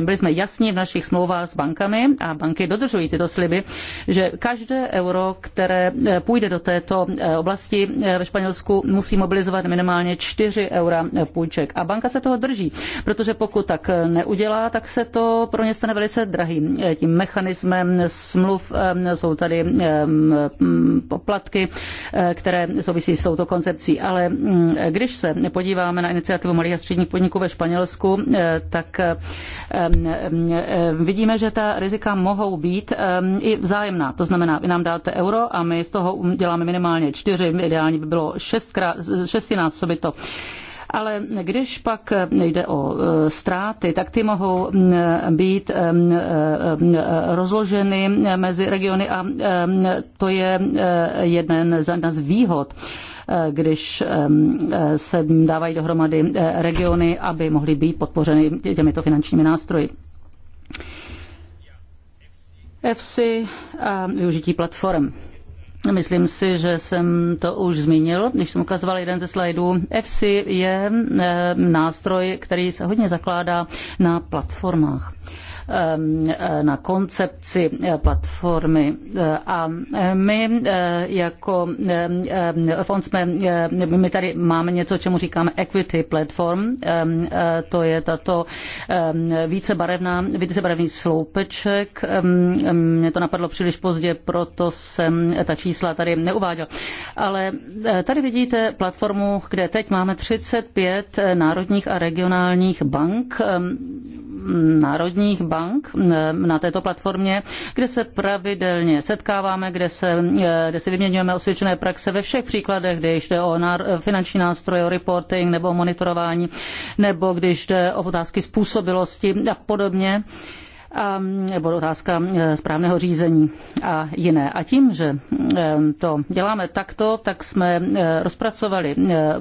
byli jsme jasní v našich smlouvách s bankami a banky dodržují tyto sliby, že každé euro, které půjde do této eh, oblasti, domácnosti eh, ve Španělsku musí mobilizovat minimálně 4 eura eh, půjček. A banka se toho drží, protože pokud tak eh, neudělá, tak se to pro ně stane velice drahým. Tím mechanismem smluv jsou tady mm, poplatky, které souvisí s touto koncepcí. Ale mm, když se podíváme na iniciativu malých a středních podniků ve Španělsku, tak mm, vidíme, že ta rizika mohou být i vzájemná. To znamená, vy nám dáte euro a my z toho uděláme minimálně čtyři, ideální by bylo šestkrát, šestinásobit to ale když pak jde o e, ztráty, tak ty mohou e, být e, rozloženy mezi regiony a to je jeden z výhod když se dávají dohromady regiony, aby mohly být podpořeny těmito finančními nástroji. EFSI a využití platform. Myslím si, že jsem to už zmínil, když jsem ukazoval jeden ze slajdů. FC je eh, nástroj, který se hodně zakládá na platformách. Ehm, eh, na koncepci eh, platformy. Eh, a my jako ehm, fond jsme, my tady máme něco, čemu říkáme Equity Platform, ehm, to je tato vícebarevná, vícebarevný sloupeček. Mě to napadlo příliš pozdě, proto jsem ta čísla tady neuváděl. Ale tady vidíte platformu, kde teď máme 35 národních a regionálních bank, národních bank, bank na této platformě, kde se pravidelně setkáváme, kde, se, e, kde si vyměňujeme osvědčené praxe ve všech příkladech, kde jde o finanční nástroje, o reporting nebo o monitorování, nebo když jde o otázky způsobilosti a podobně a, ehm, nebo otázka eh, správného řízení a jiné. A tím, že ehm, to děláme takto, tak jsme eh, rozpracovali eh,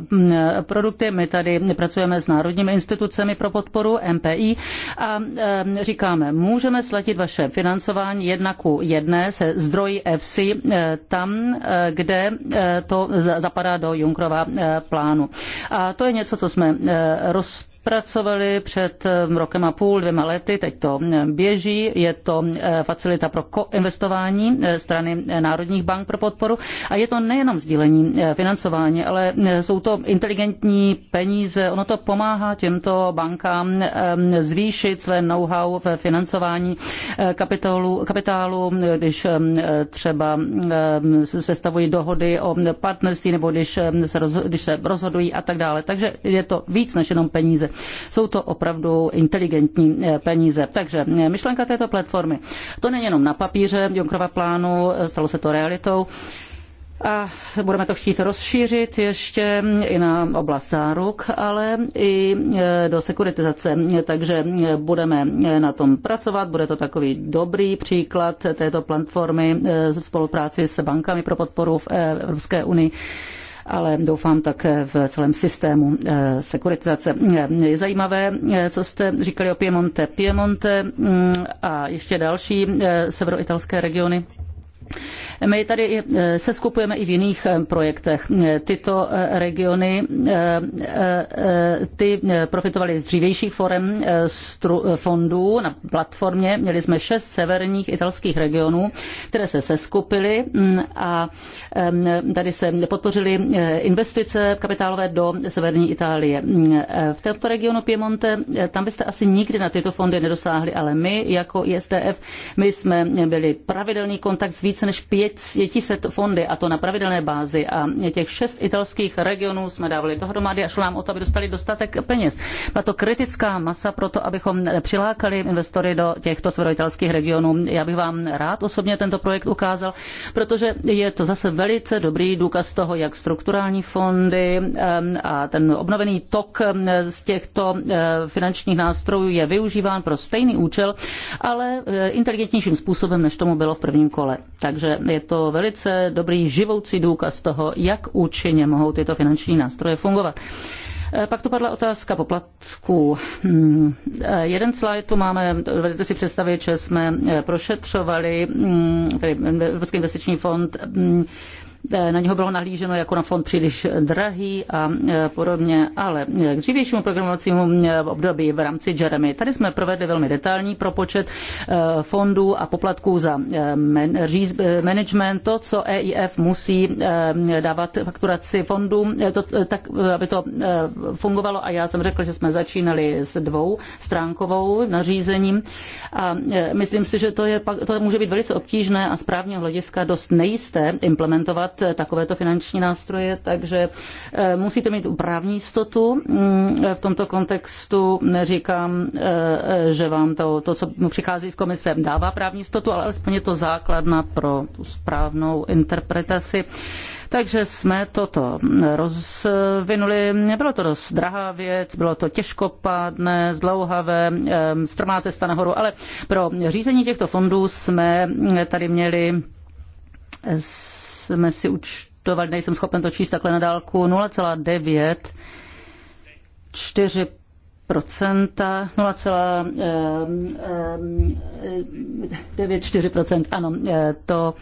produkty. My tady pracujeme s národními institucemi pro podporu MPI a ehm, říkáme, můžeme sletit vaše financování jedna ku jedné se zdroji EFSI tam, kde to zapadá do Junkrova plánu. A to je něco, co jsme roz pracovali před mm, rokem a půl, dvěma lety, teď to mm, běží, je to mm, facilita pro koinvestování strany Národních bank pro podporu a je to nejenom sdílení financování, ale jsou to inteligentní peníze, ono to pomáhá těmto bankám zvýšit své know-how v financování kapitálu, kapitálu, když třeba stavují dohody o partnerství nebo když se, roz, když se rozhodují a tak dále. Takže je to víc než jenom peníze. Jsou to opravdu inteligentní eh, peníze. Takže eh, myšlenka této platformy, to není jenom na papíře Junckerova plánu, eh, stalo se to realitou. A budeme to chtít rozšířit ještě mm, i na oblast záruk, ale i do sekuritizace. Takže budeme na tom pracovat. Bude to takový dobrý příklad této platformy v spolupráci s bankami pro podporu v Evropské unii ale doufám také v celém systému eh, sekuritizace. Eh, je zajímavé, eh, co jste říkali o Piemonte. Piemonte mm, a ještě další severoitalské regiony. My tady eh, se skupujeme i v jiných eh, projektech. Tyto eh, regiony ty profitovaly z dřívějších forem fondů na platformě. Měli jsme šest severních italských regionů, které se seskupily mm, a tady se podpořily investice kapitálové do severní Itálie. Mm, v tomto regionu Piemonte, tam byste asi nikdy na tyto fondy nedosáhli, ale my jako ISDF, my jsme byli pravidelný kontakt s více více než 500 fondy, a to na pravidelné bázi. A těch šest italských regionů jsme dávali dohromady a šlo nám o to, aby dostali dostatek peněz. Byla to kritická masa pro to, abychom přilákali investory do těchto severoitalských regionů. Já bych vám rád osobně tento projekt ukázal, protože je to zase velice dobrý důkaz toho, jak strukturální fondy a ten obnovený tok z těchto finančních nástrojů je využíván pro stejný účel, ale inteligentnějším způsobem, než tomu bylo v prvním kole. Tak takže je to velice dobrý živoucí důkaz toho, jak účinně mohou tyto finanční nástroje fungovat. Eh, pak tu padla otázka poplatků. Hmm, eh, jeden slide tu máme, dovedete si představit, že jsme eh, prošetřovali, hmm, tedy Evropský investiční fond, hmm, Eh, na něho bylo nahlíženo jako na fond příliš drahý a eh, podobně, ale eh, k dřívějšímu programovacímu období v rámci Jeremy. Tady jsme provedli velmi detailní propočet fondů a poplatků za management, to, co EIF musí dávat fakturaci fondů, to, tak, aby to fungovalo a já jsem řekl, že jsme začínali s dvou stránkovou nařízením a myslím si, že to, je, to může být velice obtížné a správního hlediska dost nejisté implementovat používat takovéto finanční nástroje, takže eh, musíte mít právní jistotu. Mm, v tomto kontextu neříkám, eh, že vám to, to co přichází z komise, dává právní jistotu, ale alespoň je to základna pro tu správnou interpretaci. Takže jsme toto rozvinuli. Bylo to dost drahá věc, bylo to těžkopádné, zdlouhavé, eh, strmá cesta nahoru, ale pro řízení těchto fondů jsme tady měli s jsme si účtovali, nejsem schopen to číst takhle na dálku, 0,9, 4 procenta, 0,94 ano, eh, to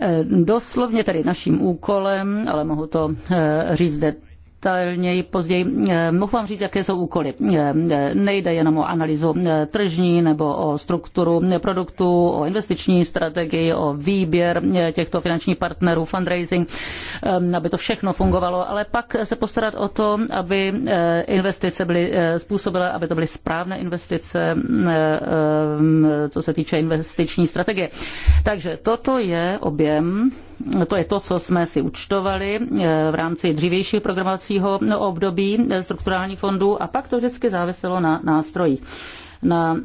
eh, doslovně tady naším úkolem, ale mohu to eh, říct zde detailněji později. Eh, mohu vám říct, jaké jsou úkoly. Eh, nejde jenom o analýzu eh, tržní nebo o strukturu produktů, o investiční strategii, o výběr těchto finančních partnerů, fundraising, aby to všechno fungovalo, ale pak se postarat o to, aby investice byly způsobily, aby to byly správné investice, co se týče investiční strategie. Takže toto je objem to je to, co jsme si účtovali eh, v rámci dřívějšího programovacího období eh, strukturálních fondů a pak to vždycky záviselo na nástrojích. Na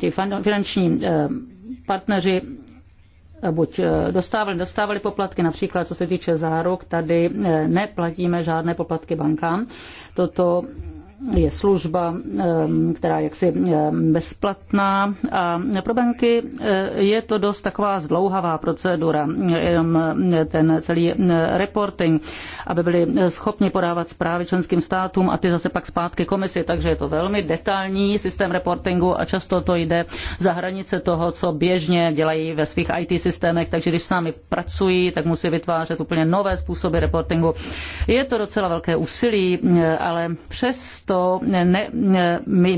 těch eh, finanční partneři buď dostávali, dostávali poplatky, například co se týče záruk, tady neplatíme žádné poplatky bankám. Toto je služba, která je jaksi bezplatná a pro banky eh, je to dost taková zdlouhavá procedura, jenom eh, ten celý eh, reporting, aby byli schopni podávat zprávy členským státům a ty zase pak zpátky komisi, takže je to velmi detailní systém reportingu a často to jde za hranice toho, co běžně dělají ve svých IT systémech, takže když s námi pracují, tak musí vytvářet úplně nové způsoby reportingu. Je to docela velké úsilí, ale přes často ne, my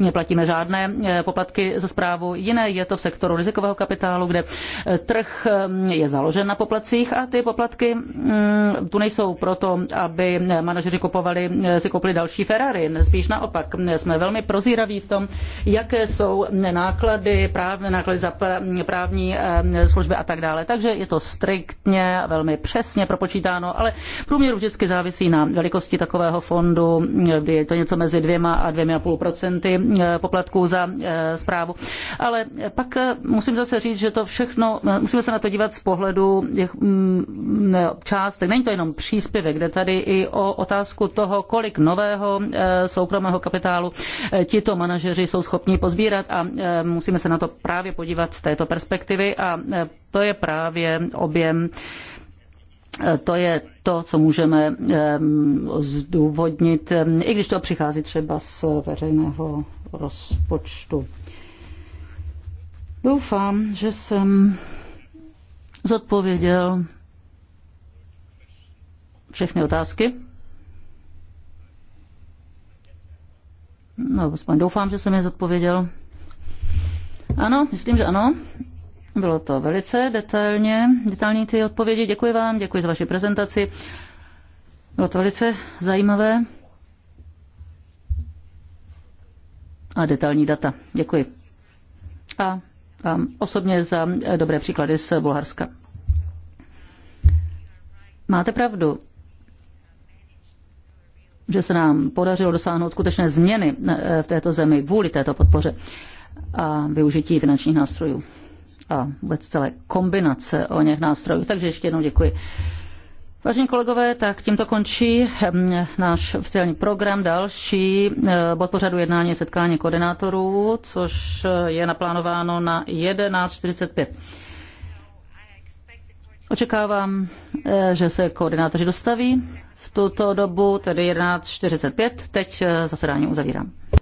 neplatíme žádné eh, poplatky za zprávu. Jiné je to v sektoru rizikového kapitálu, kde eh, trh mm, je založen na poplacích a ty poplatky mm, tu nejsou proto, aby eh, manažeři kupovali, si koupili další Ferrari. Spíš naopak, jsme velmi prozíraví v tom, jaké jsou náklady, práv, náklady za právní služby a tak dále. Takže je to striktně, velmi přesně propočítáno, ale průměr vždycky závisí na velikosti takového fondu, kdy je to něco mezi dvěma a dvěma a půl procenty eh, poplatků za eh, zprávu. Ale pak eh, musím zase říct, že to všechno, musíme se na to dívat z pohledu těch mm, částek. Není to jenom příspěvek, jde tady i o otázku toho, kolik nového soukromého kapitálu tito manažeři jsou schopni pozbírat a musíme se na to právě podívat z této perspektivy a to je právě objem Eh, to je to, co můžeme zdůvodnit, i když to přichází třeba z veřejného rozpočtu. Doufám, že jsem zodpověděl všechny otázky. No, aspoň doufám, že jsem je zodpověděl. Ano, myslím, že ano. Bylo to velice detailně, detailní ty odpovědi. Děkuji vám, děkuji za vaši prezentaci. Bylo to velice zajímavé. A detailní data. Děkuji. A vám osobně za dobré příklady z Bulharska. Máte pravdu, že se nám podařilo dosáhnout skutečné změny eh, v této zemi vůli této podpoře a využití finančních nástrojů a vůbec celé kombinace o něch nástrojů. Takže ještě jednou děkuji. Vážení kolegové, tak tímto končí hm, náš oficiální program. Další eh, bod pořadu jednání setkání koordinátorů, což eh, je naplánováno na 11.45. Očekávám, eh, že se koordinátoři dostaví v tuto dobu, tedy 11.45. Teď zasedání uzavírám.